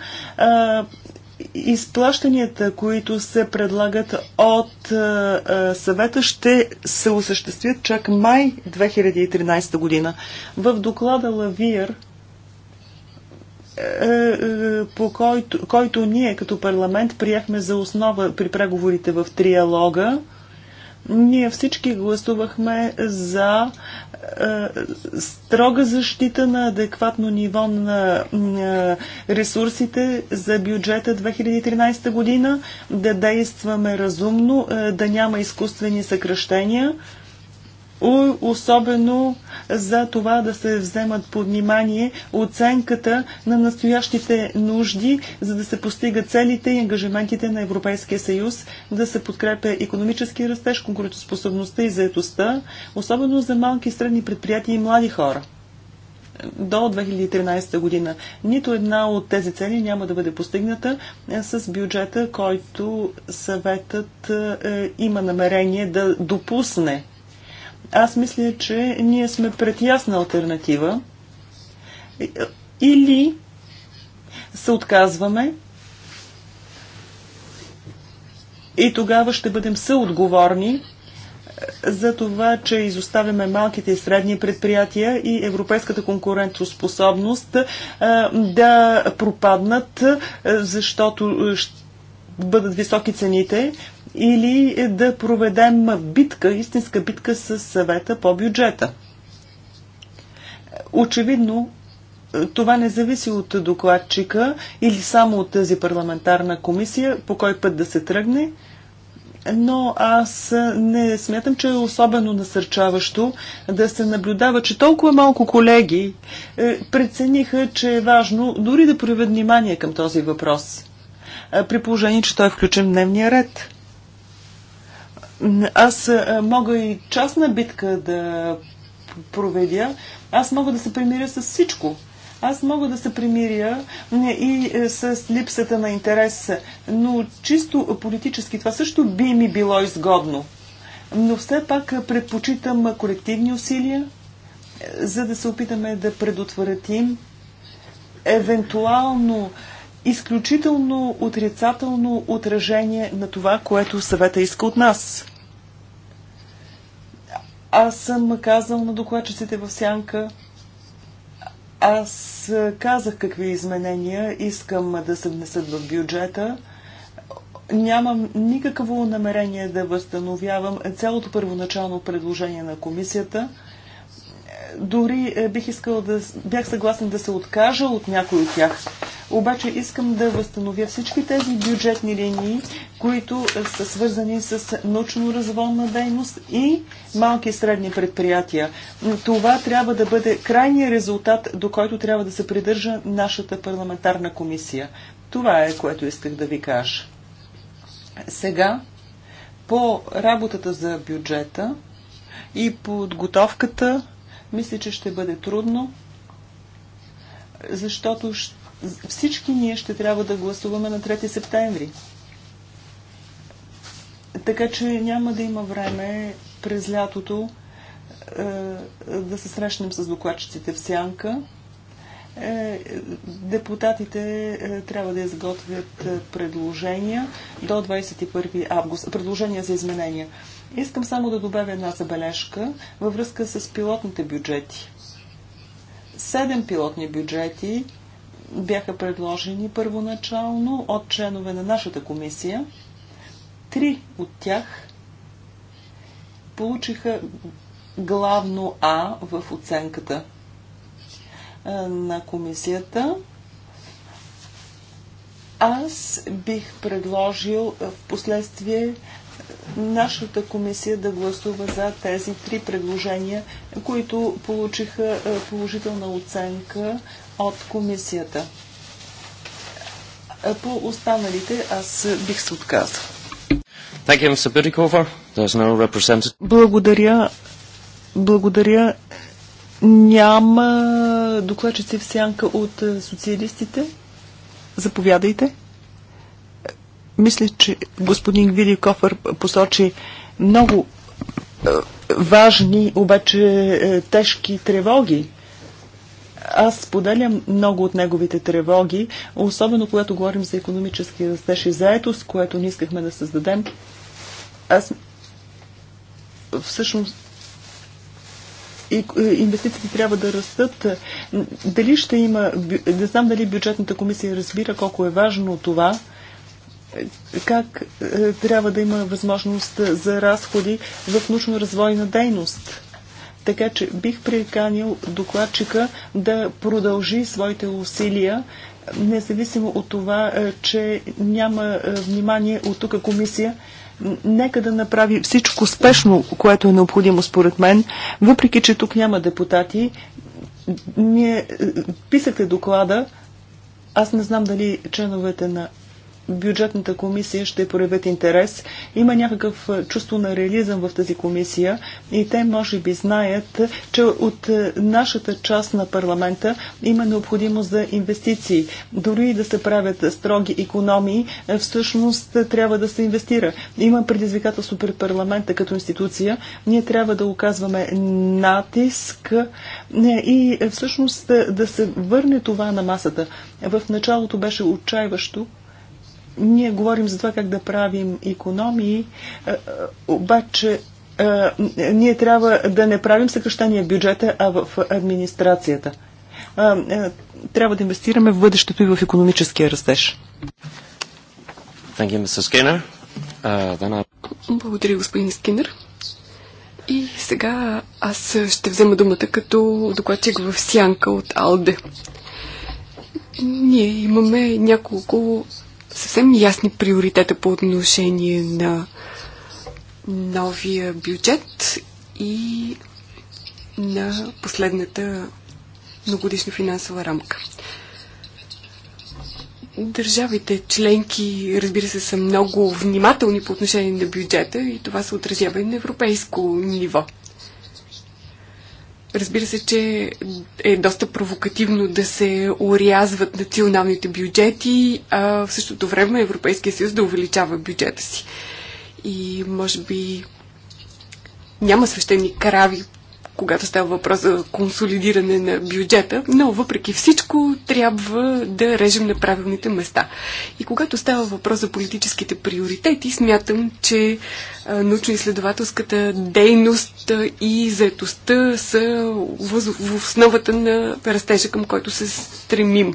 изплащанията, които се предлагат от а, е, е, съвета, ще се осъществят чак май 2013 година. В доклада Лавиер, е, по който, който ние като парламент приехме за основа при преговорите в триалога, ние всички гласувахме за е, строга защита на адекватно ниво на е, ресурсите за бюджета 2013 година, да действаме разумно, е, да няма изкуствени съкръщения особено за това да се вземат под внимание оценката на настоящите нужди, за да се постигат целите и ангажиментите на Европейския съюз, да се подкрепя економически растеж, конкурентоспособността и заетостта, особено за малки и средни предприятия и млади хора до 2013 година. Нито една от тези цели няма да бъде постигната е, с бюджета, който съветът е, има намерение да допусне аз мисля, че ние сме пред ясна альтернатива. Или се отказваме и тогава ще бъдем съотговорни за това, че изоставяме малките и средни предприятия и европейската конкурентоспособност да пропаднат, защото ще бъдат високи цените или да проведем битка, истинска битка с съвета по бюджета. Очевидно, това не зависи от докладчика или само от тази парламентарна комисия, по кой път да се тръгне, но аз не смятам, че е особено насърчаващо да се наблюдава, че толкова малко колеги е, прецениха, че е важно дори да проявят внимание към този въпрос, е, при положение, че той е включен в дневния ред. Аз мога и частна битка да проведя. Аз мога да се примиря с всичко. Аз мога да се примиря и е, с липсата на интерес, но чисто политически това също би ми било изгодно. Но все пак предпочитам колективни усилия, е, за да се опитаме да предотвратим евентуално изключително отрицателно отражение на това, което съвета иска от нас. Аз съм казал на докладчиците в сянка, аз казах какви изменения искам да се внесат в бюджета. Нямам никакво намерение да възстановявам цялото първоначално предложение на комисията – дори е, бих искал да... Бях съгласен да се откажа от някой от тях. Обаче искам да възстановя всички тези бюджетни линии, които е, са свързани с научно-развонна дейност и малки и средни предприятия. Това трябва да бъде крайният резултат, до който трябва да се придържа нашата парламентарна комисия. Това е, което исках да ви кажа. Сега, по работата за бюджета и подготовката мисля, че ще бъде трудно, защото всички ние ще трябва да гласуваме на 3 септември. Така че няма да има време през лятото е, да се срещнем с докладчиците в сянка. Е, депутатите е, трябва да изготвят е, предложения до 21 август. Предложения за изменения. Искам само да добавя една забележка във връзка с пилотните бюджети. Седем пилотни бюджети бяха предложени първоначално от членове на нашата комисия. Три от тях получиха главно А в оценката на комисията. Аз бих предложил в последствие нашата комисия да гласува за тези три предложения, които получиха е, положителна оценка от комисията. По останалите аз бих се отказал. Благодаря. Благодаря. Няма докладчици в сянка от е, социалистите. Заповядайте. Мисля, че господин Вили Кофър посочи много е, важни, обаче е, тежки тревоги. Аз споделям много от неговите тревоги, особено когато говорим за економически растеж и заетост, което не искахме да създадем. Аз всъщност и е, инвестициите трябва да растат. Дали ще има, не знам дали бюджетната комисия разбира колко е важно това, как е, трябва да има възможност за разходи в научно-развойна дейност. Така че бих приканил докладчика да продължи своите усилия, независимо от това, е, че няма е, внимание от тук комисия. Нека да направи всичко спешно, което е необходимо според мен, въпреки че тук няма депутати. Ние е, писахте доклада. Аз не знам дали членовете на бюджетната комисия ще проявят интерес. Има някакъв е, чувство на реализъм в тази комисия и те може би знаят, че от е, нашата част на парламента има необходимост за инвестиции. Дори и да се правят строги економии, е, всъщност трябва да се инвестира. Има предизвикателство пред парламента като институция. Ние трябва да оказваме натиск и всъщност да се върне това на масата. В началото беше отчаиващо, ние говорим за това как да правим економии, е, е, обаче е, ние трябва да не правим съкръщания в бюджета, а в администрацията. Трябва да инвестираме в бъдещето и в економическия растеж. Uh, Благодаря, господин Скинер. И сега аз ще взема думата като докладчик в сянка от Алде. Ние имаме няколко съвсем ясни приоритета по отношение на новия бюджет и на последната многодишна финансова рамка. Държавите членки, разбира се, са много внимателни по отношение на бюджета и това се отразява и на европейско ниво. Разбира се, че е доста провокативно да се орязват националните бюджети, а в същото време Европейския съюз да увеличава бюджета си. И може би няма свещени крави когато става въпрос за консолидиране на бюджета, но въпреки всичко трябва да режем на правилните места. И когато става въпрос за политическите приоритети, смятам, че научно-изследователската дейност и заетостта са в основата на растежа, към който се стремим.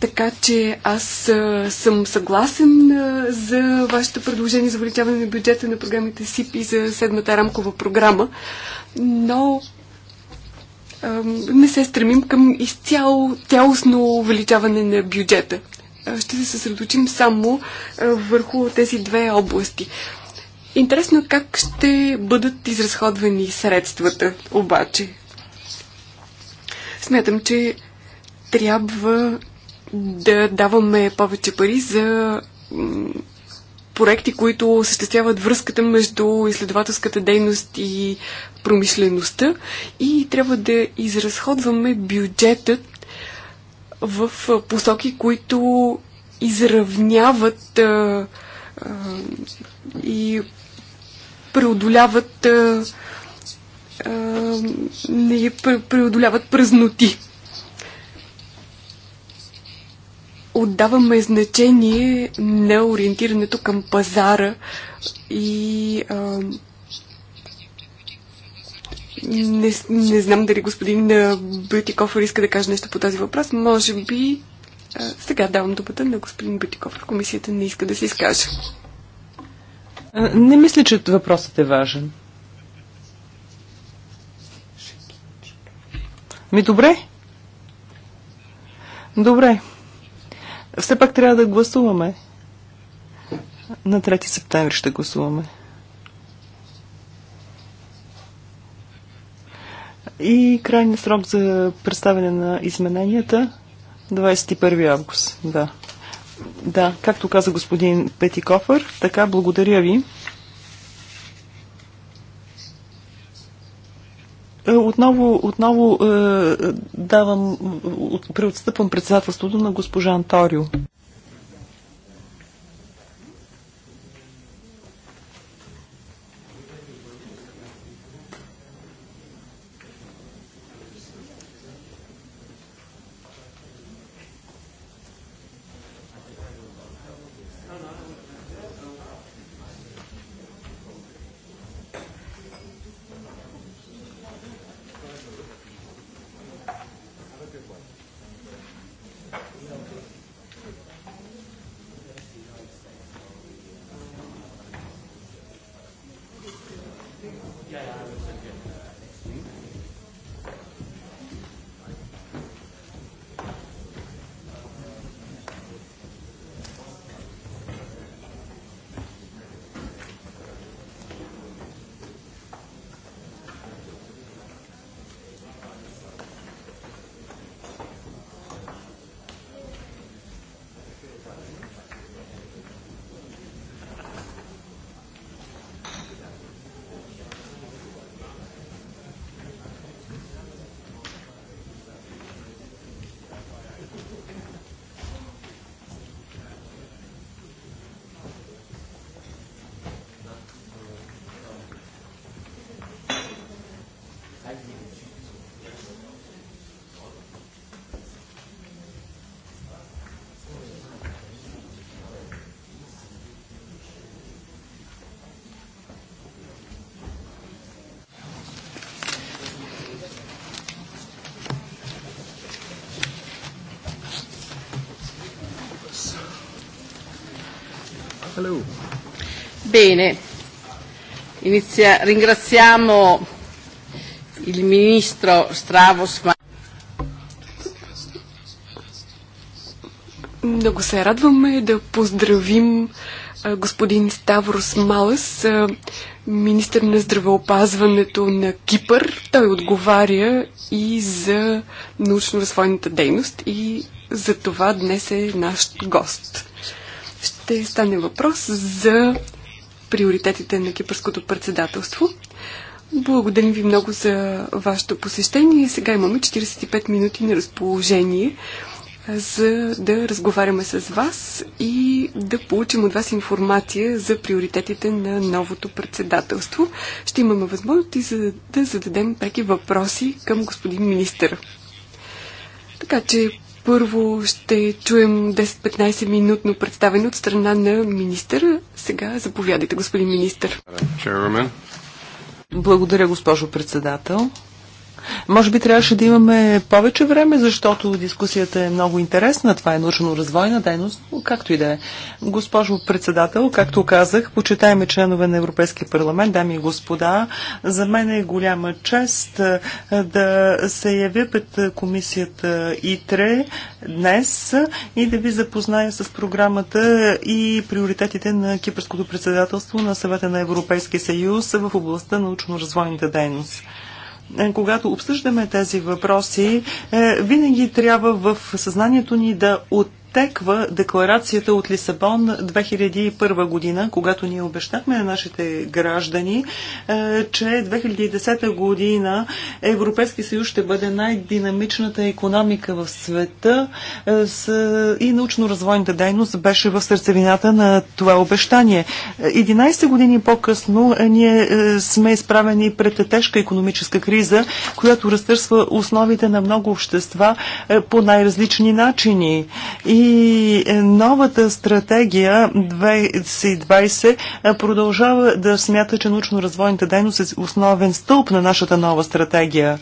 Така че аз съм съгласен за вашето предложение за увеличаване на бюджета на програмите СИП и за седмата рамкова програма, но не се стремим към изцяло тялостно увеличаване на бюджета. Ще се съсредоточим само върху тези две области. Интересно е как ще бъдат изразходвани средствата, обаче. Смятам, че трябва да даваме повече пари за проекти, които съществяват връзката между изследователската дейност и промишлеността и трябва да изразходваме бюджетът в посоки, които изравняват а, а, и преодоляват а, а, не преодоляват празноти. отдаваме значение на ориентирането към пазара и а, не, не знам дали господин Бютиков иска да каже нещо по този въпрос. Може би а, сега давам думата на господин Бютиков. Комисията не иска да се изкаже. Не мисля, че въпросът е важен. Ми добре. Добре. Все пак трябва да гласуваме. На 3 септември ще гласуваме. И крайния срок за представяне на измененията 21 август. Да. Да, както каза господин Петикофър, така благодаря ви. Е, отново, отново е, давам, преотстъпвам председателството на госпожа Анторио. Hello. Bene, Inizia, ringraziamo il ministro Stravos. Много се радваме да поздравим господин Ставрос Малас, министър на здравеопазването на Кипър. Той отговаря и за научно-развойната дейност и за това днес е наш гост ще стане въпрос за приоритетите на кипърското председателство. Благодарим ви много за вашето посещение. Сега имаме 45 минути на разположение, за да разговаряме с вас и да получим от вас информация за приоритетите на новото председателство. Ще имаме възможност и за да зададем преки въпроси към господин министър. Така че първо ще чуем 10-15 минутно представене от страна на министър. Сега заповядайте, господин министър. Благодаря, госпожо председател. Може би трябваше да имаме повече време, защото дискусията е много интересна. Това е научно-развойна дейност, както и да е. Госпожо председател, както казах, почитаеме членове на Европейския парламент, дами и господа. За мен е голяма чест да се явя пред комисията ИТРЕ днес и да ви запозная с програмата и приоритетите на Кипърското председателство на съвета на Европейския съюз в областта на научно-развойната дейност. Е, когато обсъждаме тези въпроси, е, винаги трябва в съзнанието ни да от изтеква декларацията от Лисабон 2001 година, когато ние обещахме на нашите граждани, е, че 2010 година Европейски съюз ще бъде най-динамичната економика в света е, и научно-развойната дейност беше в сърцевината на това обещание. 11 години по-късно е, ние сме изправени пред тежка економическа криза, която разтърсва основите на много общества по най-различни начини. И и новата стратегия 2020 продължава да смята, че научно-развойната дейност е основен стълб на нашата нова стратегия.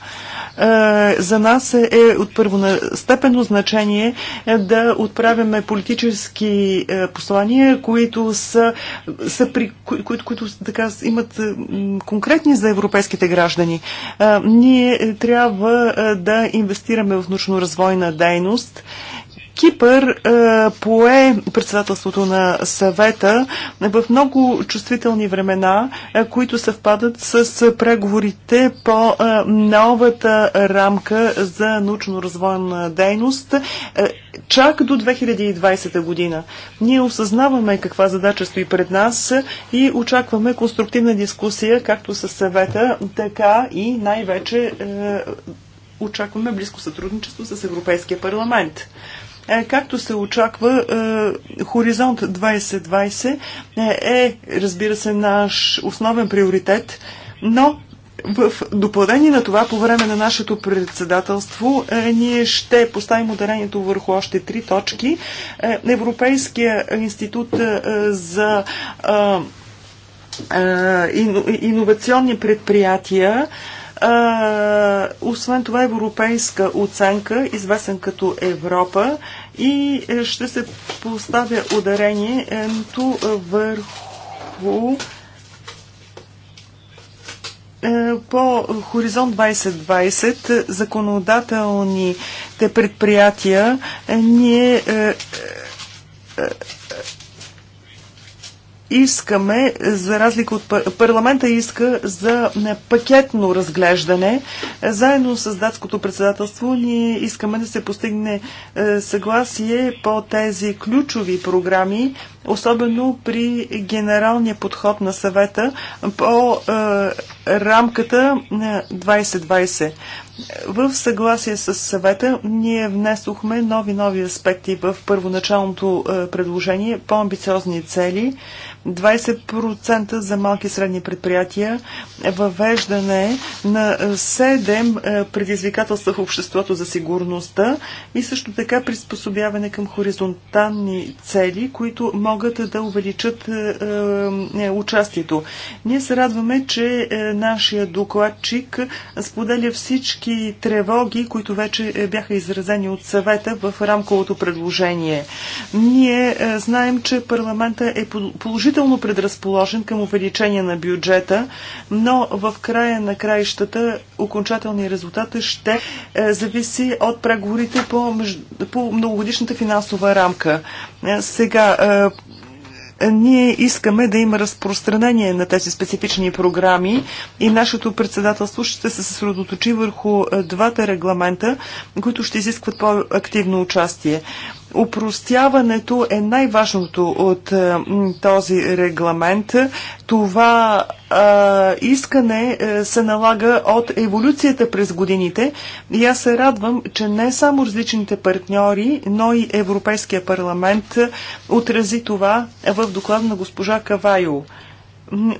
За нас е, е от първостепенно значение е, да отправяме политически е, послания, които са, са при, които, които така, имат конкретни за европейските граждани. Ние трябва да инвестираме в научно-развойна дейност Кипър е, пое председателството на съвета в много чувствителни времена, е, които съвпадат с преговорите по е, новата рамка за научно-развойна дейност чак до 2020 година. Ние осъзнаваме каква задача стои пред нас и очакваме конструктивна дискусия както с съвета, така и най-вече очакваме близко сътрудничество с Европейския парламент. Е, както се очаква, е, Хоризонт 2020 е, е, разбира се, наш основен приоритет, но в допълнение на това, по време на нашето председателство, ние ще поставим ударението върху още три точки. Европейския институт за иновационни предприятия а, освен това европейска оценка, известен като Европа и е, ще се поставя ударението е, е, върху по Хоризонт 2020 законодателните предприятия ние искаме, за разлика от парламента, иска за пакетно разглеждане. Заедно с датското председателство ние искаме да се постигне е, съгласие по тези ключови програми, особено при генералния подход на съвета по е, рамката 2020. Е, в съгласие с съвета ние внесохме нови нови аспекти в първоначалното е, предложение, по-амбициозни цели, 20% за малки и средни предприятия, въвеждане на 7 е, предизвикателства в обществото за сигурността и също така приспособяване към хоризонтални цели, които могат да увеличат е, участието. Ние се радваме, че нашия докладчик споделя всички всички тревоги, които вече е, бяха изразени от съвета в рамковото предложение. Ние е, знаем, че парламента е положително предразположен към увеличение на бюджета, но в края на краищата окончателният резултат ще е, зависи от преговорите по, по многогодишната финансова рамка. Сега ние искаме да има разпространение на тези специфични програми и нашето председателство ще се съсредоточи върху двата регламента, които ще изискват по-активно участие. Упростяването е най-важното от е, този регламент. Това а, е, искане е, се налага от еволюцията през годините и аз се радвам, че не само различните партньори, но и Европейския парламент отрази това в доклад на госпожа Кавайо.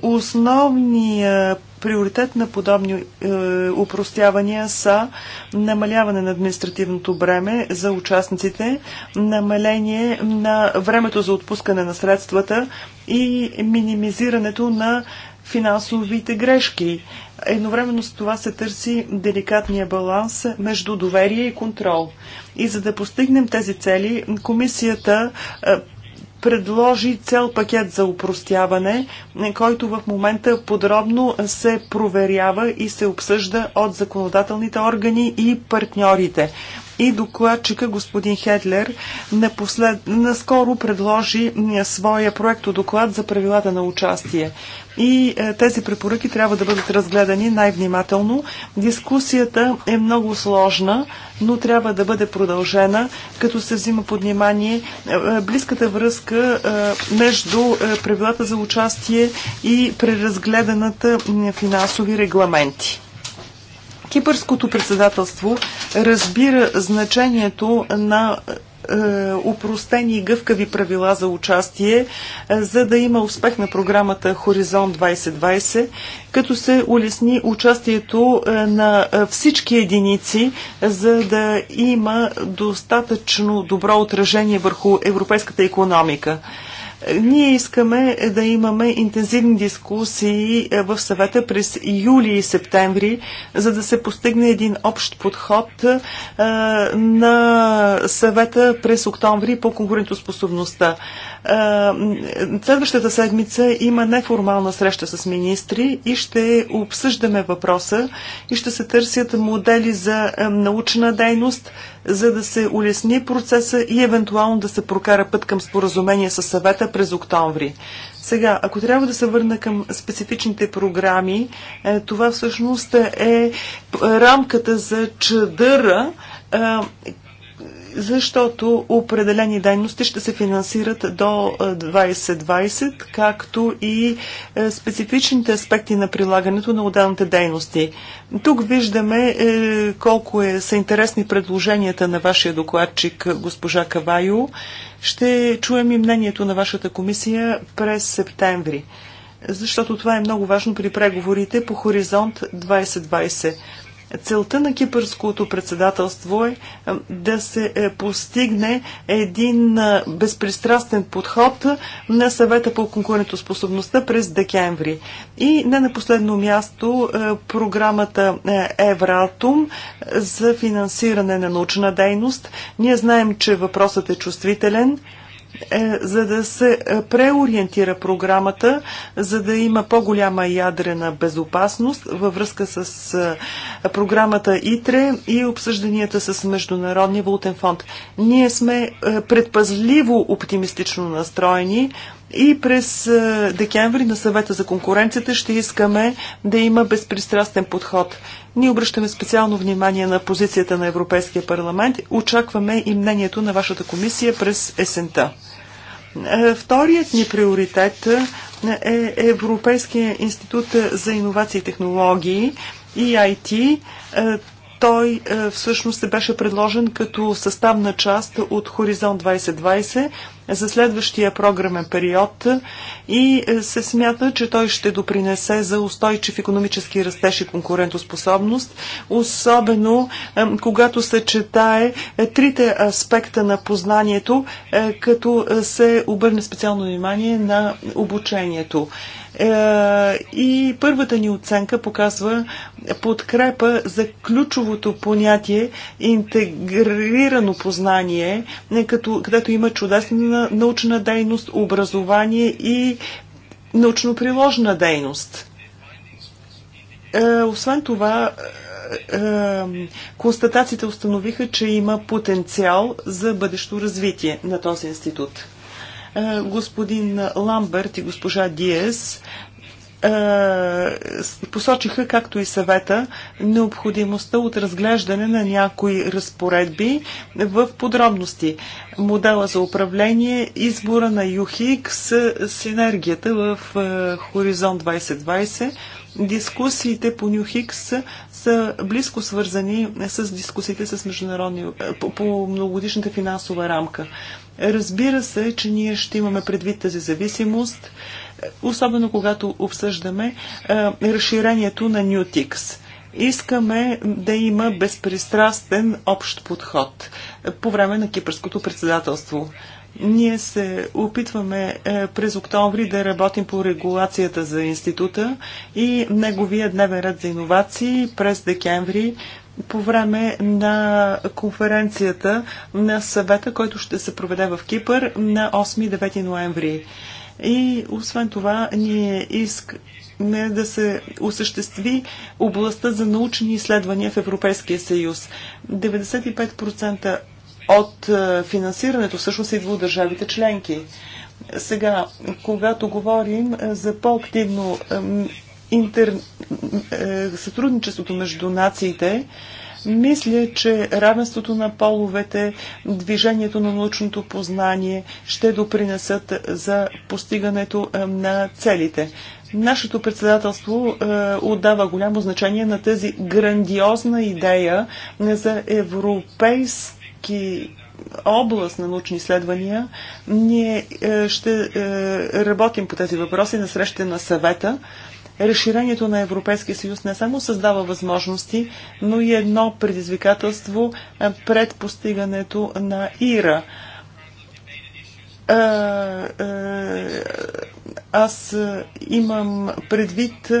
Основният приоритет на подобни е, упростявания са намаляване на административното бреме за участниците, намаление на времето за отпускане на средствата и минимизирането на финансовите грешки. Едновременно с това се търси деликатния баланс между доверие и контрол. И за да постигнем тези цели, комисията е, предложи цел пакет за упростяване, който в момента подробно се проверява и се обсъжда от законодателните органи и партньорите и докладчика господин Хедлер напослед... наскоро предложи своя от доклад за правилата на участие. И е, тези препоръки трябва да бъдат разгледани най-внимателно. Дискусията е много сложна, но трябва да бъде продължена, като се взима под внимание е, е близката връзка е, между е, правилата за участие и преразгледаната финансови регламенти. Кипърското председателство разбира значението на е, упростени и гъвкави правила за участие, е, за да има успех на програмата Хоризонт 2020, като се улесни участието е, на всички единици, за да има достатъчно добро отражение върху европейската економика. Ние искаме да имаме интензивни дискусии е, в съвета през юли и септември, за да се постигне един общ подход е, на съвета през октомври по конкурентоспособността. Е, следващата седмица има неформална среща с министри и ще обсъждаме въпроса и ще се търсят модели за е, научна дейност, за да се улесни процеса и евентуално да се прокара път към споразумение с съвета през октомври. Сега, ако трябва да се върна към специфичните програми, е, това всъщност е рамката за чадъра, защото определени дейности ще се финансират до 2020, е, както и е, специфичните аспекти на прилагането на отделните дейности. Тук виждаме е, колко е, са интересни предложенията на вашия докладчик госпожа Кавайо. Ще чуем и мнението на вашата комисия през септември, защото това е много важно при преговорите по Хоризонт 2020. Целта на кипърското председателство е, е да се е, постигне един е, безпристрастен подход на съвета по конкурентоспособността през декември. И не на последно място програмата Евратум за финансиране на научна дейност. Ние знаем, че въпросът е чувствителен. Е, за да се е, преориентира програмата, за да има по-голяма ядрена безопасност във връзка с е, програмата ИТРЕ и обсъжданията с Международния валутен фонд. Ние сме предпазливо оптимистично настроени, и през е, декември на съвета за конкуренцията ще искаме да има безпристрастен подход. Ние обръщаме специално внимание на позицията на Европейския парламент. Очакваме и мнението на вашата комисия през есента. Е, вторият ни приоритет е Европейския институт за иновации и технологии и IT. Той е, всъщност е беше предложен като съставна част от Хоризонт 2020 за следващия програмен период и е, се смята, че той ще допринесе за устойчив економически растеж и конкурентоспособност, особено когато се четае трите аспекта на познанието, като се обърне специално внимание на обучението. Е, и първата ни оценка показва подкрепа за ключовото понятие интегрирано познание, е, като, където има чудесна научна дейност, образование и научно-приложна дейност. Е, освен това, констатациите установиха, че има потенциал за бъдещо развитие на този институт. Е, господин Ламберт и госпожа Диес е, посочиха, както и съвета, необходимостта от разглеждане на някои разпоредби в подробности. Модела за управление, избора на ЮХИК с синергията в е, Хоризонт 2020, дискусиите по ЮХИК са близко свързани с дискусиите с международни, е, по, по многогодишната финансова рамка. Разбира се, че ние ще имаме предвид тази зависимост, е, особено когато обсъждаме е, разширението на Newtix. Искаме да има безпристрастен общ подход е, по време на кипърското председателство. Ние се опитваме е, през октомври да работим по регулацията за института и неговия дневен ред за иновации през декември по време на конференцията на съвета, който ще се проведе в Кипър на 8-9 ноември. И освен това, ние искаме да се осъществи областта за научни изследвания в Европейския съюз. 95% от е, финансирането всъщност идва от държавите членки. Сега, когато говорим е, за по-активно интер... Е, сътрудничеството между нациите, мисля, че равенството на половете, движението на научното познание ще допринесат за постигането на целите. Нашето председателство е, отдава голямо значение на тази грандиозна идея за европейска всеки област на научни изследвания, ние е, ще е, работим по тези въпроси на среща на съвета. Разширението на Европейския съюз не само създава възможности, но и едно предизвикателство е, пред постигането на ИРА аз имам предвид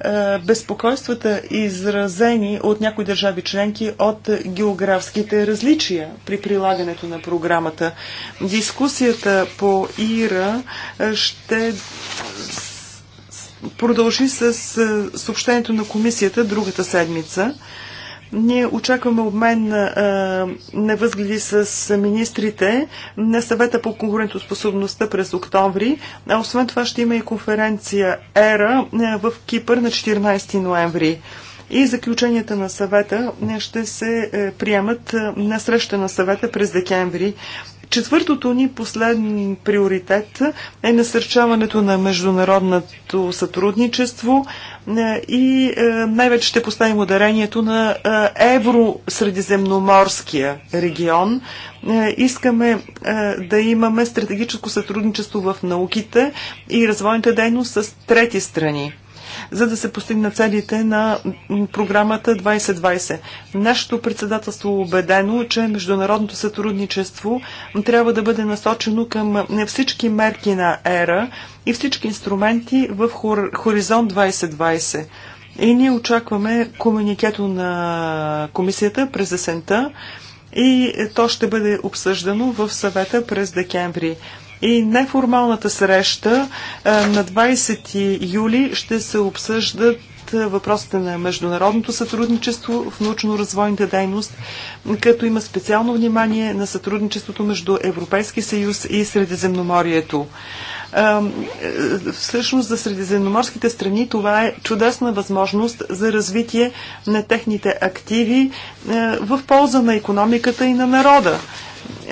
е, безпокойствата, изразени от някои държави членки от географските различия при прилагането на програмата. Дискусията по ИРА е, ще продължи с е, съобщението на комисията другата седмица. Ние очакваме обмен на възгледи с министрите на съвета по конкурентоспособността през октомври. А освен това ще има и конференция ЕРА в Кипър на 14 ноември. И заключенията на съвета ще се приемат на среща на съвета през декември. Четвъртото ни последен приоритет е насърчаването на международното сътрудничество е, и е, най-вече ще поставим ударението на е, евро-средиземноморския регион. Искаме да имаме стратегическо сътрудничество в науките и развойната дейност с трети страни за да се постигнат целите на програмата 2020. Нашето председателство е убедено, че международното сътрудничество трябва да бъде насочено към всички мерки на ера и всички инструменти в Хоризонт 2020. И ние очакваме комуникето на комисията през есента и то ще бъде обсъждано в съвета през декември. И неформалната среща е, на 20 юли ще се обсъждат въпросите на международното сътрудничество в научно-развойната дейност, като има специално внимание на сътрудничеството между Европейски съюз и Средиземноморието. Е, всъщност за средиземноморските страни това е чудесна възможност за развитие на техните активи е, в полза на економиката и на народа.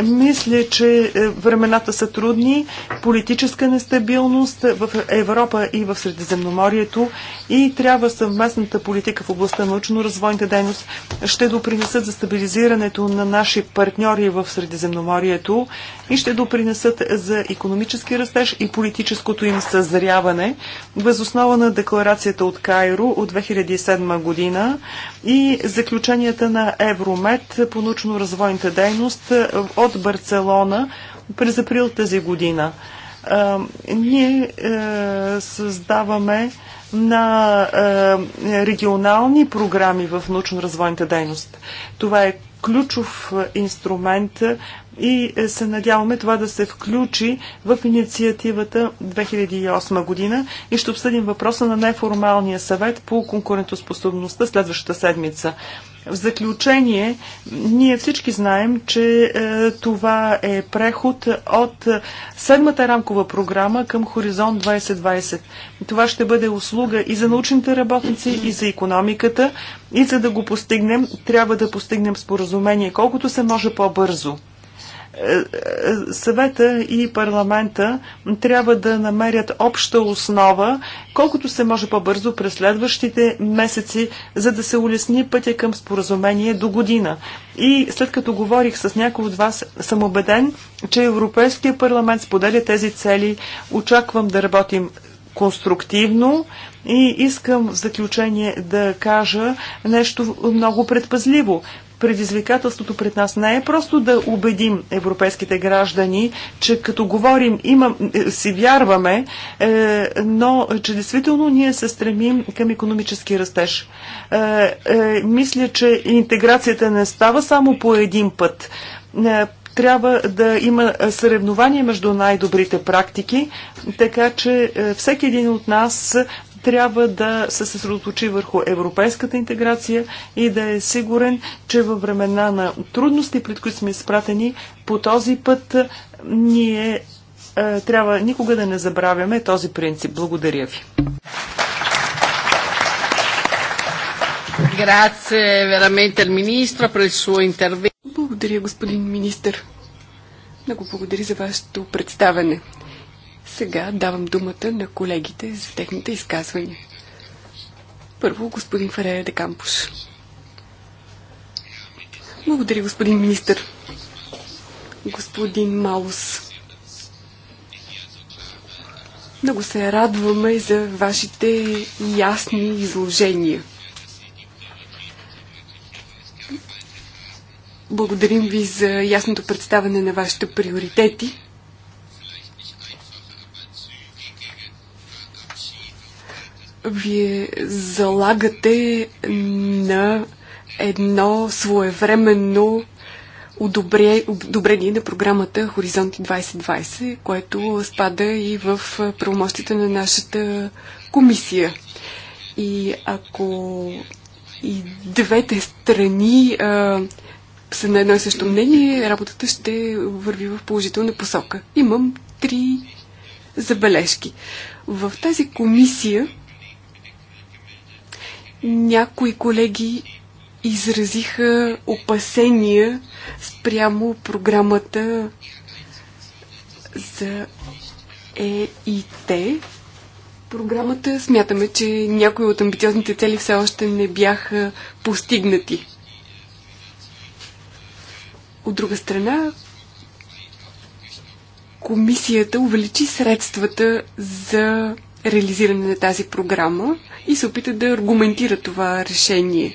Мисля, че е, времената са трудни, политическа нестабилност в Европа и в Средиземноморието и трябва съвместната политика в областта на научно-развойната дейност ще допринесат за стабилизирането на наши партньори в Средиземноморието и ще допринесат за економически растеж и политическото им съзряване възоснова на декларацията от Кайро от 2007 година и заключенията на Евромет по научно-развойната дейност от Барселона през април тази година. Ние е, създаваме на е, регионални програми в научно-развойната дейност. Това е ключов е, инструмент и се надяваме това да се включи в инициативата 2008 година и ще обсъдим въпроса на неформалния съвет по конкурентоспособността следващата седмица. В заключение, ние всички знаем, че е, това е преход от седмата рамкова програма към Хоризонт 2020. Това ще бъде услуга и за научните работници, и за економиката, и за да го постигнем, трябва да постигнем споразумение колкото се може по-бързо съвета и парламента трябва да намерят обща основа, колкото се може по-бързо през следващите месеци, за да се улесни пътя към споразумение до година. И след като говорих с някой от вас, съм убеден, че Европейския парламент споделя тези цели. Очаквам да работим конструктивно и искам в заключение да кажа нещо много предпазливо. Предизвикателството пред нас не е просто да убедим европейските граждани, че като говорим имам, е, си вярваме, е, но че действително ние се стремим към економически растеж. Е, е, мисля, че интеграцията не става само по един път е, трябва да има съревнование между най-добрите практики, така че е, всеки един от нас трябва да се съсредоточи върху европейската интеграция и да е сигурен, че във времена на трудности, пред които сме изпратени, по този път ние е, трябва никога да не забравяме този принцип. Благодаря ви. Благодаря, господин министр. Много благодаря за вашето представене. Сега давам думата на колегите за техните изказвания. Първо, господин Фарея де Кампуш. Благодаря, господин министр. Господин Малус. Много се радваме за вашите ясни изложения. Благодарим ви за ясното представяне на вашите приоритети. Вие залагате на едно своевременно одобрение на програмата Хоризонти 2020, което спада и в правомощите на нашата комисия. И ако и двете страни а, са на едно и също мнение, работата ще върви в положителна посока. Имам три забележки. В тази комисия някои колеги изразиха опасения спрямо програмата за ЕИТ. Програмата смятаме, че някои от амбициозните цели все още не бяха постигнати. От друга страна, комисията увеличи средствата за реализиране на тази програма и се опита да аргументира това решение.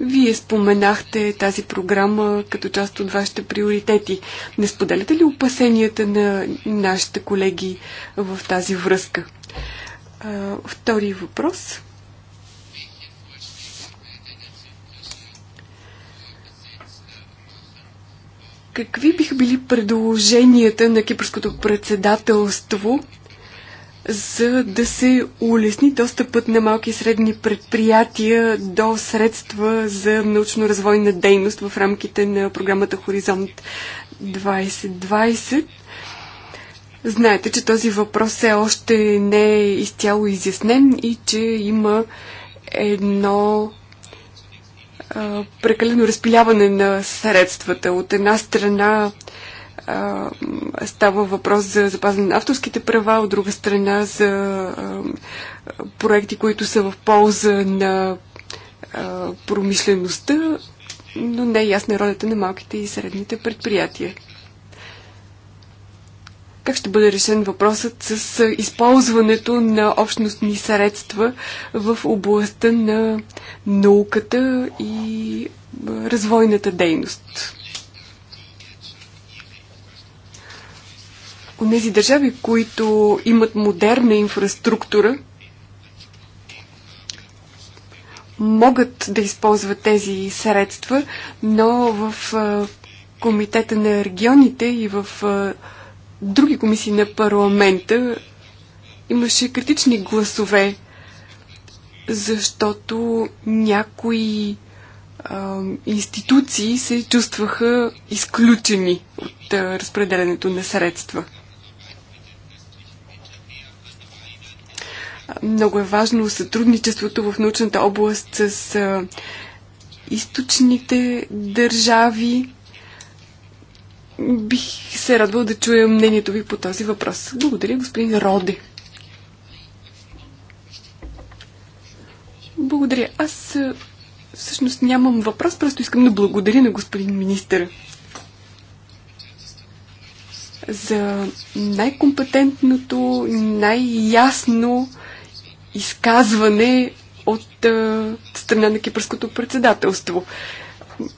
Вие споменахте тази програма като част от вашите приоритети. Не споделяте ли опасенията на нашите колеги в тази връзка? А, втори въпрос. Какви биха били предложенията на кипърското председателство за да се улесни достъпът на малки и средни предприятия до средства за научно-развойна дейност в рамките на програмата Хоризонт 2020. Знаете, че този въпрос все още не е изцяло изяснен и че има едно а, прекалено разпиляване на средствата. От една страна става въпрос за запазване на авторските права, от друга страна за а, проекти, които са в полза на а, промишлеността, но не е ясна ролята на малките и средните предприятия. Как ще бъде решен въпросът с използването на общностни средства в областта на науката и развойната дейност? Онези държави, които имат модерна инфраструктура, могат да използват тези средства, но в Комитета на регионите и в други комисии на парламента имаше критични гласове, защото някои а, институции се чувстваха изключени от а, разпределенето на средства. Много е важно сътрудничеството в научната област с източните държави. Бих се радвал да чуя мнението ви по този въпрос. Благодаря, господин Роде. Благодаря. Аз всъщност нямам въпрос, просто искам да благодаря на господин министър за най-компетентното, най-ясно изказване от а, страна на кипърското председателство.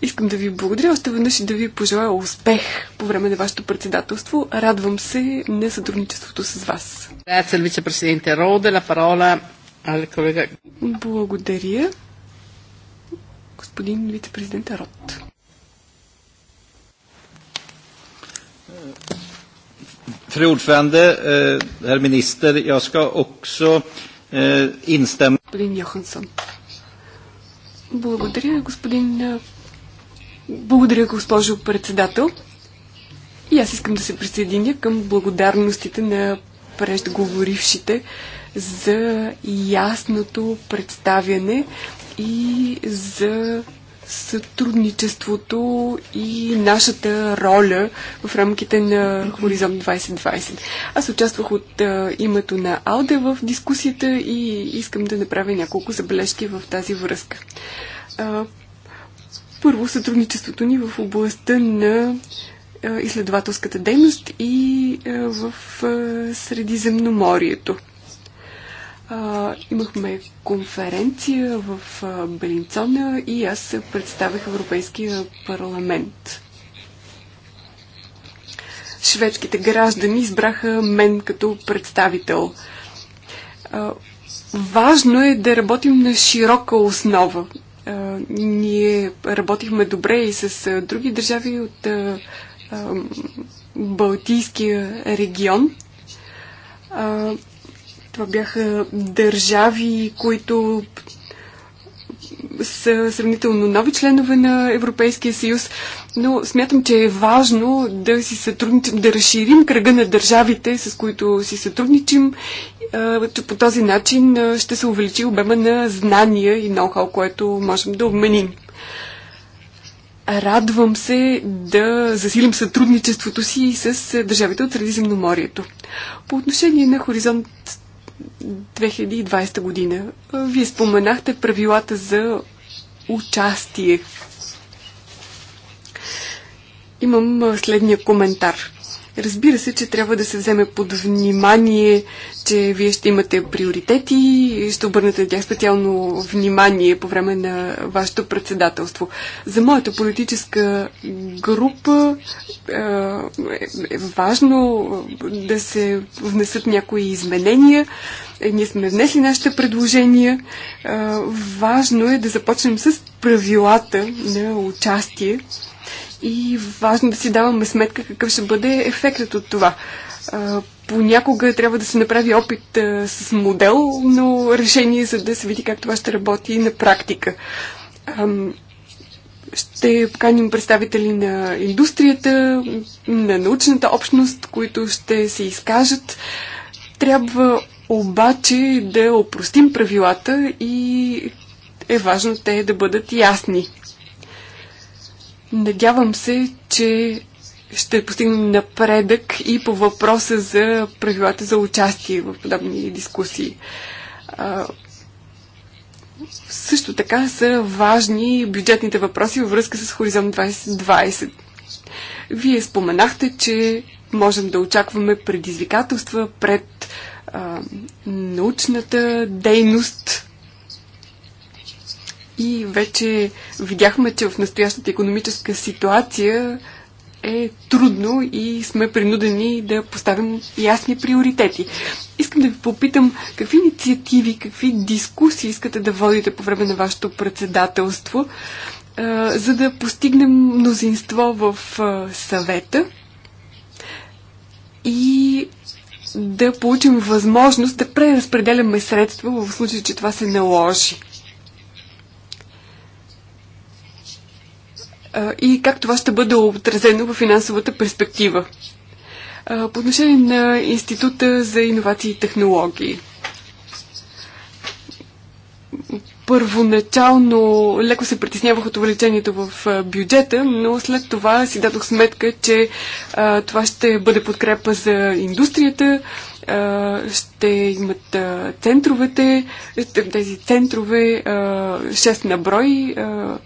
Искам да ви благодаря още веднъж и да ви пожелая успех по време на вашето председателство. Радвам се на сътрудничеството с вас. Благодаря. Господин вице-президент Род. Fru ordförande, eh, herr minister, jag ska också е, Инстем. Господин Йохансон. Благодаря, господин... Е, благодаря, госпожо председател. И аз искам да се присъединя към благодарностите на преждеговорившите за ясното представяне и за сътрудничеството и нашата роля в рамките на Хоризонт 2020. Аз участвах от а, името на Алде в дискусията и искам да направя няколко забележки в тази връзка. А, първо, сътрудничеството ни в областта на а, изследователската дейност и а, в а, Средиземноморието. А, имахме конференция в а, Белинцона и аз представих Европейския парламент. Шведските граждани избраха мен като представител. А, важно е да работим на широка основа. А, ние работихме добре и с а, други държави от а, а, Балтийския регион. А, това бяха държави, които са сравнително нови членове на Европейския съюз, но смятам, че е важно да си сътрудничим, да разширим кръга на държавите, с които си сътрудничим, че по този начин ще се увеличи обема на знания и ноу-хау, което можем да обменим. Радвам се да засилим сътрудничеството си с държавите от Средиземноморието. По отношение на Хоризонт 2020 година. Вие споменахте правилата за участие. Имам следния коментар. Разбира се, че трябва да се вземе под внимание, че вие ще имате приоритети и ще обърнете на тях специално внимание по време на вашето председателство. За моята политическа група е, е важно да се внесат някои изменения. Е, ние сме внесли нашите предложения. Е, важно е да започнем с правилата на участие и важно да си даваме сметка какъв ще бъде ефектът от това. Понякога трябва да се направи опит с модел, но решение за да се види как това ще работи на практика. Ще поканим представители на индустрията, на научната общност, които ще се изкажат. Трябва обаче да опростим правилата и е важно те да бъдат ясни. Надявам се, че ще постигнем напредък и по въпроса за правилата за участие в подобни дискусии. А, също така са важни бюджетните въпроси във връзка с Хоризонт 2020. Вие споменахте, че можем да очакваме предизвикателства пред а, научната дейност и вече видяхме, че в настоящата економическа ситуация е трудно и сме принудени да поставим ясни приоритети. Искам да ви попитам какви инициативи, какви дискусии искате да водите по време на вашето председателство, за да постигнем мнозинство в съвета и да получим възможност да преразпределяме средства в случай, че това се наложи. и как това ще бъде отразено в финансовата перспектива. По отношение на Института за иновации и технологии. Първоначално леко се притеснявах от увеличението в бюджета, но след това си дадох сметка, че а, това ще бъде подкрепа за индустрията, а, ще имат а, центровете, тези центрове, а, 6 на брой, а,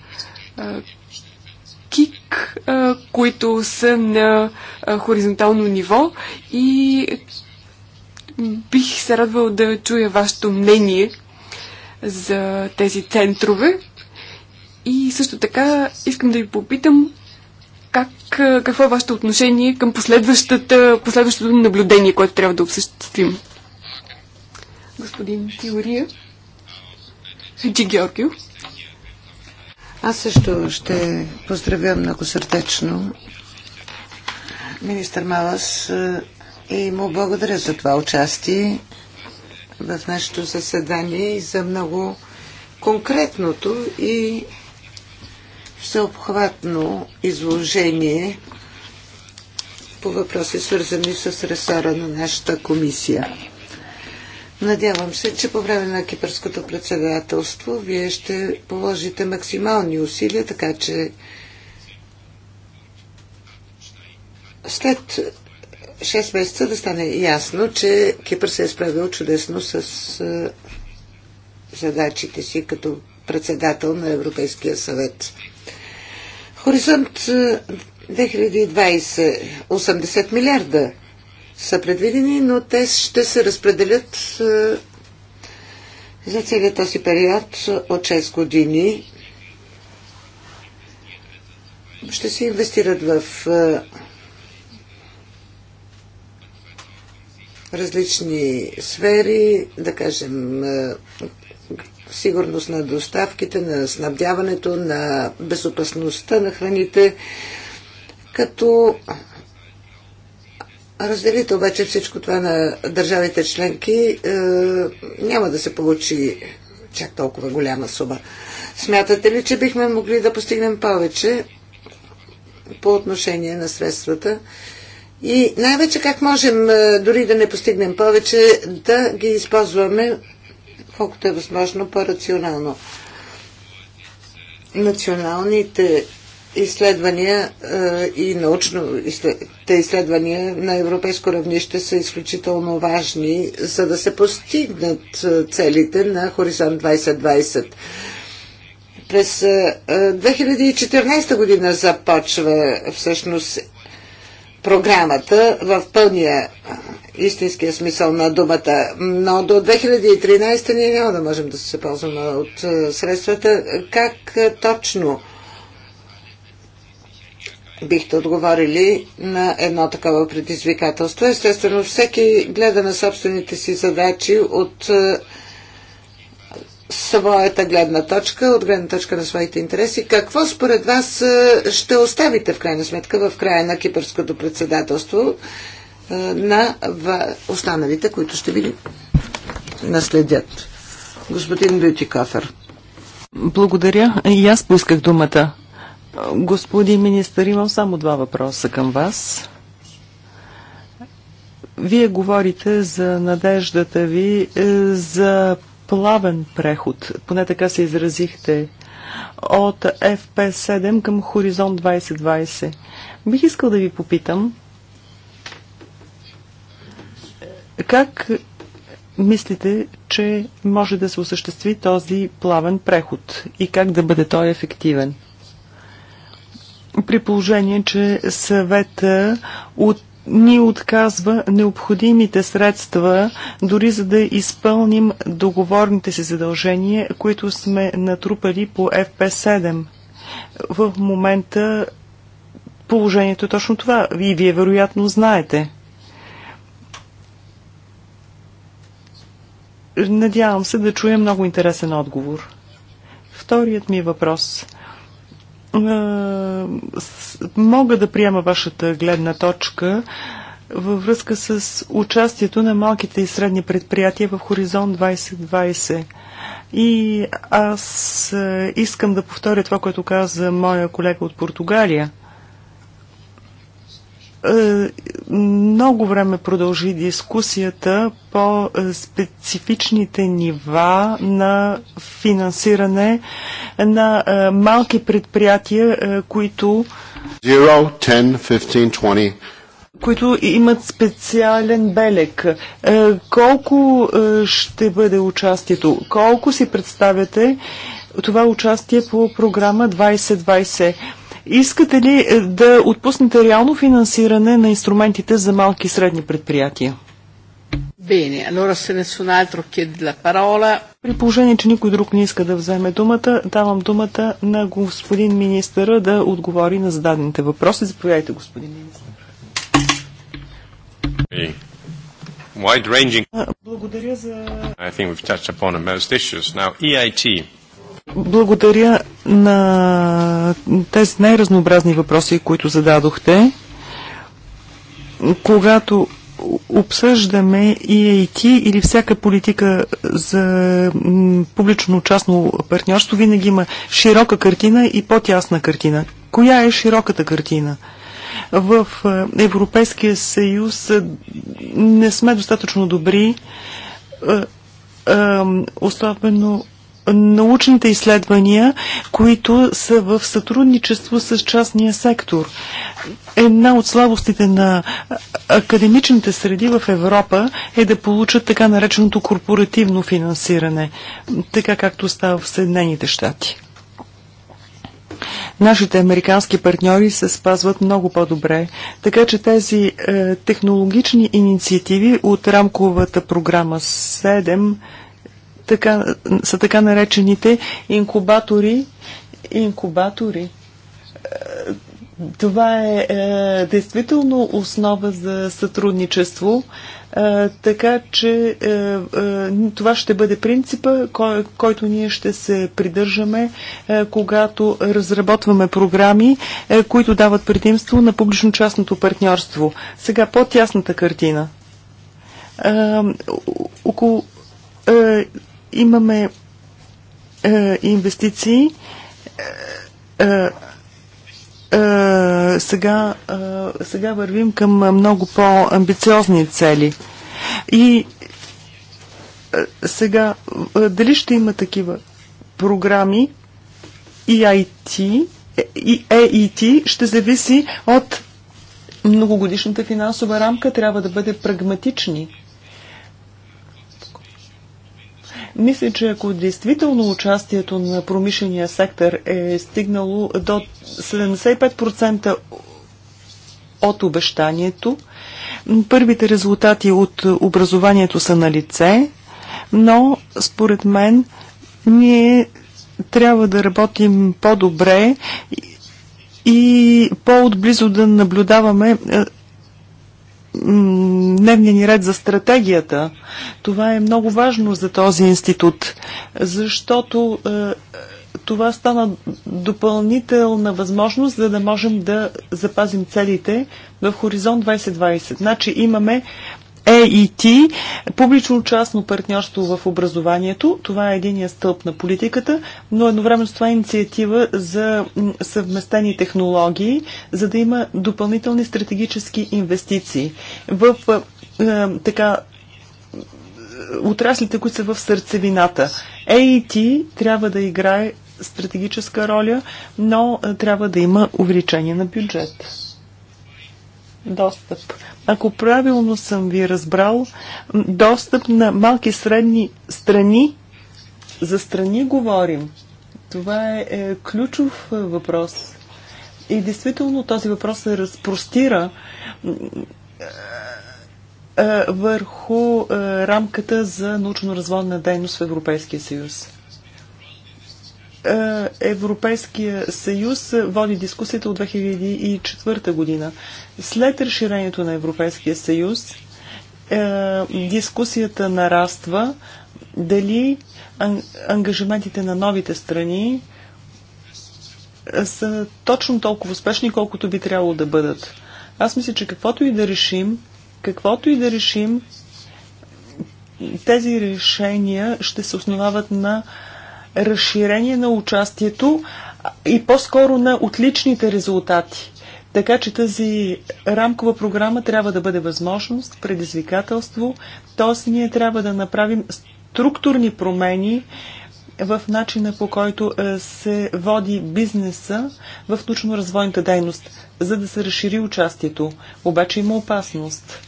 КИК, които са на хоризонтално ниво и бих се радвал да чуя вашето мнение за тези центрове. И също така искам да ви попитам как, какво е вашето отношение към последващото наблюдение, което трябва да обсъществим. Господин Теория. Джи Георгио. Аз също ще поздравя много сърдечно министър Малас е, и му благодаря за това участие в нашето заседание и за много конкретното и всеобхватно изложение по въпроси, свързани с ресора на нашата комисия. Надявам се, че по време на кипърското председателство вие ще положите максимални усилия, така че след 6 месеца да стане ясно, че Кипър се е справил чудесно с е, задачите си като председател на Европейския съвет. Хоризонт 2020 е, 80 милиарда са предвидени, но те ще се разпределят е, за целият този период от 6 години. Ще се инвестират в е, различни сфери, да кажем, е, сигурност на доставките, на снабдяването, на безопасността на храните, като разделите обаче всичко това на държавите членки, е, няма да се получи чак толкова голяма сума. Смятате ли, че бихме могли да постигнем повече по отношение на средствата? И най-вече как можем, е, дори да не постигнем повече, да ги използваме колкото е възможно по-рационално. Националните изследвания е, и научно те изследвания на европейско равнище са изключително важни, за да се постигнат е, целите на Хоризонт 2020. През 2014 е, година започва всъщност програмата в пълния истинския смисъл на думата. Но до 2013 ние няма да можем да се ползваме от средствата. Как точно бихте отговорили на едно такова предизвикателство? Естествено, всеки гледа на собствените си задачи от е, своята гледна точка, от гледна точка на своите интереси. Какво според вас е, ще оставите в крайна сметка в края на кипърското председателство е, на останалите, които ще ви наследят? Господин Бютикофер. Благодаря. И аз поисках думата. Господин министър, имам само два въпроса към вас. Вие говорите за надеждата ви е, за плавен преход, поне така се изразихте, от FP7 към Хоризонт 2020. Бих искал да ви попитам, как мислите, че може да се осъществи този плавен преход и как да бъде той ефективен? при положение, че съвета от ни отказва необходимите средства, дори за да изпълним договорните си задължения, които сме натрупали по FP7. В момента положението е точно това. И вие вероятно знаете. Надявам се да чуя много интересен отговор. Вторият ми въпрос е, мога да приема вашата гледна точка във връзка с участието на малките и средни предприятия в Хоризонт 2020. И аз е, искам да повторя това, което каза моя колега от Португалия – е, много време продължи дискусията по е, специфичните нива на финансиране на е, малки предприятия, които 0, 10, 15, 20 които имат специален белег. Колко ще бъде участието? Колко си представяте това участие по програма 2020? Искате ли е, да отпуснете реално финансиране на инструментите за малки и средни предприятия? Bene, allora se nessun altro chiede la parola. При положение, че никой друг не иска да вземе думата, давам думата на господин министъра да отговори на зададените въпроси. Заповядайте, господин министър. Благодаря за... I think we've touched upon most issues. Now, EIT. Благодаря на тези най-разнообразни въпроси, които зададохте. Когато обсъждаме и IT или всяка политика за публично-частно партньорство, винаги има широка картина и по-тясна картина. Коя е широката картина? В е, Европейския съюз е, не сме достатъчно добри, е, особено научните изследвания, които са в сътрудничество с частния сектор. Една от слабостите на академичните среди в Европа е да получат така нареченото корпоративно финансиране, така както става в Съединените щати. Нашите американски партньори се спазват много по-добре, така че тези е, технологични инициативи от рамковата програма 7 така, са така наречените инкубатори. Инкубатори. Е, това е, е действително основа за сътрудничество, е, така че е, е, това ще бъде принципа, кой, който ние ще се придържаме, е, когато разработваме програми, е, които дават предимство на публично-частното партньорство. Сега по-тясната картина. Е, около, е, имаме е, инвестиции. Е, е, е, сега, е, сега вървим към много по-амбициозни цели. И е, сега, е, дали ще има такива програми, EIT, и EIT е, е, ще зависи от многогодишната финансова рамка, трябва да бъде прагматични Мисля, че ако действително участието на промишления сектор е стигнало до 75% от обещанието, първите резултати от образованието са на лице, но според мен ние трябва да работим по-добре и по-отблизо да наблюдаваме е, дневния ни ред за стратегията. Това е много важно за този институт, защото е, това стана допълнителна възможност, за да можем да запазим целите в Хоризонт 2020. Значи имаме AET, е публично-частно партньорство в образованието. Това е единия стълб на политиката, но едновременно с това е инициатива за съвместени технологии, за да има допълнителни стратегически инвестиции в е, така отраслите, които са в сърцевината. AET е трябва да играе стратегическа роля, но трябва да има увеличение на бюджет. Достъп ако правилно съм ви разбрал, достъп на малки средни страни, за страни говорим. Това е, е ключов е, въпрос. И действително този въпрос се разпростира е, е, върху рамката за научно-разводна дейност в Европейския съюз. Е, Европейския съюз води дискусията от 2004 година. След разширението на Европейския съюз, е, дискусията нараства дали ангажиментите на новите страни е, са точно толкова успешни, колкото би трябвало да бъдат. Аз мисля, че каквото и да решим, каквото и да решим, тези решения ще се основават на разширение на участието и по-скоро на отличните резултати. Така че тази рамкова програма трябва да бъде възможност, предизвикателство, т.е. ние трябва да направим структурни промени в начина по който е, се води бизнеса в точно развойната дейност, за да се разшири участието. Обаче има опасност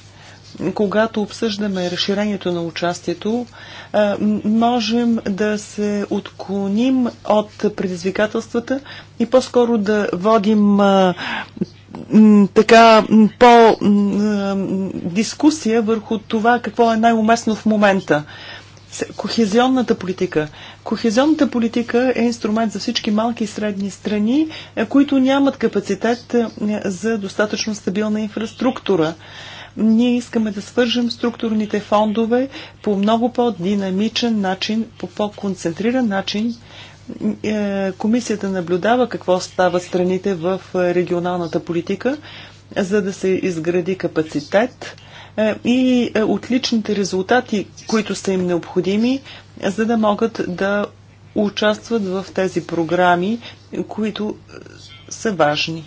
когато обсъждаме разширението на участието, можем да се отклоним от предизвикателствата и по-скоро да водим така по дискусия върху това какво е най-уместно в момента. Кохезионната политика. Кохезионната политика е инструмент за всички малки и средни страни, които нямат капацитет за достатъчно стабилна инфраструктура. Ние искаме да свържем структурните фондове по много по-динамичен начин, по по-концентриран начин. Е, комисията наблюдава какво става страните в регионалната политика, за да се изгради капацитет е, и е, отличните резултати, които са им необходими, за да могат да участват в тези програми, които са важни.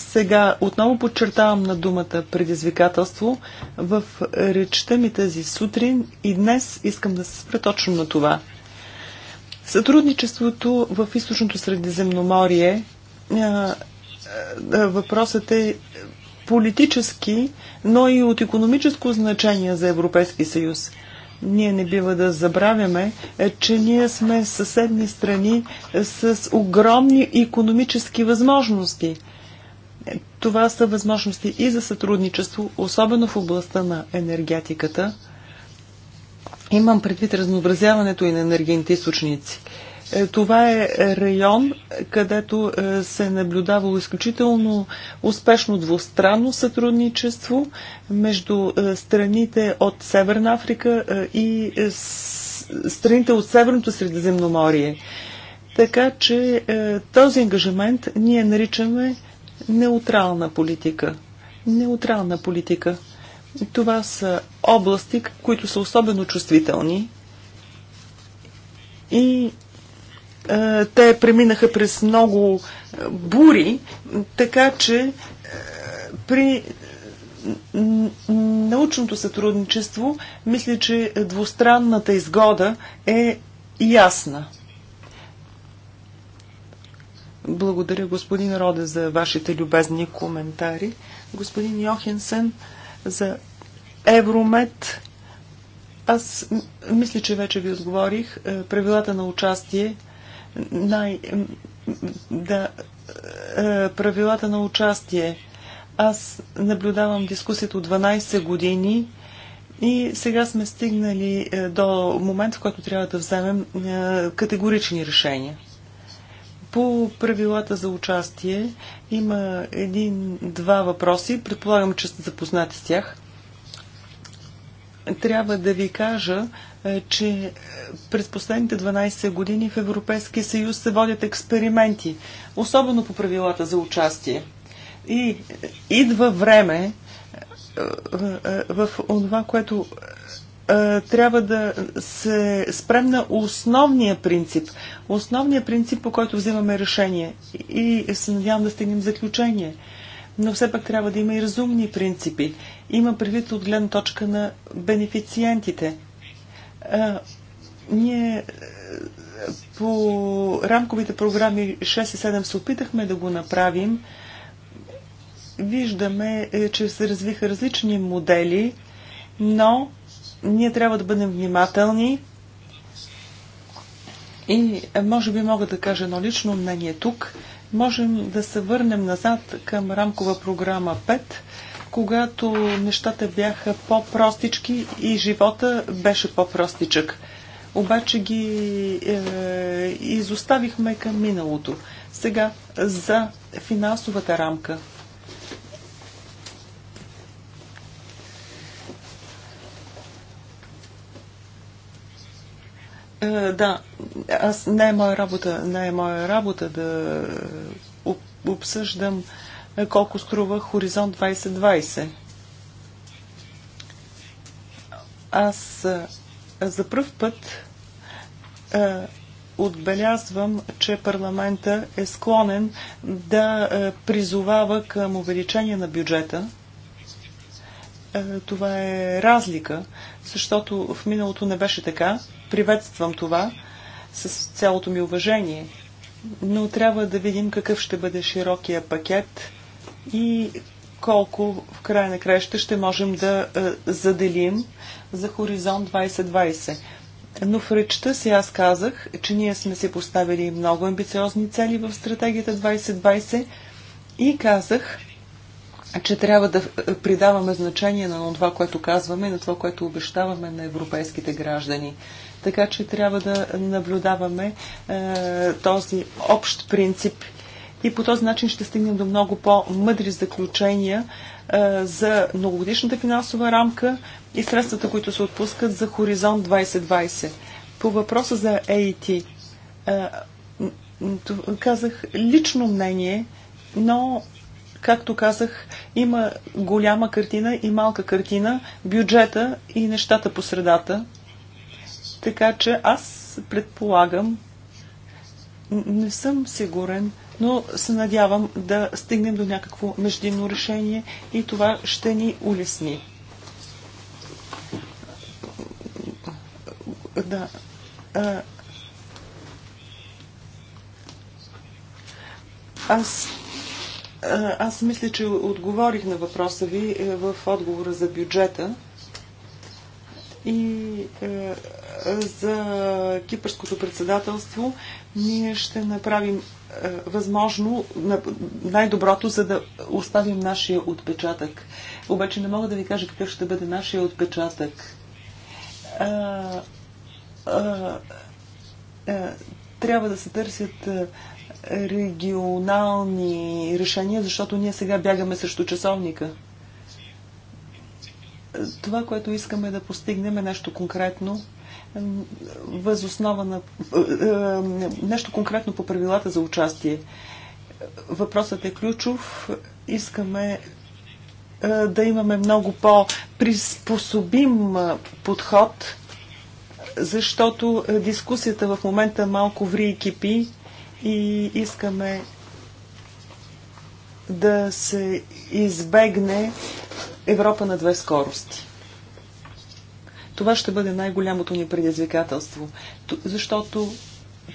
Сега отново подчертавам на думата предизвикателство. В речта ми тази сутрин и днес искам да се спра точно на това. Сътрудничеството в източното средиземноморие е, е, въпросът е политически, но и от економическо значение за Европейски съюз. Ние не бива да забравяме, е, че ние сме съседни страни с огромни економически възможности – това са възможности и за сътрудничество, особено в областта на енергетиката. Имам предвид разнообразяването и на енергийните източници. Е, това е район, където е, се наблюдавало изключително успешно двустранно сътрудничество между е, страните от Северна Африка и страните от Северното Средиземноморие. Така че този ангажимент ние наричаме неутрална политика. Неутрална политика. Това са области, които са особено чувствителни и е, те преминаха през много бури, така че е, при научното сътрудничество мисля, че двустранната изгода е ясна. Благодаря, господин Роде, за вашите любезни коментари. Господин Йохенсен, за Евромет, аз мисля, че вече ви отговорих. Е, правилата на участие, най... да, е, правилата на участие. Аз наблюдавам дискусията от 12 години и сега сме стигнали е, до момент, в който трябва да вземем категорични решения. По правилата за участие има един-два въпроси. Предполагам, че сте запознати с тях. Трябва да ви кажа, е, че е, през последните 12 години в Европейския съюз се водят експерименти, особено по правилата за участие. И е, идва време в това, което е, трябва да се спрем на основния принцип. Основния принцип, по който взимаме решение. И се надявам да стигнем заключение. Но все пак трябва да има и разумни принципи. Има предвид от гледна точка на бенефициентите. А, е, ние е, по рамковите програми 6 и 7 се опитахме да го направим. Виждаме, че се развиха различни модели, но ние трябва да бъдем внимателни и е, може би мога да кажа едно лично мнение тук. Можем да се върнем назад към рамкова програма 5, когато нещата бяха по-простички и живота беше по-простичък. Обаче ги е, изоставихме към миналото. Сега за финансовата рамка. Е, да, аз не е моя работа, не е моя работа да обсъждам колко струва Хоризонт 2020. Аз е, за първ път е, отбелязвам, че парламента е склонен да призовава към увеличение на бюджета е, това е разлика, защото в миналото не беше така. Приветствам това с цялото ми уважение. Но трябва да видим какъв ще бъде широкия пакет и колко в края на краища ще можем да е, заделим за Хоризонт 2020. Но в речта си аз казах, че ние сме си поставили много амбициозни цели в стратегията 2020 и казах, че трябва да е, придаваме значение на това, което казваме и на това, което обещаваме на европейските граждани. Така че трябва да наблюдаваме е, този общ принцип и по този начин ще стигнем до много по-мъдри заключения е, за многогодишната финансова рамка и средствата, които се отпускат за Хоризонт 2020. По въпроса за AIT, е, е казах лично мнение, но Както казах, има голяма картина и малка картина, бюджета и нещата по средата. Така че аз предполагам, не съм сигурен, но се надявам да стигнем до някакво междинно решение и това ще ни улесни. Да. Аз е, аз мисля, че отговорих на въпроса ви е, в отговора за бюджета и е, за кипърското председателство ние ще направим възможно най-доброто, за да оставим нашия отпечатък. Обаче не мога да ви кажа какъв ще бъде нашия отпечатък. А, а, а, трябва да се търсят регионални решения, защото ние сега бягаме срещу часовника. Това, което искаме да постигнем е нещо конкретно, възоснова на е, е, нещо конкретно по правилата за участие. Въпросът е ключов. Искаме е, да имаме много по-приспособим подход, защото дискусията в момента малко ври и кипи и искаме да се избегне Европа на две скорости. Това ще бъде най-голямото ни предизвикателство, защото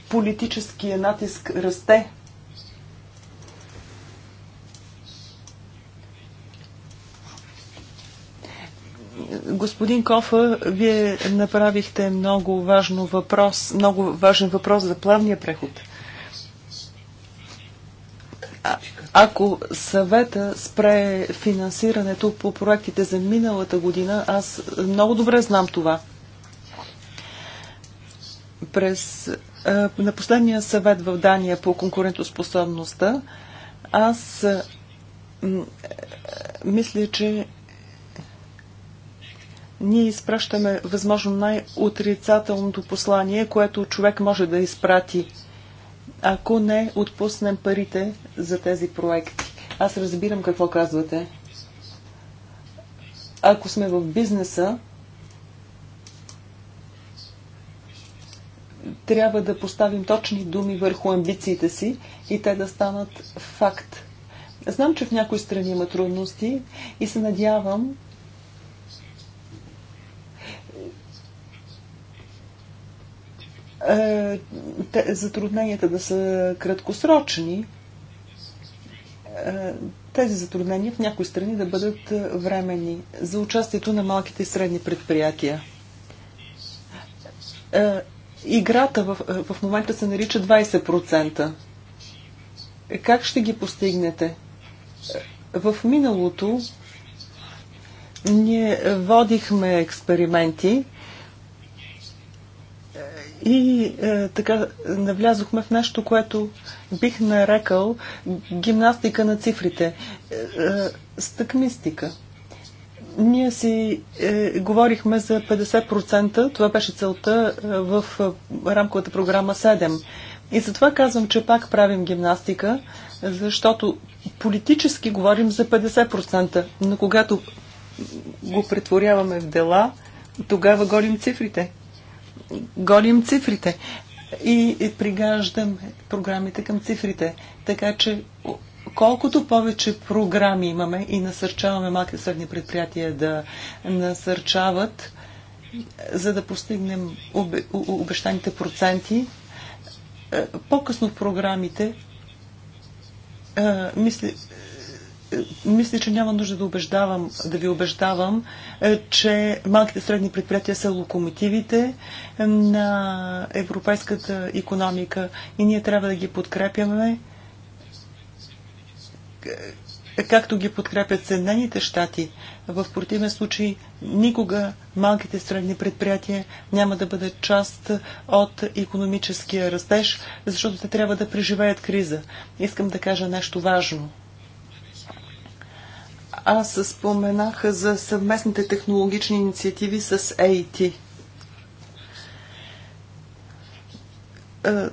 политическия натиск расте. Господин Кофа, вие направихте много важно въпрос, много важен въпрос за плавния преход – ако съвета спре финансирането по проектите за миналата година, аз много добре знам това. През, на последния съвет в Дания по конкурентоспособността, аз мисля, че ние изпращаме възможно най-отрицателното послание, което човек може да изпрати ако не отпуснем парите за тези проекти. Аз разбирам какво казвате. Ако сме в бизнеса, трябва да поставим точни думи върху амбициите си и те да станат факт. Знам, че в някои страни има трудности и се надявам, Е, затрудненията да са краткосрочни, е, тези затруднения в някои страни да бъдат времени за участието на малките и средни предприятия. Е, играта в, в момента се нарича 20%. Как ще ги постигнете? В миналото ние водихме експерименти, и е, така навлязохме в нещо, което бих нарекал гимнастика на цифрите. Е, е, стъкмистика. Ние си е, говорихме за 50%, това беше целта е, в е, рамковата програма 7. И затова казвам, че пак правим гимнастика, защото политически говорим за 50%, но когато го претворяваме в дела, тогава горим цифрите гоним цифрите и пригаждам програмите към цифрите. Така че колкото повече програми имаме и насърчаваме малки и средни предприятия да насърчават, за да постигнем обещаните проценти, е, по-късно в програмите е, мисля, мисля, че няма нужда да, убеждавам, да ви убеждавам, е, че малките средни предприятия са локомотивите е, на европейската економика и ние трябва да ги подкрепяме е, както ги подкрепят Съединените щати. В противен случай никога малките средни предприятия няма да бъдат част от економическия растеж, защото те трябва да преживеят криза. Искам да кажа нещо важно – аз споменах за съвместните технологични инициативи с AIT. Е,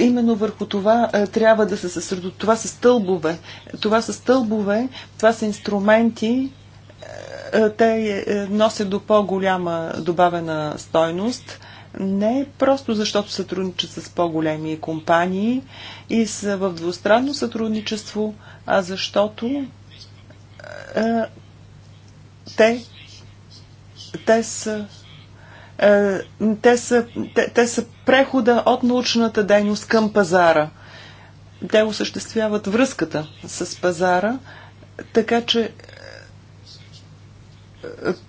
именно върху това е, трябва да се съсредоточи. Това са стълбове. Това са стълбове, това са инструменти, е, те носят до по-голяма добавена стойност. Не просто защото сътрудничат с по-големи компании и са в двустранно сътрудничество, а защото а, е, те, те са е, те са, те, те са прехода от научната дейност към пазара. Те осъществяват връзката с пазара, така че е,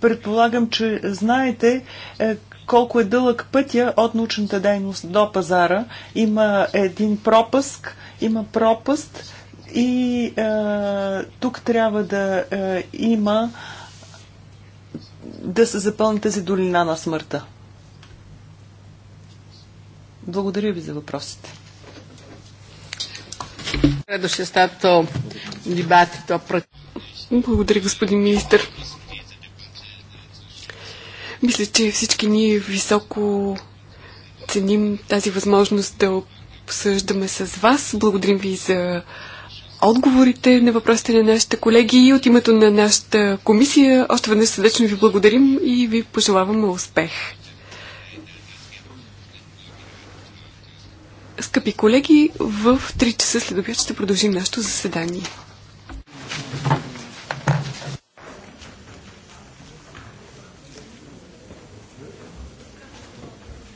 предполагам, че знаете колко е дълъг пътя от научната дейност до пазара. Има един пропъск, има пропаст и е, тук трябва да е, има да се запълни тази долина на смъртта. Благодаря ви за въпросите. Благодаря, господин министр. Мисля, че всички ние високо ценим тази възможност да обсъждаме с вас. Благодарим ви за отговорите на въпросите на нашите колеги и от името на нашата комисия. Още веднъж сърдечно ви благодарим и ви пожелаваме успех. Скъпи колеги, в 3 часа след ще продължим нашето заседание.